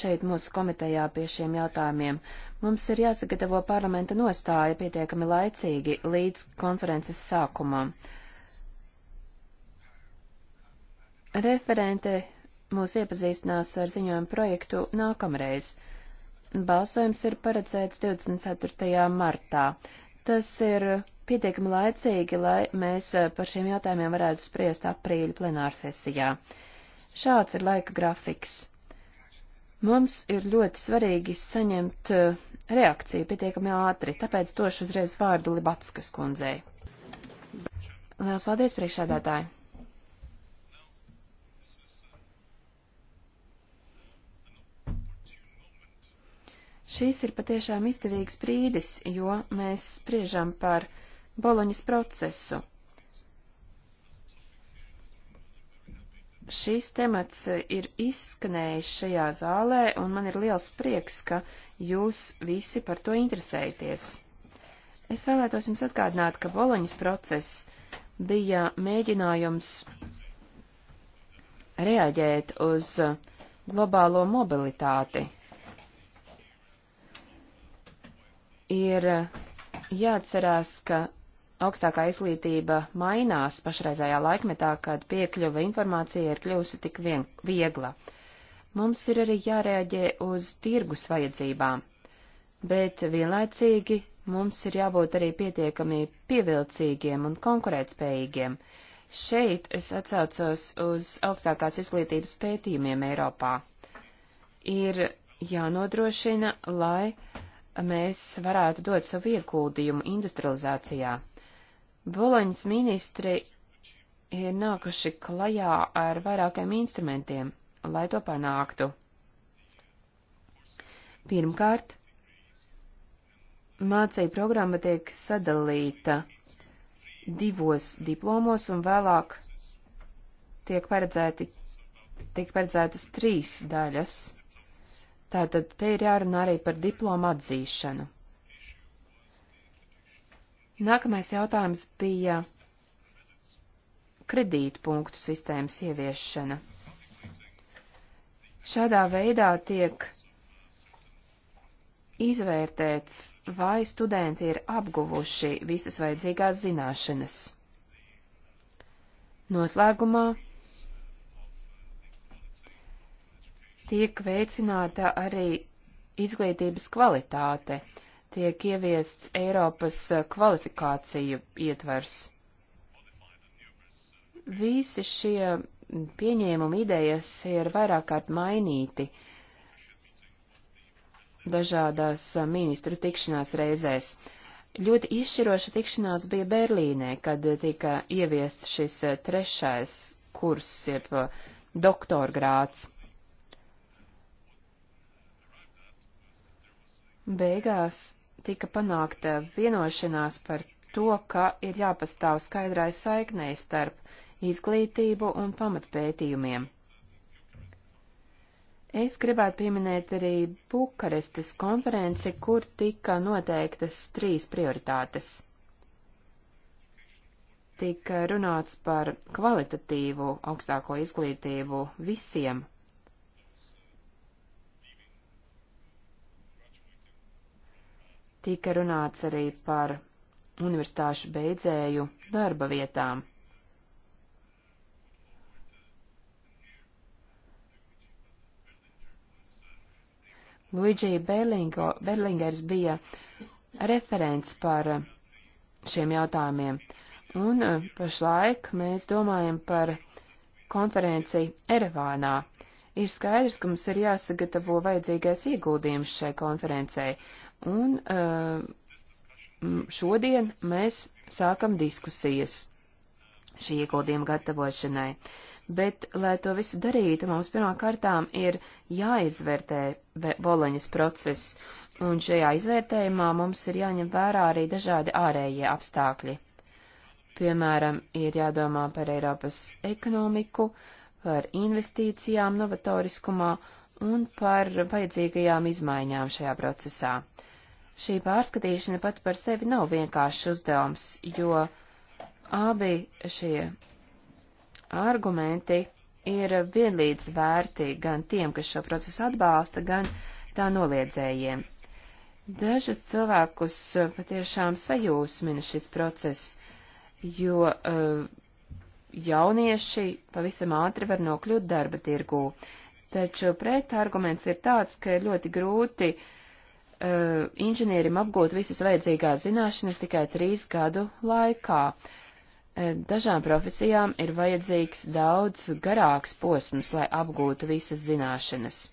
Speaker 1: šeit mūsu komitejā pie šiem jautājumiem. Mums ir jāsagatavo parlamenta nostāja pietiekami laicīgi līdz konferences sākumam. Referente mūs iepazīstinās ar ziņojumu projektu nākamreiz. Balsojums ir paredzēts 24. martā. Tas ir pietiekami laicīgi, lai mēs eh, par šiem jautājumiem varētu spriest aprīļa plenārsesijā. Šāds ir laika grafiks. Mums ir ļoti svarīgi saņemt eh, reakciju pietiekami ātri, tāpēc došu uzreiz vārdu Libatskas kundzei. Lielas paldies priekšādātāji! Šīs ir patiešām izdevīgs brīdis, jo mēs spriežam par Boloņas procesu. Šīs temats ir izskanējis šajā zālē, un man ir liels prieks, ka jūs visi par to interesēties. Es vēlētos jums atgādināt, ka Boloņas process bija mēģinājums reaģēt uz globālo mobilitāti ir eh, jāatcerās, ka augstākā izglītība mainās pašreizējā laikmetā, kad piekļuva informācija ir kļuvusi tik vien, viegla. Mums ir arī jārēģē uz tirgus vajadzībām, bet vienlaicīgi mums ir jābūt arī pietiekami pievilcīgiem un konkurētspējīgiem. Šeit es atsaucos uz augstākās izglītības pētījumiem Eiropā. Ir jānodrošina, lai uh, mēs varētu dot savu ieguldījumu industrializācijā. Boloņas ministri ir nākuši klajā ar vairākiem instrumentiem, lai to panāktu. Pirmkārt, mācīja programma tiek sadalīta divos diplomos un vēlāk tiek paredzēti, tiek paredzētas trīs daļas. Tātad te ir jārunā arī par diplomu atzīšanu. Nākamais jautājums bija kredītpunktu sistēmas ieviešana. Šādā veidā tiek izvērtēts, vai studenti ir apguvuši visas vajadzīgās zināšanas. Noslēgumā tiek veicināta arī izglītības kvalitāte, tiek ieviests Eiropas eh, kvalifikāciju ietvers. Visi šie pieņēmumi idejas ir vairāk kārt mainīti dažādās eh, ministru tikšanās reizēs. Ļoti izšķiroša tikšanās bija Berlīnē, kad tika ieviests šis eh, trešais kurs, jeb doktorgrāts. grāts. Beigās tika panākta vienošanās par to, ka ir jāpastāv skaidrai saiknei starp izglītību un pamatpētījumiem. Es gribētu pieminēt arī Bukarestes konferenci, kur tika noteiktas trīs prioritātes. Tika runāts par kvalitatīvu augstāko izglītību visiem Tika runāts arī par universitāšu beidzēju darba vietām. Luigi Berlingo, Berlingers bija referents par šiem jautājumiem, un e, pašlaik mēs domājam par konferenci Erevānā. Ir skaidrs, ka mums ir jāsagatavo vajadzīgais ieguldījums šai konferencei, Un eh, šodien mēs sākam diskusijas šī ieguldījuma gatavošanai. Bet, lai to visu darītu, mums pirmā kārtām ir jāizvērtē Boloņas process, un šajā izvērtējumā mums ir jāņem vērā arī dažādi ārējie apstākļi. Piemēram, ir jādomā par Eiropas ekonomiku, par investīcijām novatoriskumā un par vajadzīgajām izmaiņām šajā procesā. Šī pārskatīšana pati par sevi nav vienkāršs uzdevums, jo abi šie argumenti ir vienlīdz vērti gan tiem, kas šo procesu atbalsta, gan tā noliedzējiem. Dažus cilvēkus patiešām sajūsmina šis process, jo uh, jaunieši pavisam ātri var nokļūt darba tirgū, taču pretarguments ir tāds, ka ir ļoti grūti uh, uh, inženierim apgūt visas vajadzīgās zināšanas tikai trīs gadu laikā. Uh, dažām profesijām ir vajadzīgs daudz garāks posms, lai apgūtu visas zināšanas.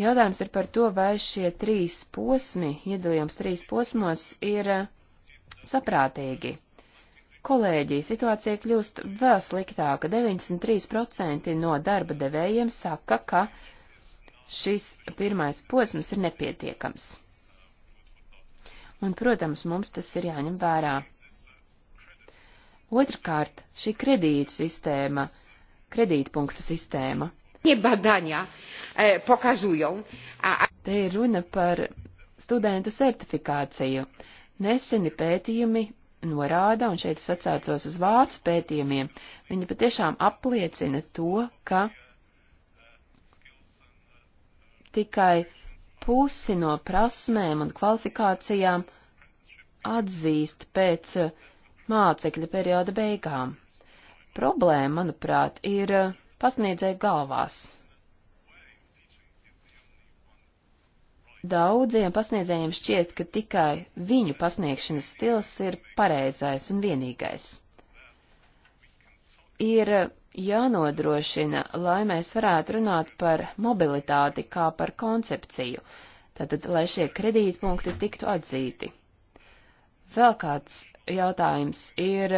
Speaker 1: Jautājums ir par to, vai šie trīs posmi, iedalījums trīs posmos, ir eh, saprātīgi. Kolēģi, situācija kļūst vēl sliktāka. 93% no darba devējiem saka, ka šis pirmais posms ir nepietiekams. Un, protams, mums tas ir jāņem vērā. Otrakārt, šī kredīta sistēma, kredītpunktu sistēma. E, Te ir runa par studentu certifikāciju. Neseni pētījumi norāda, un šeit es atsācos uz vācu pētījumiem, viņi patiešām apliecina to, ka tikai pusi no prasmēm un kvalifikācijām atzīst pēc uh, mācekļa perioda beigām. Problēma, manuprāt, ir uh, pasniedzēja galvās. Daudziem pasniedzējiem šķiet, ka tikai viņu pasniegšanas stils ir pareizais un vienīgais. Ir uh, jānodrošina, lai mēs varētu runāt par mobilitāti kā par koncepciju, tātad, lai šie kredītpunkti tiktu atzīti. Vēl kāds jautājums ir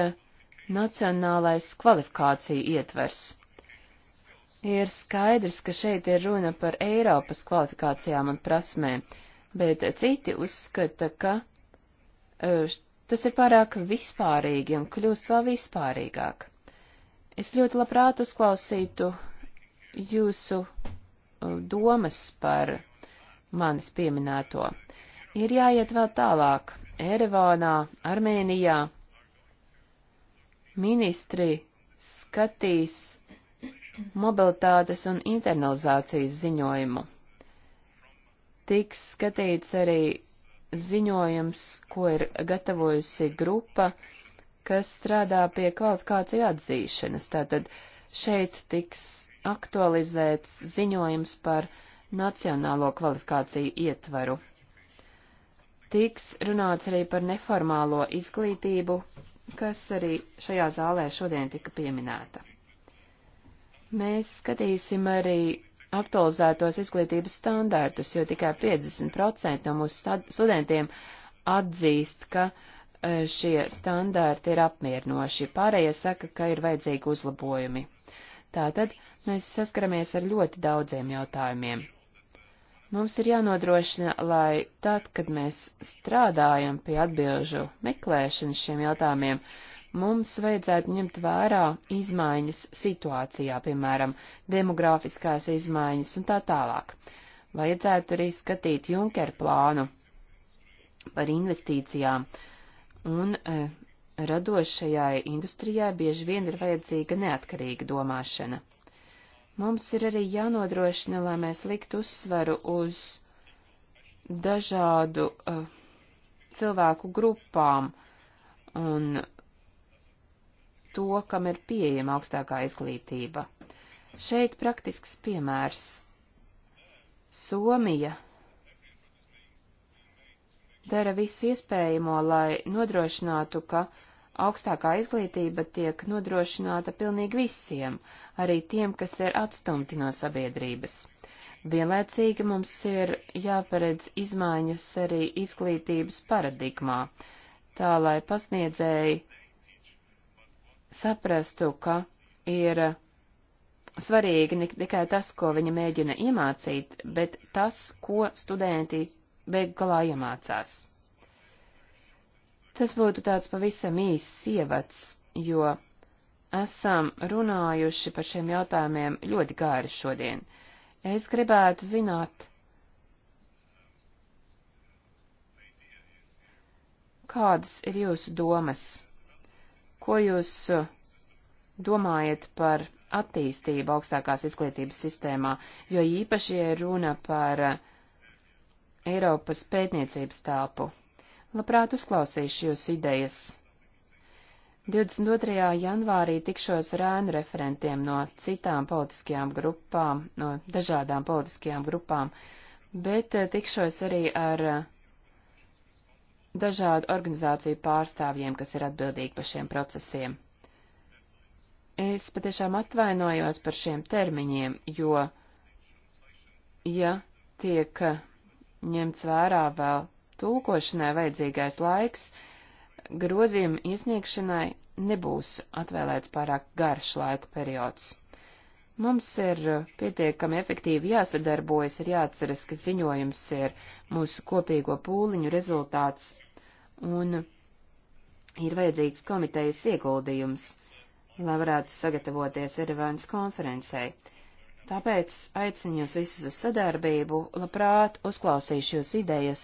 Speaker 1: nacionālais kvalifikācija ietvers. Ir skaidrs, ka šeit ir runa par Eiropas kvalifikācijām un prasmēm, bet citi uzskata, ka uh, tas ir pārāk vispārīgi un kļūst vēl vispārīgāk. Es ļoti labprāt uzklausītu jūsu uh, domas par manis pieminēto. Ir jāiet vēl tālāk. Erevānā, Armēnijā ministri skatīs mobilitātes un internalizācijas ziņojumu. Tiks skatīts arī ziņojums, ko ir gatavojusi grupa uh, kas strādā pie kvalifikācija atzīšanas. Tātad šeit tiks aktualizēts ziņojums par nacionālo kvalifikāciju ietvaru. Tiks runāts arī par neformālo izglītību, kas arī šajā zālē šodien tika pieminēta. Mēs skatīsim arī aktualizētos izglītības standārtus, jo tikai 50% no mūsu studentiem atzīst, ka uh, E, šie standarti ir apmierinoši, pārējie saka, ka ir vajadzīgi uzlabojumi. Tātad mēs saskaramies ar ļoti daudziem jautājumiem. Mums ir jānodrošina, lai tad, kad mēs strādājam pie atbilžu meklēšanas šiem jautājumiem, mums vajadzētu ņemt vērā izmaiņas situācijā, piemēram, demografiskās izmaiņas un tā tālāk. Vajadzētu arī skatīt Junker plānu par investīcijām, uh, un e, radošajai industrijai bieži vien ir vajadzīga neatkarīga domāšana. Mums ir arī jānodrošina, lai mēs liktu uzsvaru uz dažādu uh, cilvēku grupām un to, kam ir pieejama augstākā izglītība. Šeit praktisks piemērs. Somija dara visu iespējamo, lai nodrošinātu, ka augstākā izglītība tiek nodrošināta pilnīgi visiem, arī tiem, kas ir atstumti no sabiedrības. Vienlaicīgi mums ir jāparedz izmaiņas arī izglītības paradigmā, tā lai pasniedzēji saprastu, ka ir svarīgi ne tikai tas, ko viņi mēģina iemācīt, bet tas, ko studenti beigu galā iemācās. Tas būtu tāds pavisam īss ievads, jo esam runājuši par šiem jautājumiem ļoti gāri šodien. Es gribētu zināt, kādas ir jūsu domas, ko jūs uh, domājat par attīstību augstākās izglītības sistēmā, jo īpaši, ja runa par uh, Eiropas pētniecības telpu. Labprāt uzklausīšu jūs idejas. 22. janvārī tikšos ar ēnu referentiem no citām politiskajām grupām, no dažādām politiskajām grupām, bet eh, tikšos arī ar eh, dažādu organizāciju pārstāvjiem, kas ir atbildīgi par šiem procesiem. Es patiešām atvainojos par šiem termiņiem, jo, ja tiek ņemts vērā vēl tulkošanai vajadzīgais laiks, grozījuma iesniegšanai nebūs atvēlēts pārāk garš laika periods. Mums ir pietiekami efektīvi jāsadarbojas, ir jāatceras, ka ziņojums ir mūsu kopīgo pūliņu rezultāts, un ir vajadzīgs komitejas ieguldījums, lai varētu sagatavoties Erevānas konferencei. Tāpēc aicinu jūs visus uz sadarbību, labprāt uzklausīšu jūs idejas,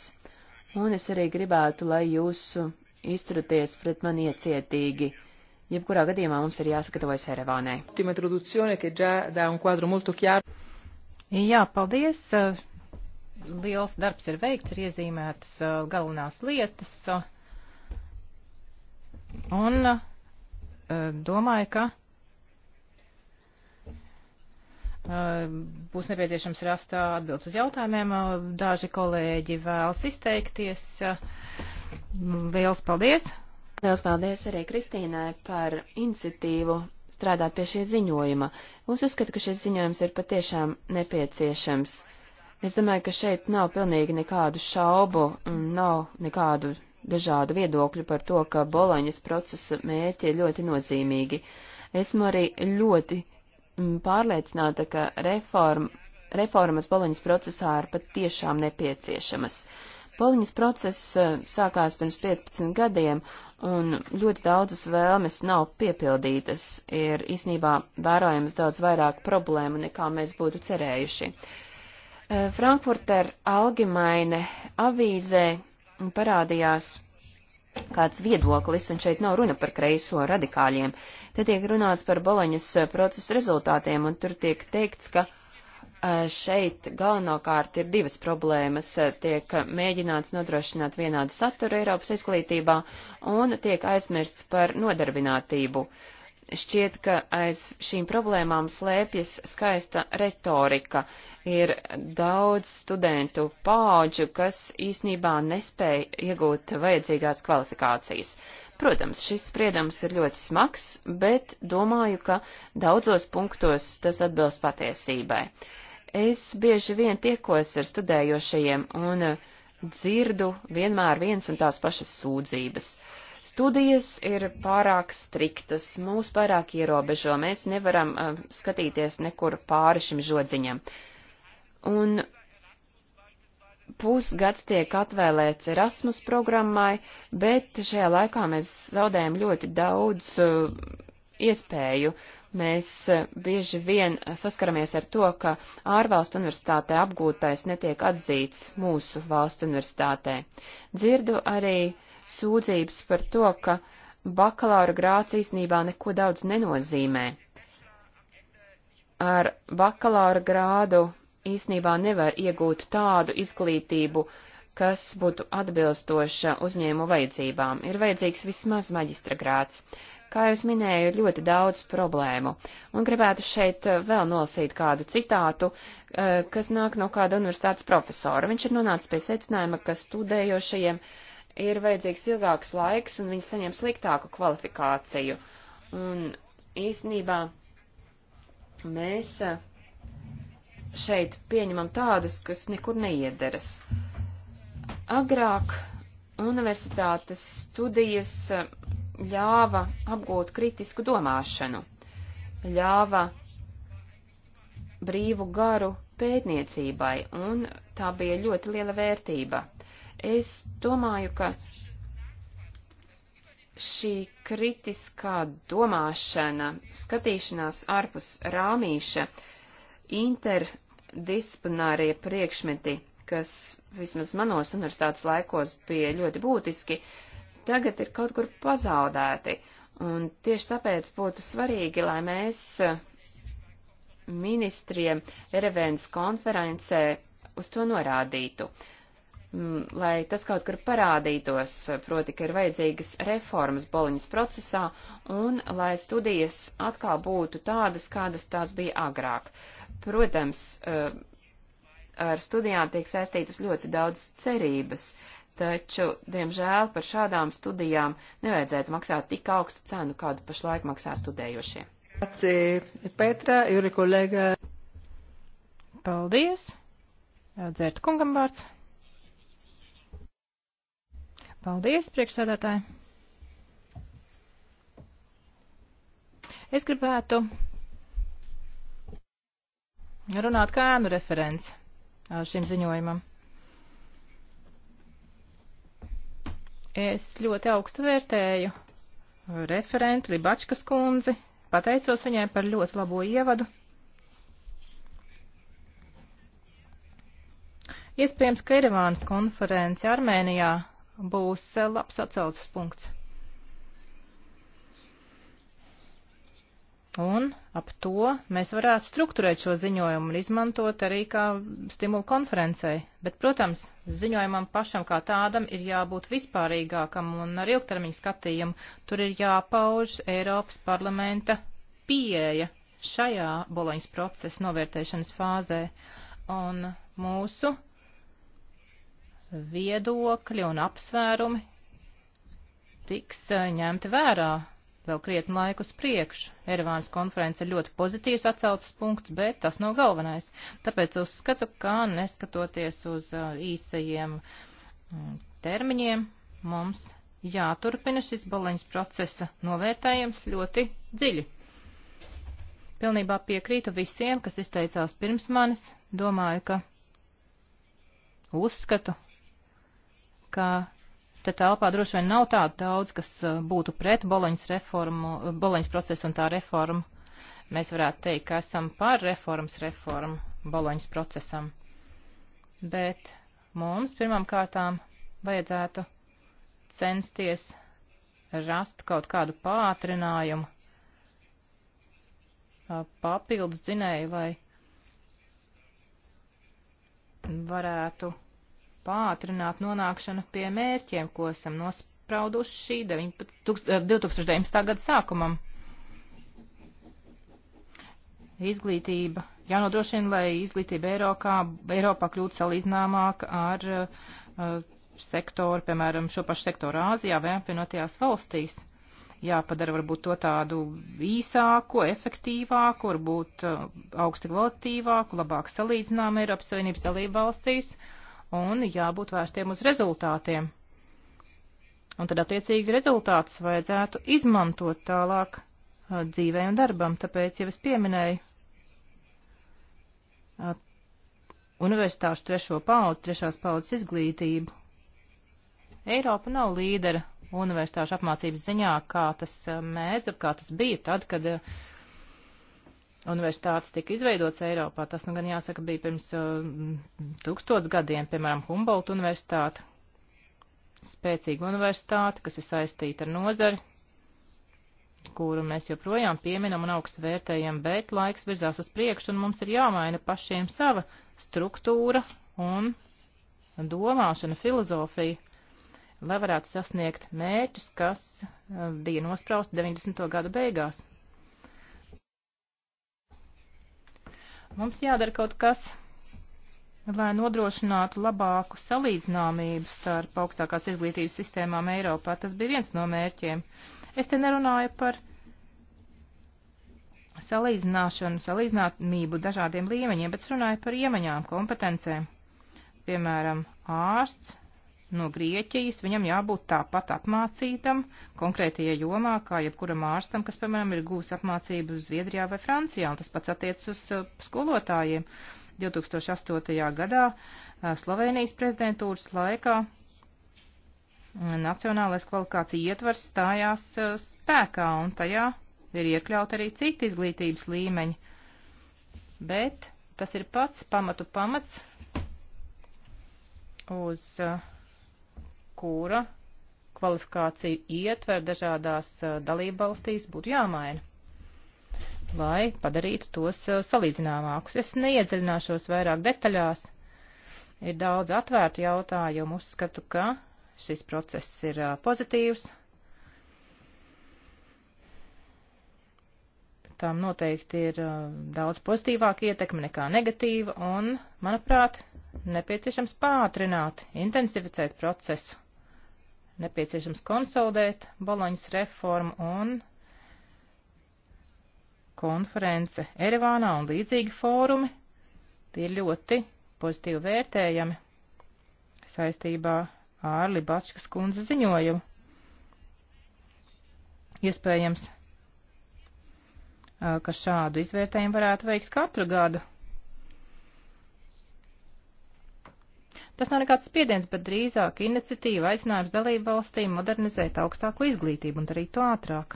Speaker 1: un es arī gribētu, lai jūs izturaties pret mani iecietīgi. Jebkurā gadījumā mums ir jāsagatavojas Erevānai.
Speaker 2: Jā, paldies! Liels darbs ir veikts, ir iezīmētas uh, galvenās lietas. Un uh, domāju, ka būs nepieciešams rast uh, atbildes uz jautājumiem. Uh, daži kolēģi vēlas izteikties. Uh, liels paldies! Liels paldies arī Kristīnai par iniciatīvu strādāt pie
Speaker 1: šī ziņojuma. Es uzskatu, ka šis ziņojums ir patiešām nepieciešams. Es domāju, ka šeit nav pilnīgi nekādu šaubu, nav nekādu dažādu viedokļu par to, ka Boloņas procesa mērķi ir ļoti nozīmīgi. Esmu arī ļoti Mm, pārliecināta, ka reform, reformas Boloņas procesā ir pat tiešām nepieciešamas. Boloņas process eh, sākās pirms 15 gadiem, un ļoti daudzas vēlmes nav piepildītas, ir īsnībā vērojams daudz vairāk problēmu, nekā mēs būtu cerējuši. Eh, Frankfurter Algimaine avīzē parādījās kāds viedoklis, un šeit nav runa par kreiso radikāļiem. Te tiek runāts par Boloņas eh, procesa rezultātiem, un tur tiek teikts, ka eh, šeit galvenokārt ir divas problēmas. Tiek mēģināts nodrošināt vienādu saturu Eiropas izglītībā, un tiek aizmirsts par nodarbinātību. Uh, Šķiet, ka aiz šīm problēmām slēpjas skaista retorika. Ir daudz studentu paaudžu, kas īsnībā nespēja iegūt vajadzīgās kvalifikācijas. Protams, šis spriedums ir ļoti smags, bet domāju, ka daudzos punktos tas atbilst patiesībai. Es bieži vien tiekos ar studējošajiem un dzirdu vienmēr viens un tās pašas sūdzības. Uh, Studijas ir pārāk striktas, mūs pārāk ierobežo, mēs nevaram uh, skatīties nekur pāri šim žodziņam. Un pusgads tiek atvēlēts Erasmus programmai, bet šajā laikā mēs zaudējam ļoti daudz uh, iespēju. Mēs uh, bieži vien saskaramies ar to, ka ārvalstu universitātē apgūtais netiek atzīts mūsu valstu universitātē. Dzirdu arī uh, sūdzības par to, ka bakalaura grāts īsnībā neko daudz nenozīmē. Ar bakalaura grādu īsnībā nevar iegūt tādu izglītību, kas būtu atbilstoša uzņēmu vajadzībām. Ir vajadzīgs vismaz maģistra grāts. Kā jau es minēju, ir ļoti daudz problēmu, un gribētu šeit eh, vēl nolasīt kādu citātu, eh, kas nāk no kāda universitātes profesora. Viņš ir nonācis pie secinājuma, ka studējošajiem uh, ir vajadzīgs ilgāks laiks, un viņi saņem sliktāku kvalifikāciju. Un īsnībā mēs eh, šeit pieņemam tādus, kas nekur neiederas. Agrāk universitātes studijas eh, ļāva apgūt kritisku domāšanu, ļāva brīvu garu pētniecībai, un tā bija ļoti liela vērtība. Es domāju, ka šī kritiskā domāšana, skatīšanās ārpus rāmīša, interdisciplinārie priekšmeti, kas vismaz manos universitātes laikos bija ļoti būtiski, tagad ir kaut kur pazaudēti. Un tieši tāpēc būtu svarīgi, lai mēs ministriem Erevēnas konferencē uz to norādītu. Uh, Mm, lai tas kaut kur parādītos, proti, ka ir vajadzīgas reformas boliņas procesā un lai studijas atkal būtu tādas, kādas tās bija agrāk. Protams, eh, ar studijām tiek saistītas ļoti daudz cerības, taču, diemžēl, par šādām studijām nevajadzētu maksāt tik augstu cenu, kādu pašlaik maksā studējošie.
Speaker 2: Petra, Juri kolēga. Paldies. Dzērt kungam vārds. Paldies, priekšsēdētāji. Es gribētu runāt kā ēnu referents šim ziņojumam. Es ļoti augstu vērtēju referentu Libačkas kundzi, pateicos viņai par ļoti labo ievadu. Iespējams, ka Irvānas konference Armēnijā būs eh, labs atsaucas punkts. Un ap to mēs varētu struktūrēt šo ziņojumu un izmantot arī kā stimulu konferencei. Bet, protams, ziņojumam pašam kā tādam ir jābūt vispārīgākam un ar ilgtermiņu skatījumu. Tur ir jāpauž Eiropas parlamenta pieeja šajā Boloņas procesa novērtēšanas fāzē. Un mūsu viedokļi un apsvērumi tiks eh, ņemti vērā vēl krietni laiku uz priekšu. Erevānas konference ir ļoti pozitīvs atsaucas punkts, bet tas nav galvenais. Tāpēc uzskatu, ka neskatoties uz eh, īsajiem mm, termiņiem, mums jāturpina šis baleņas procesa novērtējums ļoti dziļi. Pilnībā piekrītu visiem, kas izteicās pirms manis. Domāju, ka uzskatu, ka te telpā droši vien nav tādu daudz, kas eh, būtu pret Boloņas reformu, eh, Boloņas procesu un tā reformu. Mēs varētu teikt, ka esam par reformas reformu Boloņas procesam. Bet mums pirmām kārtām vajadzētu censties rast kaut kādu pātrinājumu, eh, papildus dzinēju, lai varētu pātrināt nonākšanu pie mērķiem, ko esam nosprauduši 19, 2019. Eh, gada sākumam. Izglītība. Jānodrošina, lai izglītība Eiropā, Eiropā kļūtu salīdzināmāka ar uh, sektoru, piemēram, šo pašu sektoru Āzijā vai apvienotajās valstīs jāpadara varbūt to tādu īsāku, efektīvāku, varbūt eh, augsti kvalitīvāku, labāk salīdzinām Eiropas Savienības dalību valstīs. Uh, un jābūt vērstiem uz rezultātiem. Un tad attiecīgi rezultātus vajadzētu izmantot tālāk uh, dzīvē un darbam, tāpēc jau es pieminēju uh, universitāšu trešo paudzi, trešās paudzes izglītību. Eiropa nav līdera universitāšu apmācības ziņā, kā tas uh, mēdz, kā tas bija tad, kad uh, universitātes tika izveidots Eiropā. Tas, nu gan jāsaka, bija pirms uh, tūkstots gadiem, piemēram, Humboldt universitāte, spēcīga universitāte, kas ir saistīta ar nozari, kuru mēs joprojām pieminam un augstu vērtējam, bet laiks virzās uz priekšu un mums ir jāmaina pašiem sava struktūra un domāšana, filozofija, lai varētu sasniegt mērķus, kas uh, bija nospraust 90. gadu beigās. Mums jādara kaut kas, lai nodrošinātu labāku salīdzināmību starp augstākās izglītības sistēmām Eiropā. Tas bija viens no mērķiem. Es te nerunāju par salīdzināšanu, salīdzinātmību dažādiem līmeņiem, bet runāju par iemaņām, kompetencēm. Piemēram, ārsts no Grieķijas, viņam jābūt tāpat apmācītam konkrētajā jomā, kā jebkuram ārstam, kas, piemēram, ir guvis apmācību Zviedrijā vai Francijā, un tas pats attiecas uz uh, skolotājiem. 2008. gadā uh, Slovenijas prezidentūras laikā uh, Nacionālais kvalifikācija ietvars stājās uh, spēkā, un tajā ir iekļaut arī citi izglītības līmeņi. Bet tas ir pats pamatu pamats uz uh, kura kvalifikāciju ietver dažādās uh, dalībvalstīs, būtu jāmaina, lai padarītu tos uh, salīdzināmākus. Es neiedziļināšos vairāk detaļās. Ir daudz atvērtu jautājumu. Uzskatu, ka šis process ir uh, pozitīvs. Tām noteikti ir daudz pozitīvāka ietekme nekā negatīva un, manuprāt, nepieciešams pātrināt, intensificēt procesu nepieciešams konsolidēt Boloņas reformu un konference Erevānā un līdzīgi fórumi. Tie ir ļoti pozitīvi vērtējami saistībā ar Libačkas kundze ziņojumu. Iespējams, ka šādu izvērtējumu varētu veikt katru gadu Tas nav nekāds spiediens, bet drīzāk iniciatīva aicinājums dalību valstīm modernizēt augstāko izglītību un darīt to ātrāk.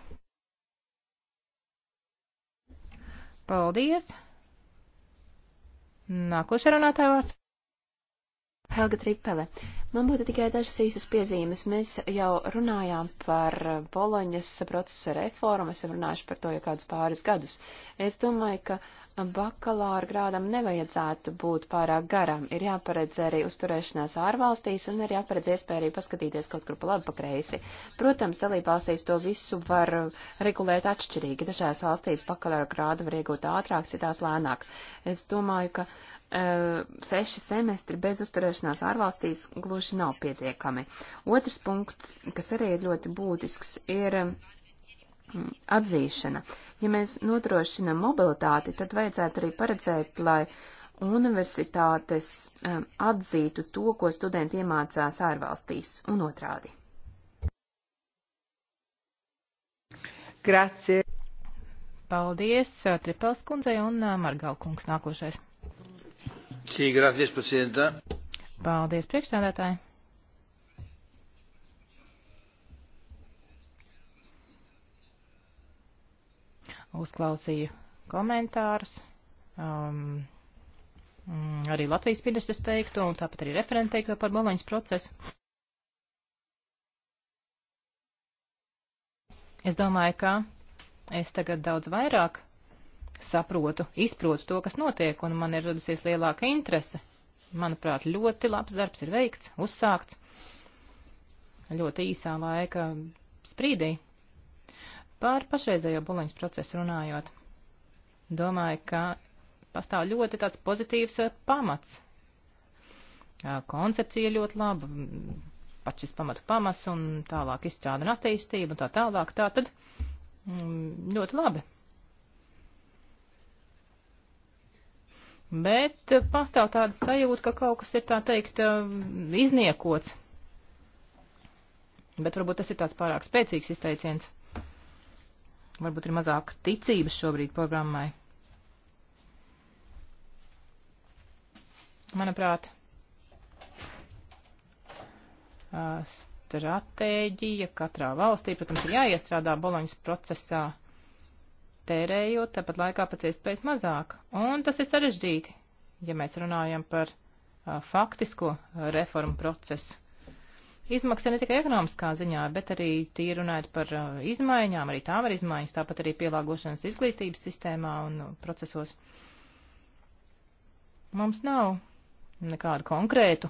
Speaker 2: Paldies! Nākošais runātāja vārds.
Speaker 1: Helga Tripele. Man būtu tikai dažas īsas piezīmes. Mēs jau runājām par Boloņas procesa reformu, esam runājuši par to jau kādus pāris gadus. Es domāju, ka uh, bakalāra grādam nevajadzētu būt pārāk garam. Ir jāparedz arī uzturēšanās ārvalstīs un ir jāparedz iespēja arī paskatīties kaut kur pa labi pa kreisi. Protams, dalībvalstīs to visu var regulēt atšķirīgi. Dažās valstīs bakalāra grādu var iegūt ātrāk, citās lēnāk. Es domāju, ka e, seši semestri bez uzturēšanās ārvalstīs gluži nav pietiekami. Otrs punkts, kas arī ir ļoti būtisks, ir atzīšana. Ja mēs notrošinam mobilitāti, tad vajadzētu arī paredzēt, lai universitātes um, atzītu to, ko studenti iemācās ārvalstīs un otrādi.
Speaker 2: Grazie. Paldies uh, Tripels kundzei un uh, Margal kungs nākošais. Sī, gracias, presidenta. Paldies, priekšstādātāji. uzklausīju komentārus, um, mm, arī Latvijas ministrs teikto un tāpat arī referenta teikto par Boloņas procesu. Es domāju, ka es tagad daudz vairāk saprotu, izprotu to, kas notiek, un man ir radusies lielāka interese. Manuprāt, ļoti labs darbs ir veikts, uzsākts ļoti īsā laika sprīdī. Par pašreizējo buliņas procesu runājot, domāju, ka pastāv ļoti tāds pozitīvs eh, pamats. Koncepcija ļoti laba, pats šis pamatu pamats un tālāk izstrāda un attīstība un tā tālāk. Tā tad mm, ļoti labi. Bet pastāv tāda sajūta, ka kaut kas ir tā teikt eh, izniekots. Bet varbūt tas ir tāds pārāk spēcīgs izteiciens varbūt ir mazāk ticības šobrīd programmai. Manuprāt, stratēģija katrā valstī, protams, ir jāiestrādā Boloņas procesā, tērējot tāpat laikā pēc iespējas mazāk. Un tas ir sarežģīti, ja mēs runājam par faktisko reformu procesu izmaksā ne tikai ekonomiskā ziņā, bet arī tīri runājot par uh, izmaiņām, arī tām ir izmaiņas, tāpat arī pielāgošanas izglītības sistēmā un uh, procesos. Mums nav nekādu konkrētu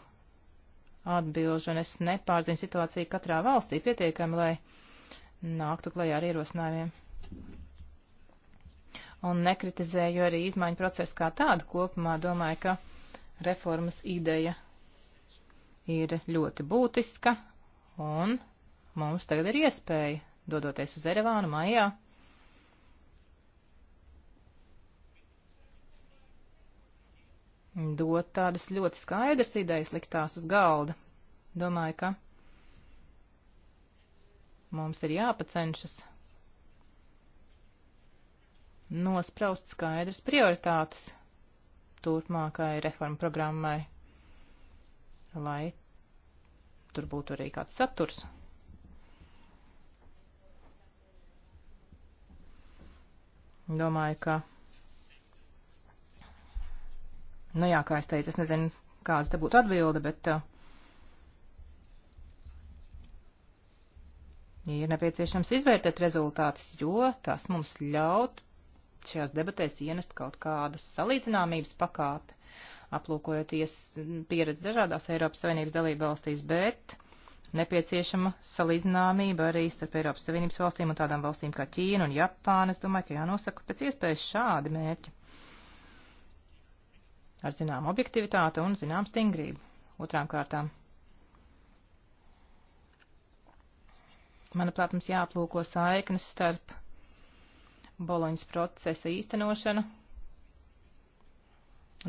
Speaker 2: atbilžu, un es nepārziņu situāciju katrā valstī pietiekami, lai nāktu klajā ar ierosinājumiem. Un nekritizēju arī izmaiņu procesu kā tādu kopumā, domāju, ka reformas ideja ir ļoti būtiska, un mums tagad ir iespēja, dodoties uz Erevānu maijā, dot tādas ļoti skaidras idejas liktās uz galda. Domāju, ka mums ir jāpacenšas nospraust skaidras prioritātes turpmākai reformu programmai, lai tur būtu arī kāds saturs. Domāju, ka, nu jā, kā es teicu, es nezinu, kāda te būtu atbilde, bet uh, ir nepieciešams izvērtēt rezultātus, jo tas mums ļaut šajās debatēs ienest kaut kādu salīdzināmības pakāpi aplūkojoties pieredzi dažādās Eiropas Savienības dalība valstīs, bet nepieciešama salīdzināmība arī starp Eiropas Savienības valstīm un tādām valstīm kā Ķīna un Japāna. Es domāju, ka jānosaka pēc iespējas šādi mērķi ar zinām objektivitāti un zinām stingrību. Otrām kārtām. Manuprāt, mums jāaplūko saiknes starp Boloņas procesa īstenošanu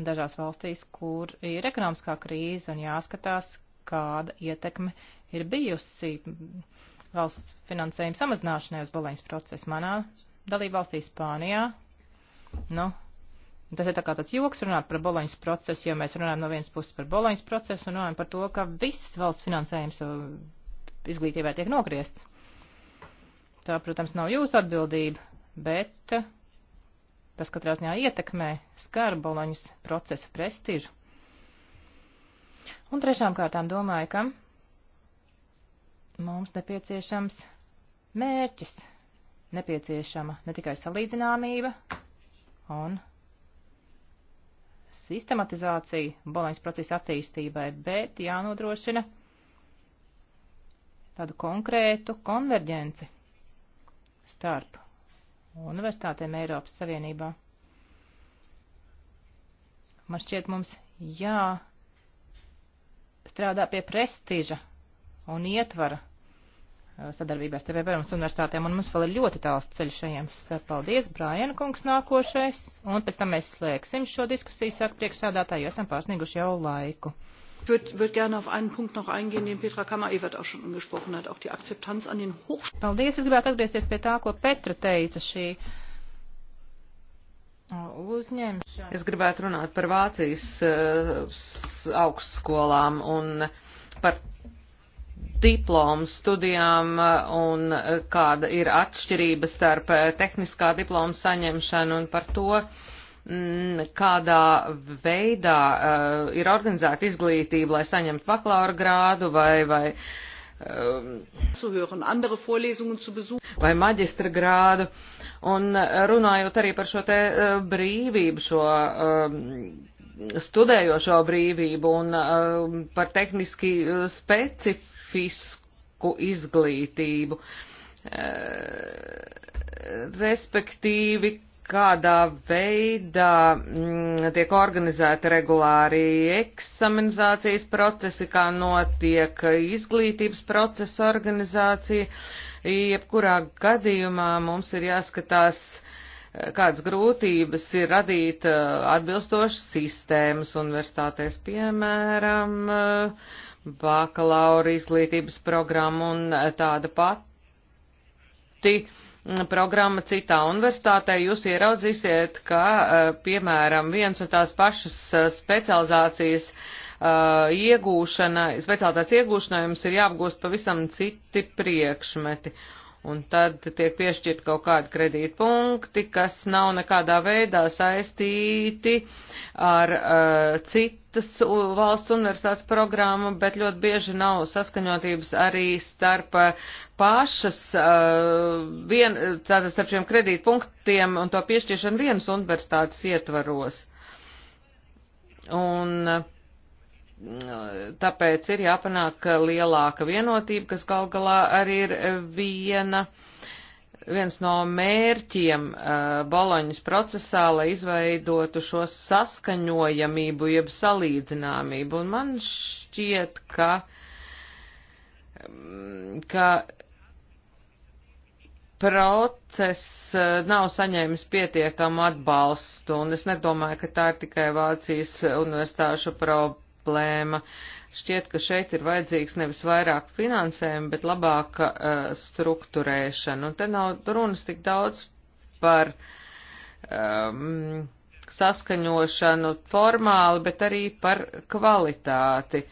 Speaker 2: dažās valstīs, kur ir ekonomiskā krīze un jāskatās, kāda ietekme ir bijusi valsts finansējuma samazināšanai uz balaņas procesu. Manā dalībvalstī Spānijā, nu, tas ir tā kā tāds joks runāt par balaņas procesu, jo mēs runājam no vienas puses par balaņas procesu un runājam par to, ka viss valsts finansējums izglītībai tiek nogriests. Tā, protams, nav jūsu atbildība, bet uh, Tas katrā ziņā ietekmē skar Boloņas procesa prestižu. Un trešām kārtām domāju, ka mums nepieciešams mērķis, nepieciešama ne tikai salīdzināmība un sistematizācija Boloņas procesa attīstībai, bet jānodrošina tādu konkrētu konverģenci starp universitātēm Eiropas Savienībā. Man šķiet, mums jā strādā pie prestiža un ietvara eh, sadarbībās TV Bērums universitātēm, un mums vēl ir ļoti tāls ceļš ejams. Paldies, Brājana kungs nākošais, un pēc tam mēs slēgsim šo diskusiju, saka priekšsādātāji, jo esam pārsnieguši jau laiku. Ich würd, würde gerne auf einen Punkt noch eingehen, den Petra Kammer-Ewert auch schon angesprochen hat, auch die Akzeptanz an den Hochschulen. Paldies, es gribētu atgriezties pie tā, ko Petra teica šī
Speaker 4: uzņemšana. Es gribētu runāt par Vācijas uh, augstskolām un par diplomu studijām eh, un kāda ir atšķirība starp eh, tehniskā diplomu saņemšanu un par to, uh, Mm, kādā veidā uh, ir organizēta izglītība, lai saņemtu bakalaura grādu vai, vai, uh, vai maģistra grādu. Un uh, runājot arī par šo te uh, brīvību, šo uh, studējošo brīvību un uh, par tehniski uh, specifisku izglītību, uh, respektīvi, kādā veidā mm, tiek organizēta regulāri eksaminizācijas procesi, kā notiek izglītības procesa organizācija. Jebkurā gadījumā mums ir jāskatās, kādas grūtības ir radīt eh, atbilstošas sistēmas universitātēs, piemēram, eh, bakalaura izglītības programma un eh, tāda pati Mm, programma citā universitātē, jūs ieraudzīsiet, ka, eh, piemēram, viens un tās pašas eh, specializācijas eh, iegūšana, specialitātes iegūšanai jums ir jāapgūst pavisam citi priekšmeti un tad tiek piešķirt kaut kādi kredītpunkti, kas nav nekādā veidā saistīti ar uh, citas valsts universitātes programmu, bet ļoti bieži nav saskaņotības arī starp eh, pašas, uh, vien, tātad starp šiem kredītpunktiem un to piešķiršanu vienas universitātes ietvaros. Un, uh, Tāpēc ir jāpanāk lielāka vienotība, kas gal galā arī ir viena, viens no mērķiem uh, Boloņas procesā, lai izveidotu šo saskaņojamību, jeb salīdzināmību. Un man šķiet, ka, mm, ka process uh, nav saņēmis pietiekamu atbalstu, un es nedomāju, ka tā ir tikai Vācijas universitāšu problēma problēma. Šķiet, ka šeit ir vajadzīgs nevis vairāk finansējuma, bet labāka uh, struktūrēšana. Un te nav runas tik daudz par um, saskaņošanu formāli, bet arī par kvalitāti.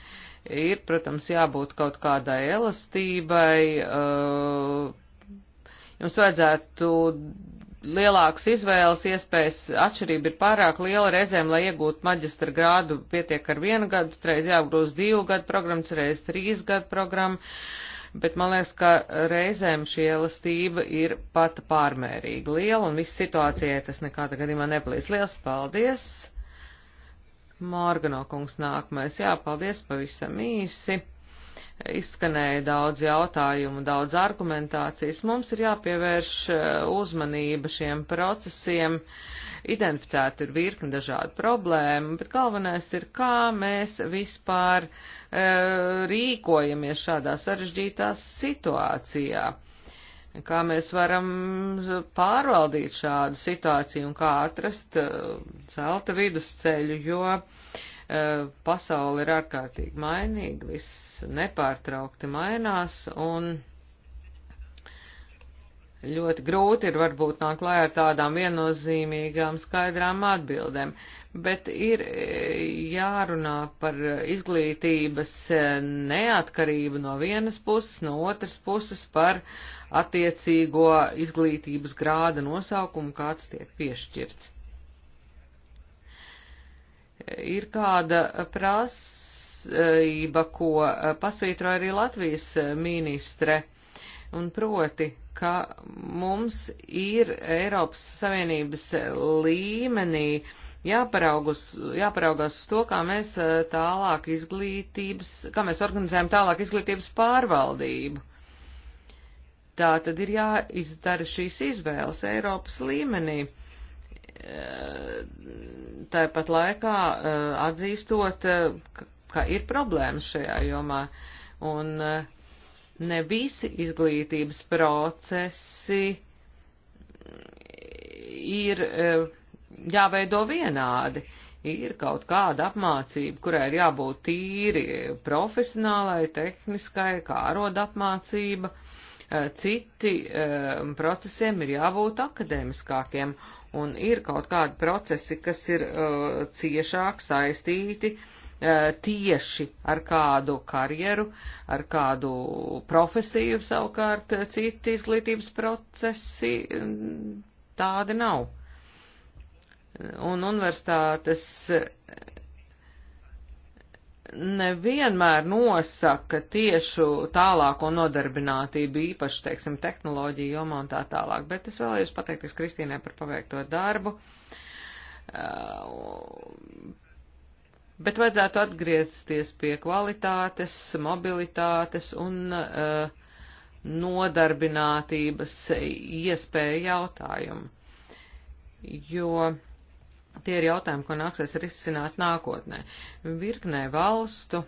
Speaker 4: Ir, protams, jābūt kaut kādai elastībai. Uh, jums vajadzētu lielākas izvēles iespējas atšķirība ir pārāk liela reizēm, lai iegūtu maģistra grādu, pietiek ar vienu gadu, reiz jāapgrūst divu gadu programmas, reiz trīs gadu programmu, bet man liekas, ka reizēm šī elastība ir pat pārmērīgi liela un viss situācijai tas nekāda gadījumā neplīs. Liels paldies! Mārgano kungs nākamais, jā, paldies pavisam īsi. Izskanēja daudz jautājumu, daudz argumentācijas. Mums ir jāpievērš eh, uzmanība šiem procesiem. Identificēta ir virkni dažādu problēmu, bet galvenais ir, kā mēs vispār e, rīkojamies šādā sarežģītā situācijā kā mēs varam pārvaldīt šādu situāciju un kā atrast eh, zelta vidusceļu, jo pasauli ir ārkārtīgi mainīga, viss nepārtraukti mainās un ļoti grūti ir varbūt nāk klājā ar tādām viennozīmīgām skaidrām atbildēm, bet ir e, jārunā par izglītības e, neatkarību no vienas puses, no otras puses par attiecīgo izglītības grāda nosaukumu, kāds tiek piešķirts. E, ir kāda prasa būtība, ko eh, pasvītro arī Latvijas eh, ministre, un proti, ka mums ir Eiropas Savienības eh, līmenī jāparaugas, jāparaugās uz to, kā mēs tālāk izglītības, kā mēs organizējam tālāk izglītības pārvaldību. Tā tad ir jāizdara šīs izvēles Eiropas līmenī. Tāpat laikā atzīstot, ka ir problēmas šajā jomā. Un eh, ne visi izglītības procesi ir eh, jāveido vienādi. Ir kaut kāda apmācība, kurai ir jābūt tīri profesionālai, tehniskai, kā aroda apmācība. Eh, citi procesiem ir jābūt akadēmiskākiem, un ir kaut kādi procesi, kas ir uh, ciešāk saistīti Eh, tieši ar kādu karjeru, ar kādu profesiju, savukārt eh, citi izglītības procesi mm, tādi nav. Un universitātes eh, nevienmēr nosaka tiešu tālāko nodarbinātību, īpaši, teiksim, tehnoloģiju jomā un tā tālāk. Bet es vēlējos pateikties Kristīnai par paveikto darbu bet vajadzētu atgriezties pie kvalitātes, mobilitātes un uh, nodarbinātības iespēju jautājumu, jo tie ir jautājumi, ko nāksies risināt nākotnē. Virknē valstu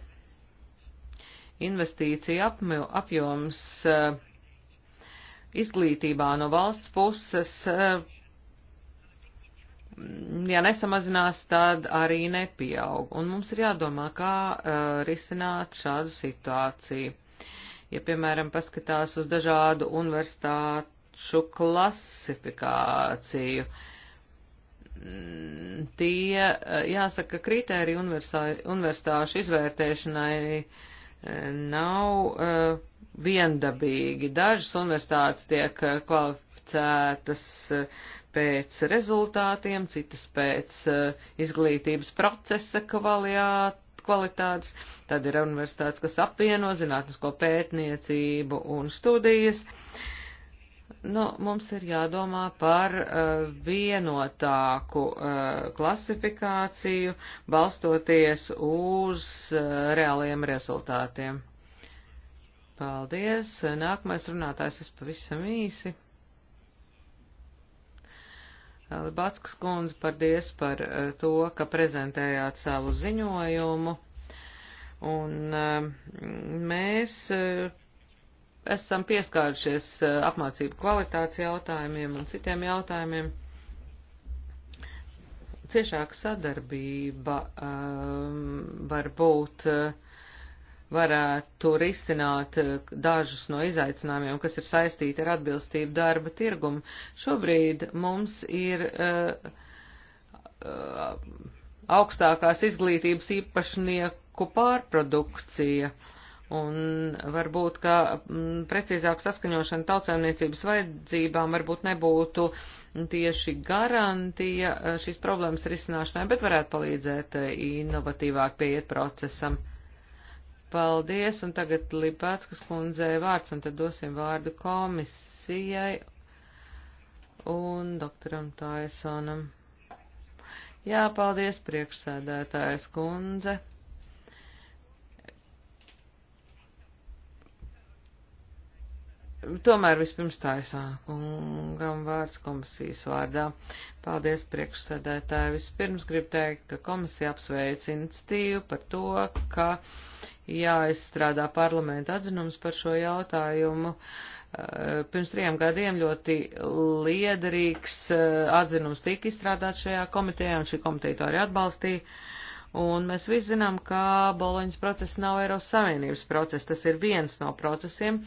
Speaker 4: investīcija apmju, apjoms uh, izglītībā no valsts puses uh, ja nesamazinās, tad arī nepieaug. Un mums ir jādomā, kā uh, risināt šādu situāciju. Ja, piemēram, paskatās uz dažādu universitāšu klasifikāciju, mm, tie, eh, jāsaka, kritērija universitāšu izvērtēšanai eh, nav uh, viendabīgi. Dažas universitātes tiek kvalificētas pēc rezultātiem, citas pēc uh, izglītības procesa kvaliāt, kvalitātes, tad ir universitātes, kas apvieno zinātnisko pētniecību un studijas. Nu, mums ir jādomā par uh, vienotāku uh, klasifikāciju, balstoties uz uh, reāliem rezultātiem. Paldies. Nākamais runātājs ir pavisam īsi. Libatskas kundze, paldies par eh, to, ka prezentējāt savu ziņojumu. Un eh, mēs eh, esam pieskārušies apmācību kvalitātes jautājumiem un citiem jautājumiem. Ciešāka sadarbība um, var būt uh, varētu risināt eh, dažus no izaicinājumiem, kas ir saistīti ar atbilstību darba tirgumu. Šobrīd mums ir uh, uh, augstākās izglītības īpašnieku pārprodukcija. Un varbūt, ka m, mm, precīzāk saskaņošana tautsēmniecības vajadzībām varbūt nebūtu tieši garantija šīs problēmas risināšanai, bet varētu palīdzēt inovatīvāk pieiet procesam. Paldies, un tagad Lipāckas kundzei vārds, un tad dosim vārdu komisijai un doktoram Taisonam. Jā, paldies, priekšsēdētājas kundze. tomēr vispirms taisā kungam vārds komisijas vārdā. Paldies priekšsēdētāji. Vispirms gribu teikt, ka komisija apsveic iniciatīvu par to, ka jāizstrādā parlamenta atzinums par šo jautājumu. Eh, pirms trijiem gadiem ļoti liederīgs eh, atzinums tika izstrādāts šajā komitejā, un šī komiteja to arī atbalstīja. Un mēs visi zinām, ka Boloņas process nav Eiropas Savienības process. Tas ir viens no procesiem,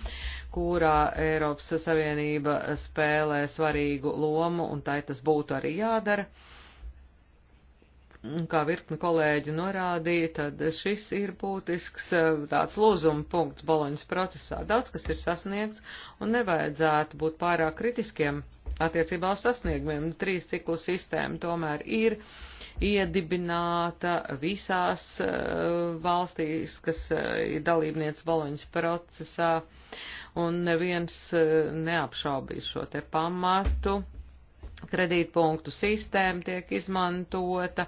Speaker 4: kurā Eiropas Savienība spēlē svarīgu lomu, un tai tas būtu arī jādara. Uh, kā virkni kolēģi norādīja, tad šis ir būtisks eh, tāds lūzuma punkts Boloņas procesā. Daudz, kas ir sasniegts, un nevajadzētu būt pārāk kritiskiem attiecībā uz sasniegumiem. Trīs ciklu sistēma tomēr ir iedibināta visās eh, valstīs, kas eh, ir dalībniec Boloņas procesā, un neviens neapšaubīs šo te pamatu kredītpunktu sistēma tiek izmantota.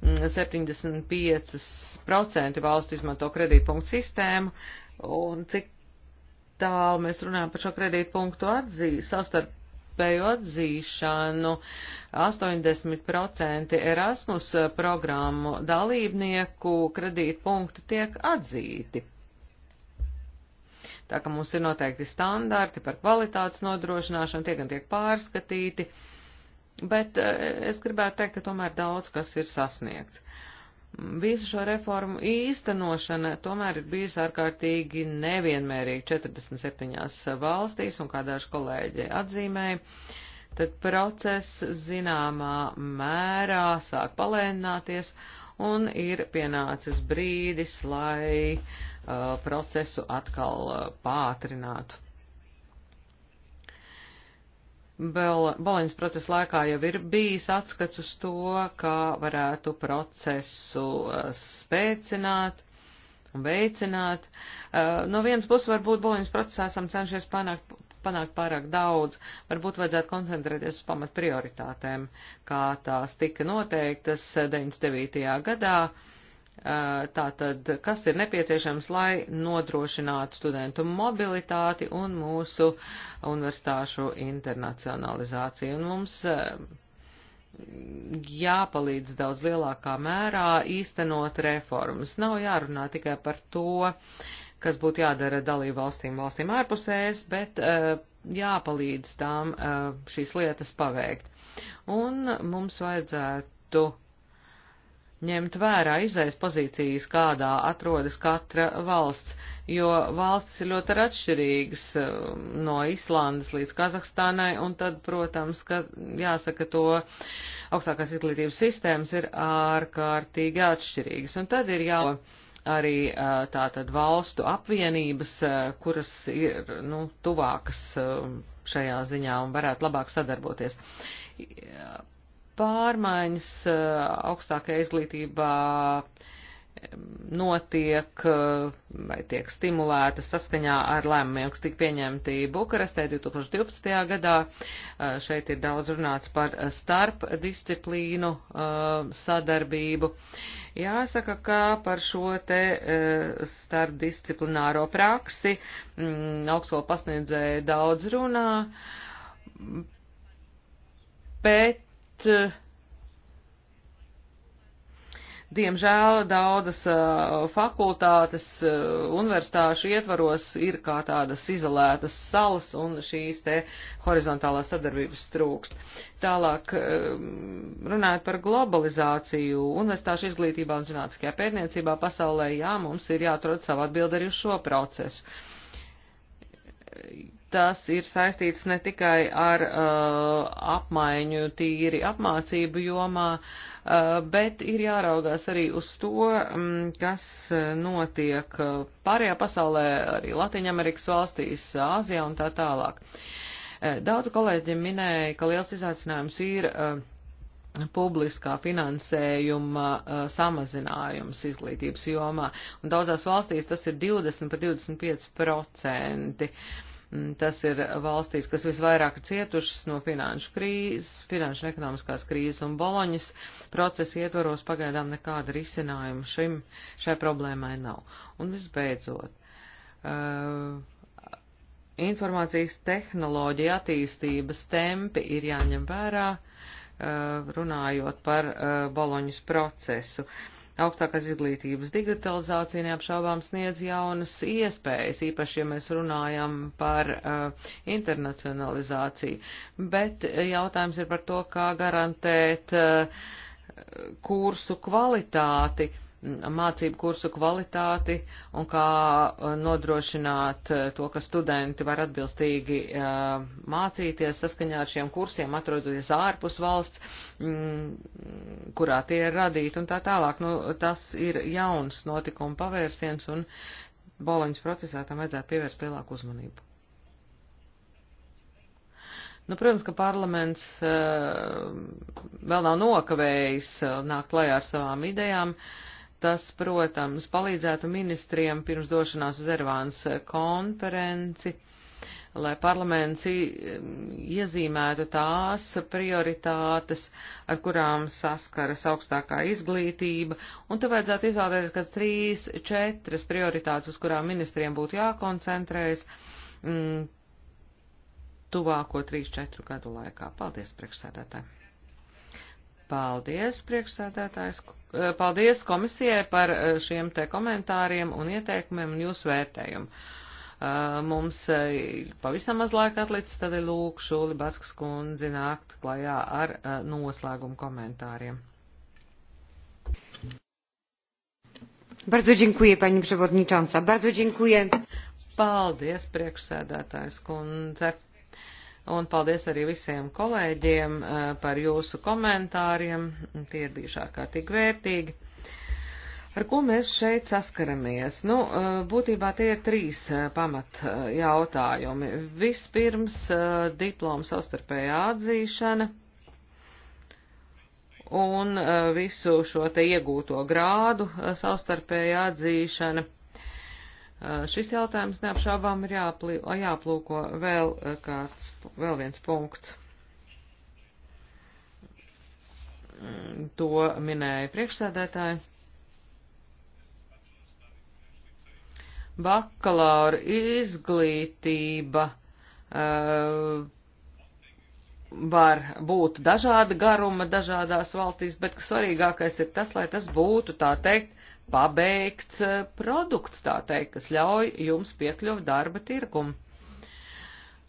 Speaker 4: 75% mm, valstu izmanto kredītpunktu sistēmu, un cik tālu mēs runājam par šo kredītpunktu atzī, savstarpēju atzīšanu, 80% Erasmus programmu dalībnieku kredītpunkti tiek atzīti. Tā ka mums ir noteikti standarti par kvalitātes nodrošināšanu, tie gan tiek pārskatīti. Uh, bet eh, es gribētu teikt, ka tomēr daudz kas ir sasniegts. Visu šo reformu īstenošana tomēr ir bijusi ārkārtīgi nevienmērīga 47 valstīs, un kā daži kolēģi atzīmēja, tad process zināmā mērā sāk palēnināties, un ir pienācis brīdis, lai uh, procesu atkal uh, pātrinātu. Boloņas procesa laikā jau ir bijis atskats uz to, kā varētu procesu eh, spēcināt un veicināt. Eh, no vienas puses, varbūt Boloņas procesā esam cenšies panākt, panākt pārāk daudz, varbūt vajadzētu koncentrēties uz pamat prioritātēm, kā tās tika noteiktas 99. Eh, gadā Eh, tātad, kas ir nepieciešams, lai nodrošinātu studentu mobilitāti un mūsu universitāšu internacionalizāciju. Un mums eh, jāpalīdz daudz lielākā mērā īstenot reformas. Nav jārunā tikai par to, kas būtu jādara dalību valstīm, valstīm ārpusēs, bet eh, jāpalīdz tām šīs lietas paveikt. Un mums vajadzētu ņemt vērā izais pozīcijas, kādā atrodas katra valsts, jo valstis ir ļoti atšķirīgas um, no Islandes līdz Kazahstānai, un tad, protams, ka jāsaka to augstākās izglītības sistēmas ir ārkārtīgi atšķirīgas, un tad ir jau arī uh, tātad valstu apvienības, uh, kuras ir, nu, tuvākas um, šajā ziņā un varētu labāk sadarboties pārmaiņas eh, augstākajā izglītībā notiek eh, vai tiek stimulētas saskaņā ar lēmumiem, kas tika pieņemti Bukarestē 2012. gadā. Eh, šeit ir daudz runāts par starpdisciplīnu sadarbību. Jāsaka, ka par šo te starpdisciplināro praksi mm, augstskola pasniedzēja daudz runā, bet Eh, diemžēl daudzas eh, fakultātes eh, universitāšu ietvaros ir kā tādas izolētas salas un šīs te horizontālās sadarbības trūkst. Tālāk runājot par globalizāciju, universitāšu izglītībā un zinātniskajā pētniecībā pasaulē, jā, mums ir jāatrod savu atbildi arī uz šo procesu tas ir saistīts ne tikai ar uh, apmaiņu tīri apmācību jomā, uh, bet ir jāraugās arī uz to, um, kas uh, notiek uh, pārējā pasaulē, arī Latviņamerikas valstīs, Āzijā un tā tālāk. Uh, daudz kolēģi minēja, ka liels izaicinājums ir uh, publiskā finansējuma uh, samazinājums izglītības jomā, un daudzās valstīs tas ir 20 pa 25 procenti. Uh, Mm, tas ir valstīs, kas visvairāk cietušas no finanšu krīzes, finanšu un ekonomiskās krīzes un boloņas procesa ietvaros pagaidām nekāda risinājuma šim, šai problēmai nav. Un visbeidzot, uh, informācijas tehnoloģija attīstības tempi ir jāņem vērā, uh, runājot par uh, boloņas procesu. Uh, Augstākās izglītības digitalizācija neapšaubām sniedz jaunas iespējas, īpaši, ja mēs runājam par uh, internacionalizāciju, bet jautājums ir par to, kā garantēt uh, kursu kvalitāti. Uh, mācību kursu kvalitāti un kā uh, nodrošināt uh, to, ka studenti var atbilstīgi uh, mācīties saskaņā ar šiem kursiem, atrodoties ārpus valsts, mm, kurā tie ir radīti un tā tālāk. Nu, tas ir jauns notikuma pavērsiens un Boloņas procesā tam vajadzētu pievērst lielāku uzmanību. Nu, protams, ka parlaments uh, vēl nav nokavējis uh, nākt klajā ar savām idejām. Uh, Tas, protams, palīdzētu ministriem pirms došanās uz Ervānas konferenci, lai parlaments iezīmētu tās prioritātes, ar kurām saskaras augstākā izglītība, un te vajadzētu izvēlēties kāds trīs, četras prioritātes, uz kurām ministriem būtu jākoncentrējas mm, tuvāko trīs, četru gadu laikā. Paldies, priekšsēdētāji! Paldies, priekšsēdētājs. Eh, paldies komisijai par eh, šiem te komentāriem un ieteikumiem un jūsu vērtējumu. Eh, mums pavisam maz laika atlicis, tad lūk Šuli Batskas kundzi nākt klajā ar noslēgumu komentāriem. Bardzo dziękuję, pani przewodnicząca. Bardzo dziękuję. Paldies, priekšsēdētājs kundze. Un paldies arī visiem kolēģiem eh, par jūsu komentāriem. Tie ir bijuši ārkārtīgi vērtīgi. Ar ko mēs šeit saskaramies? Nu, eh, būtībā tie ir trīs eh, pamat jautājumi. Vispirms diplomu savstarpējā atzīšana un visu šo te iegūto grādu savstarpējā atzīšana Uh, šis jautājums neapšābām ir jāplī, jāplūko vēl uh, kāds, vēl viens punkts. Mm, to minēja priekšsēdētāji. Bakalaura izglītība uh, var būt dažāda garuma dažādās valstīs, bet svarīgākais ir tas, lai tas būtu, tā teikt, pabeigts eh, produkts, tā teikt, kas ļauj jums piekļuvu darba tirkumu.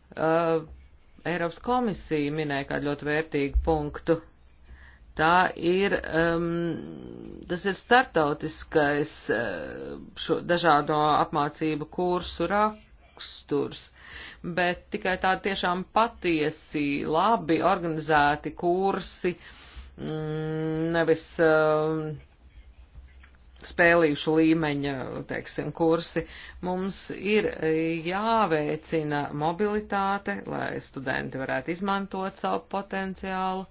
Speaker 4: Uh, eh, Eiropas komisija minēja kādu ļoti vērtīgu punktu. Tā ir, um, tas ir startautiskais uh, šo dažādo apmācību kursu raksturs, bet tikai tādi tiešām patiesi, labi organizēti kursi, mm, nevis. Uh, spēlīšu līmeņa, teiksim, kursi. Mums ir jāveicina mobilitāte, lai studenti varētu izmantot savu potenciālu.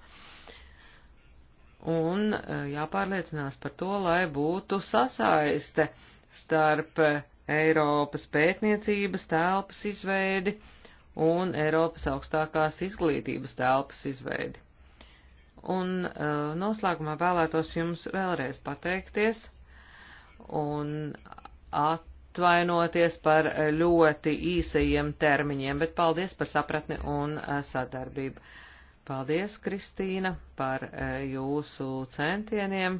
Speaker 4: Un eh, jāpārliecinās par to, lai būtu sasaiste starp Eiropas pētniecības telpas izveidi un Eiropas augstākās izglītības telpas izveidi. Un uh, noslēgumā vēlētos jums vēlreiz pateikties un atvainoties par ļoti īsajiem termiņiem, bet paldies par sapratni un e, sadarbību. Paldies, Kristīna, par e, jūsu centieniem.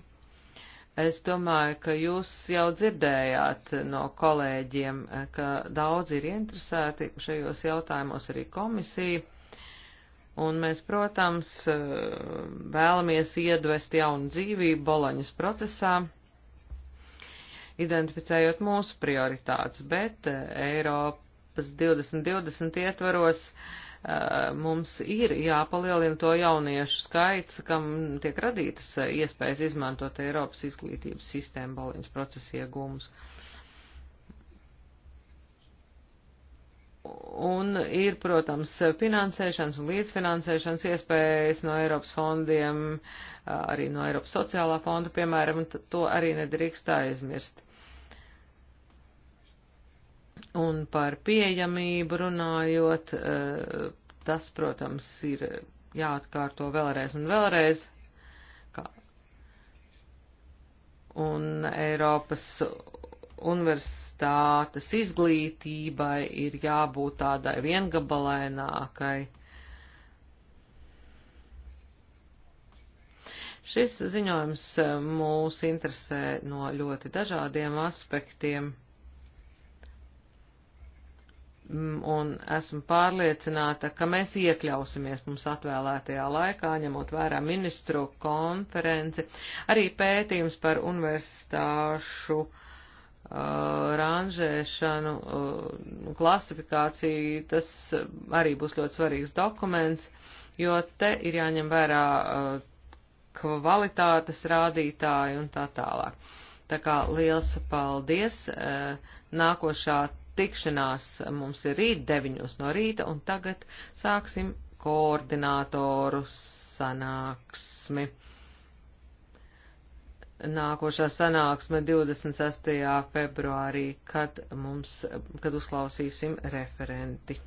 Speaker 4: Es domāju, ka jūs jau dzirdējāt no kolēģiem, e, ka daudz ir interesēti šajos jautājumos arī komisija. Un mēs, protams, vēlamies iedvest jaunu dzīvību Boloņas procesā identificējot mūsu prioritātes, bet eh, Eiropas 2020 ietvaros eh, mums ir jāpalielina to jauniešu skaits, kam tiek radītas eh, iespējas izmantot Eiropas izglītības sistēmu baliņas procesa iegūmus. un ir, protams, finansēšanas un līdzfinansēšanas iespējas no Eiropas fondiem, arī no Eiropas sociālā fonda, piemēram, to arī nedrīkst aizmirst. Un par pieejamību runājot, eh, tas, protams, ir jāatkārto vēlreiz un vēlreiz. Kā. Un Eiropas universitātes izglītībai ir jābūt tādai viengabalainākai. Šis ziņojums eh, mūs interesē no ļoti dažādiem aspektiem. Mm, un esmu pārliecināta, ka mēs iekļausimies mums atvēlētajā laikā, ņemot vērā ministru konferenci, arī pētījums par universitāšu uh, ranžēšanu, uh, klasifikāciju, tas arī būs ļoti svarīgs dokuments, jo te ir jāņem vērā uh, kvalitātes rādītāji un tā tālāk. Tā kā liels paldies! Uh, nākošā tikšanās mums ir rīt 9 no rīta, un tagad sāksim koordinātoru sanāksmi. Nākošā sanāksme 26. februārī, kad, mums, kad uzklausīsim referenti.